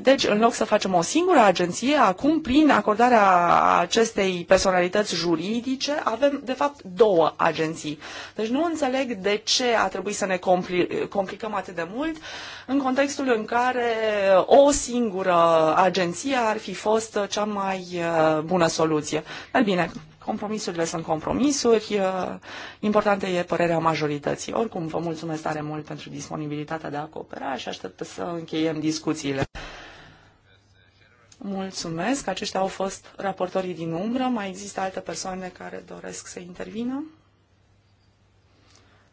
Deci, în loc să facem o singură agenție, acum, prin acordarea acestei personalități juridice, avem, de fapt, două agenții. Deci nu înțeleg de ce a trebuit să ne compli- complicăm atât de mult în contextul în care o singură agenție ar fi fost cea mai bună soluție. Dar bine, Compromisurile sunt compromisuri, uh, importantă e părerea majorității. Oricum, vă mulțumesc tare mult pentru disponibilitatea de a coopera și aștept să încheiem discuțiile. Mulțumesc, aceștia au fost raportorii din umbră. Mai există alte persoane care doresc să intervină?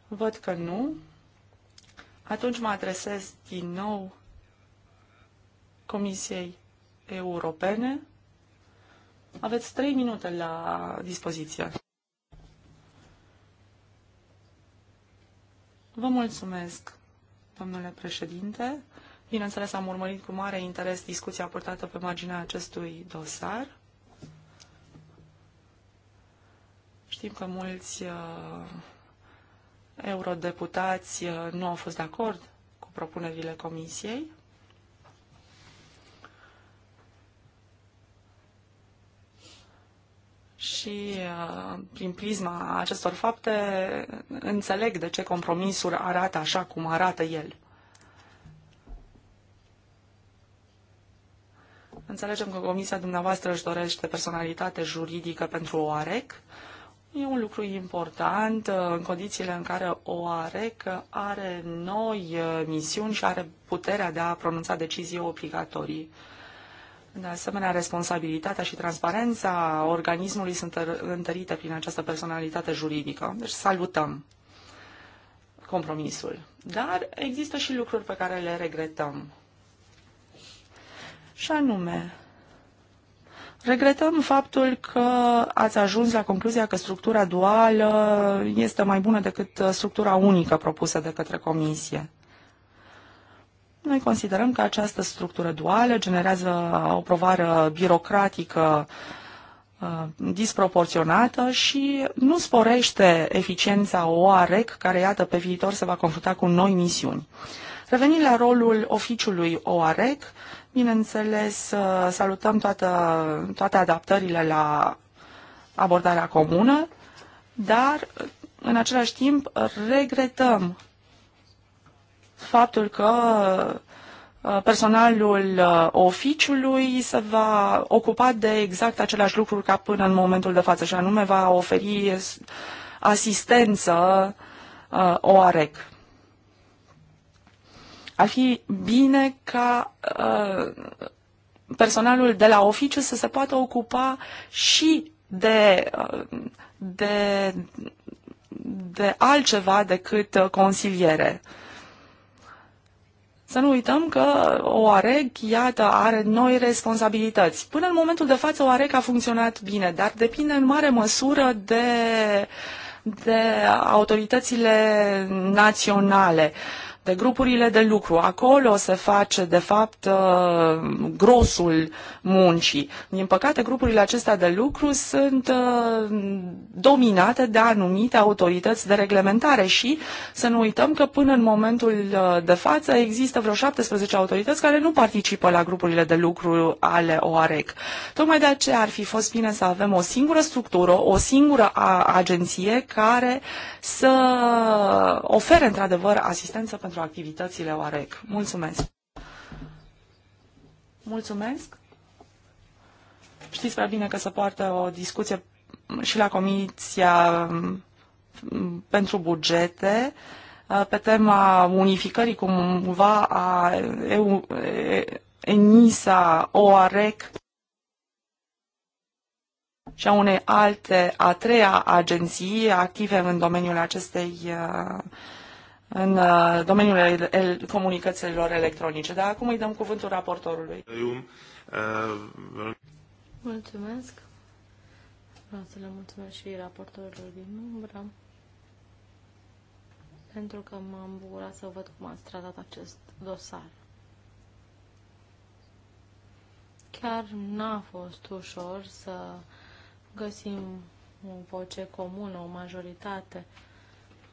Văd că nu. Atunci mă adresez din nou Comisiei Europene. Aveți trei minute la dispoziție. Vă mulțumesc, domnule președinte. Bineînțeles, am urmărit cu mare interes discuția purtată pe marginea acestui dosar. Știm că mulți uh, eurodeputați uh, nu au fost de acord cu propunerile comisiei. și uh, prin prisma acestor fapte înțeleg de ce compromisul arată așa cum arată el. Înțelegem că comisia dumneavoastră își dorește personalitate juridică pentru OAREC. E un lucru important uh, în condițiile în care OAREC are noi uh, misiuni și are puterea de a pronunța decizii obligatorii. De asemenea, responsabilitatea și transparența organismului sunt întărite prin această personalitate juridică. Deci salutăm compromisul. Dar există și lucruri pe care le regretăm. Și anume, regretăm faptul că ați ajuns la concluzia că structura duală este mai bună decât structura unică propusă de către Comisie. Noi considerăm că această structură duală generează o provară birocratică uh, disproporționată și nu sporește eficiența OAREC, care, iată, pe viitor se va confrunta cu noi misiuni. Revenind la rolul oficiului OAREC, bineînțeles, uh, salutăm toată, toate adaptările la abordarea comună, dar, în același timp, regretăm faptul că uh, personalul uh, oficiului se va ocupa de exact aceleași lucruri ca până în momentul de față și anume va oferi asistență uh, OAREC. Ar fi bine ca personalul de la oficiu să se poată ocupa și de, de, de altceva decât consiliere. Uh, să nu uităm că OAREG, iată, are noi responsabilități. Până în momentul de față, OAREG a funcționat bine, dar depinde în mare măsură de, de autoritățile naționale. Uh, de grupurile de lucru. Acolo se face, de fapt, uh, grosul muncii. Din păcate, grupurile acestea de lucru sunt uh, dominate de anumite autorități de reglementare și să nu uităm că până în momentul uh, de față există vreo 17 autorități care nu participă la grupurile de lucru ale OAREC. Tocmai de aceea ar fi fost bine să avem o singură structură, o singură agenție care să ofere, într-adevăr, asistență pentru pentru activitățile OAREC. Mulțumesc! Mulțumesc! Știți prea bine că se poartă o discuție și la Comisia mm, pentru bugete uh, pe tema unificării cumva a EU, ENISA, OAREC și a unei alte, a treia agenții active în domeniul acestei uh, în uh, domeniul el- comunicațiilor electronice. Dar acum îi dăm cuvântul raportorului. Mulțumesc. Vreau să le mulțumesc și raportorilor din umbră pentru că m-am bucurat să văd cum ați tratat acest dosar. Chiar n-a fost ușor să găsim o voce comună, o majoritate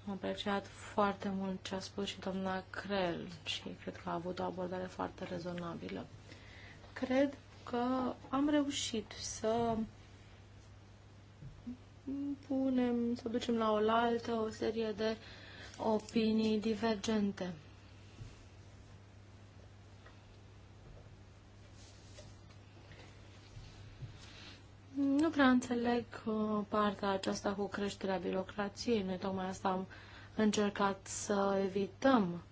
am apreciat foarte mult ce a spus și doamna Crel și cred că a avut o abordare foarte rezonabilă. Cred că am reușit să punem, să ducem la oaltă o serie de opinii divergente. Nu prea înțeleg uh, partea aceasta cu creșterea birocrației. Noi tocmai asta am încercat să evităm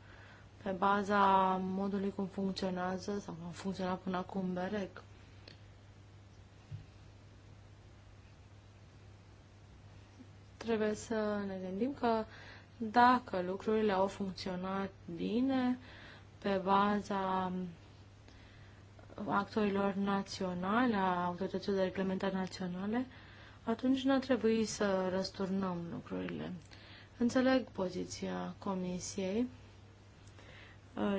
pe baza modului cum funcționează sau cum a funcționat până acum BEREC. Trebuie să ne gândim că dacă lucrurile au funcționat bine pe baza actorilor naționale, a autorităților de reglementare naționale, atunci nu ar trebui să răsturnăm lucrurile. Înțeleg poziția Comisiei,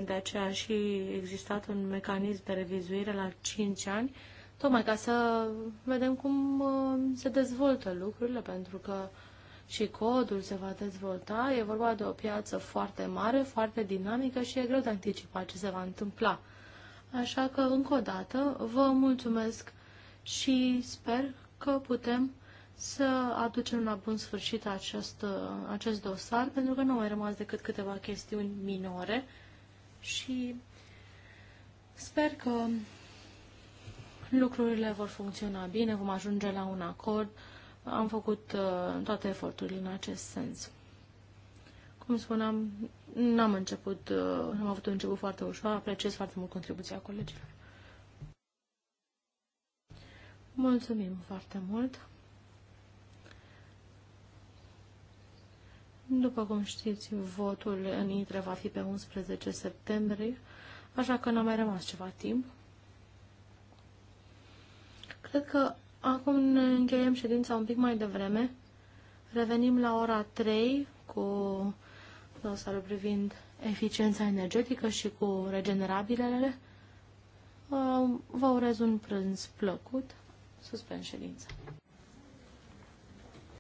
de aceea și existat un mecanism de revizuire la 5 ani, tocmai ca să vedem cum uh, se dezvoltă lucrurile, pentru că și codul se va dezvolta. E vorba de o piață foarte mare, foarte dinamică și e greu de anticipat ce se va întâmpla. Așa că, încă o dată, vă mulțumesc și sper că putem să aducem la bun sfârșit acest, acest dosar, pentru că nu au mai rămas decât câteva chestiuni minore și sper că lucrurile vor funcționa bine, vom ajunge la un acord. Am făcut uh, toate eforturile în acest sens. Cum spuneam, n-am început, uh, n-am avut un început foarte ușor, apreciez foarte mult contribuția colegilor. Mulțumim foarte mult! După cum știți, votul în intre va fi pe 11 septembrie, așa că n-a mai rămas ceva timp. Cred că acum ne încheiem ședința un pic mai devreme. Revenim la ora 3 cu dosarul privind eficiența energetică și cu regenerabilele, uh, vă urez un prânz plăcut. Suspend ședința.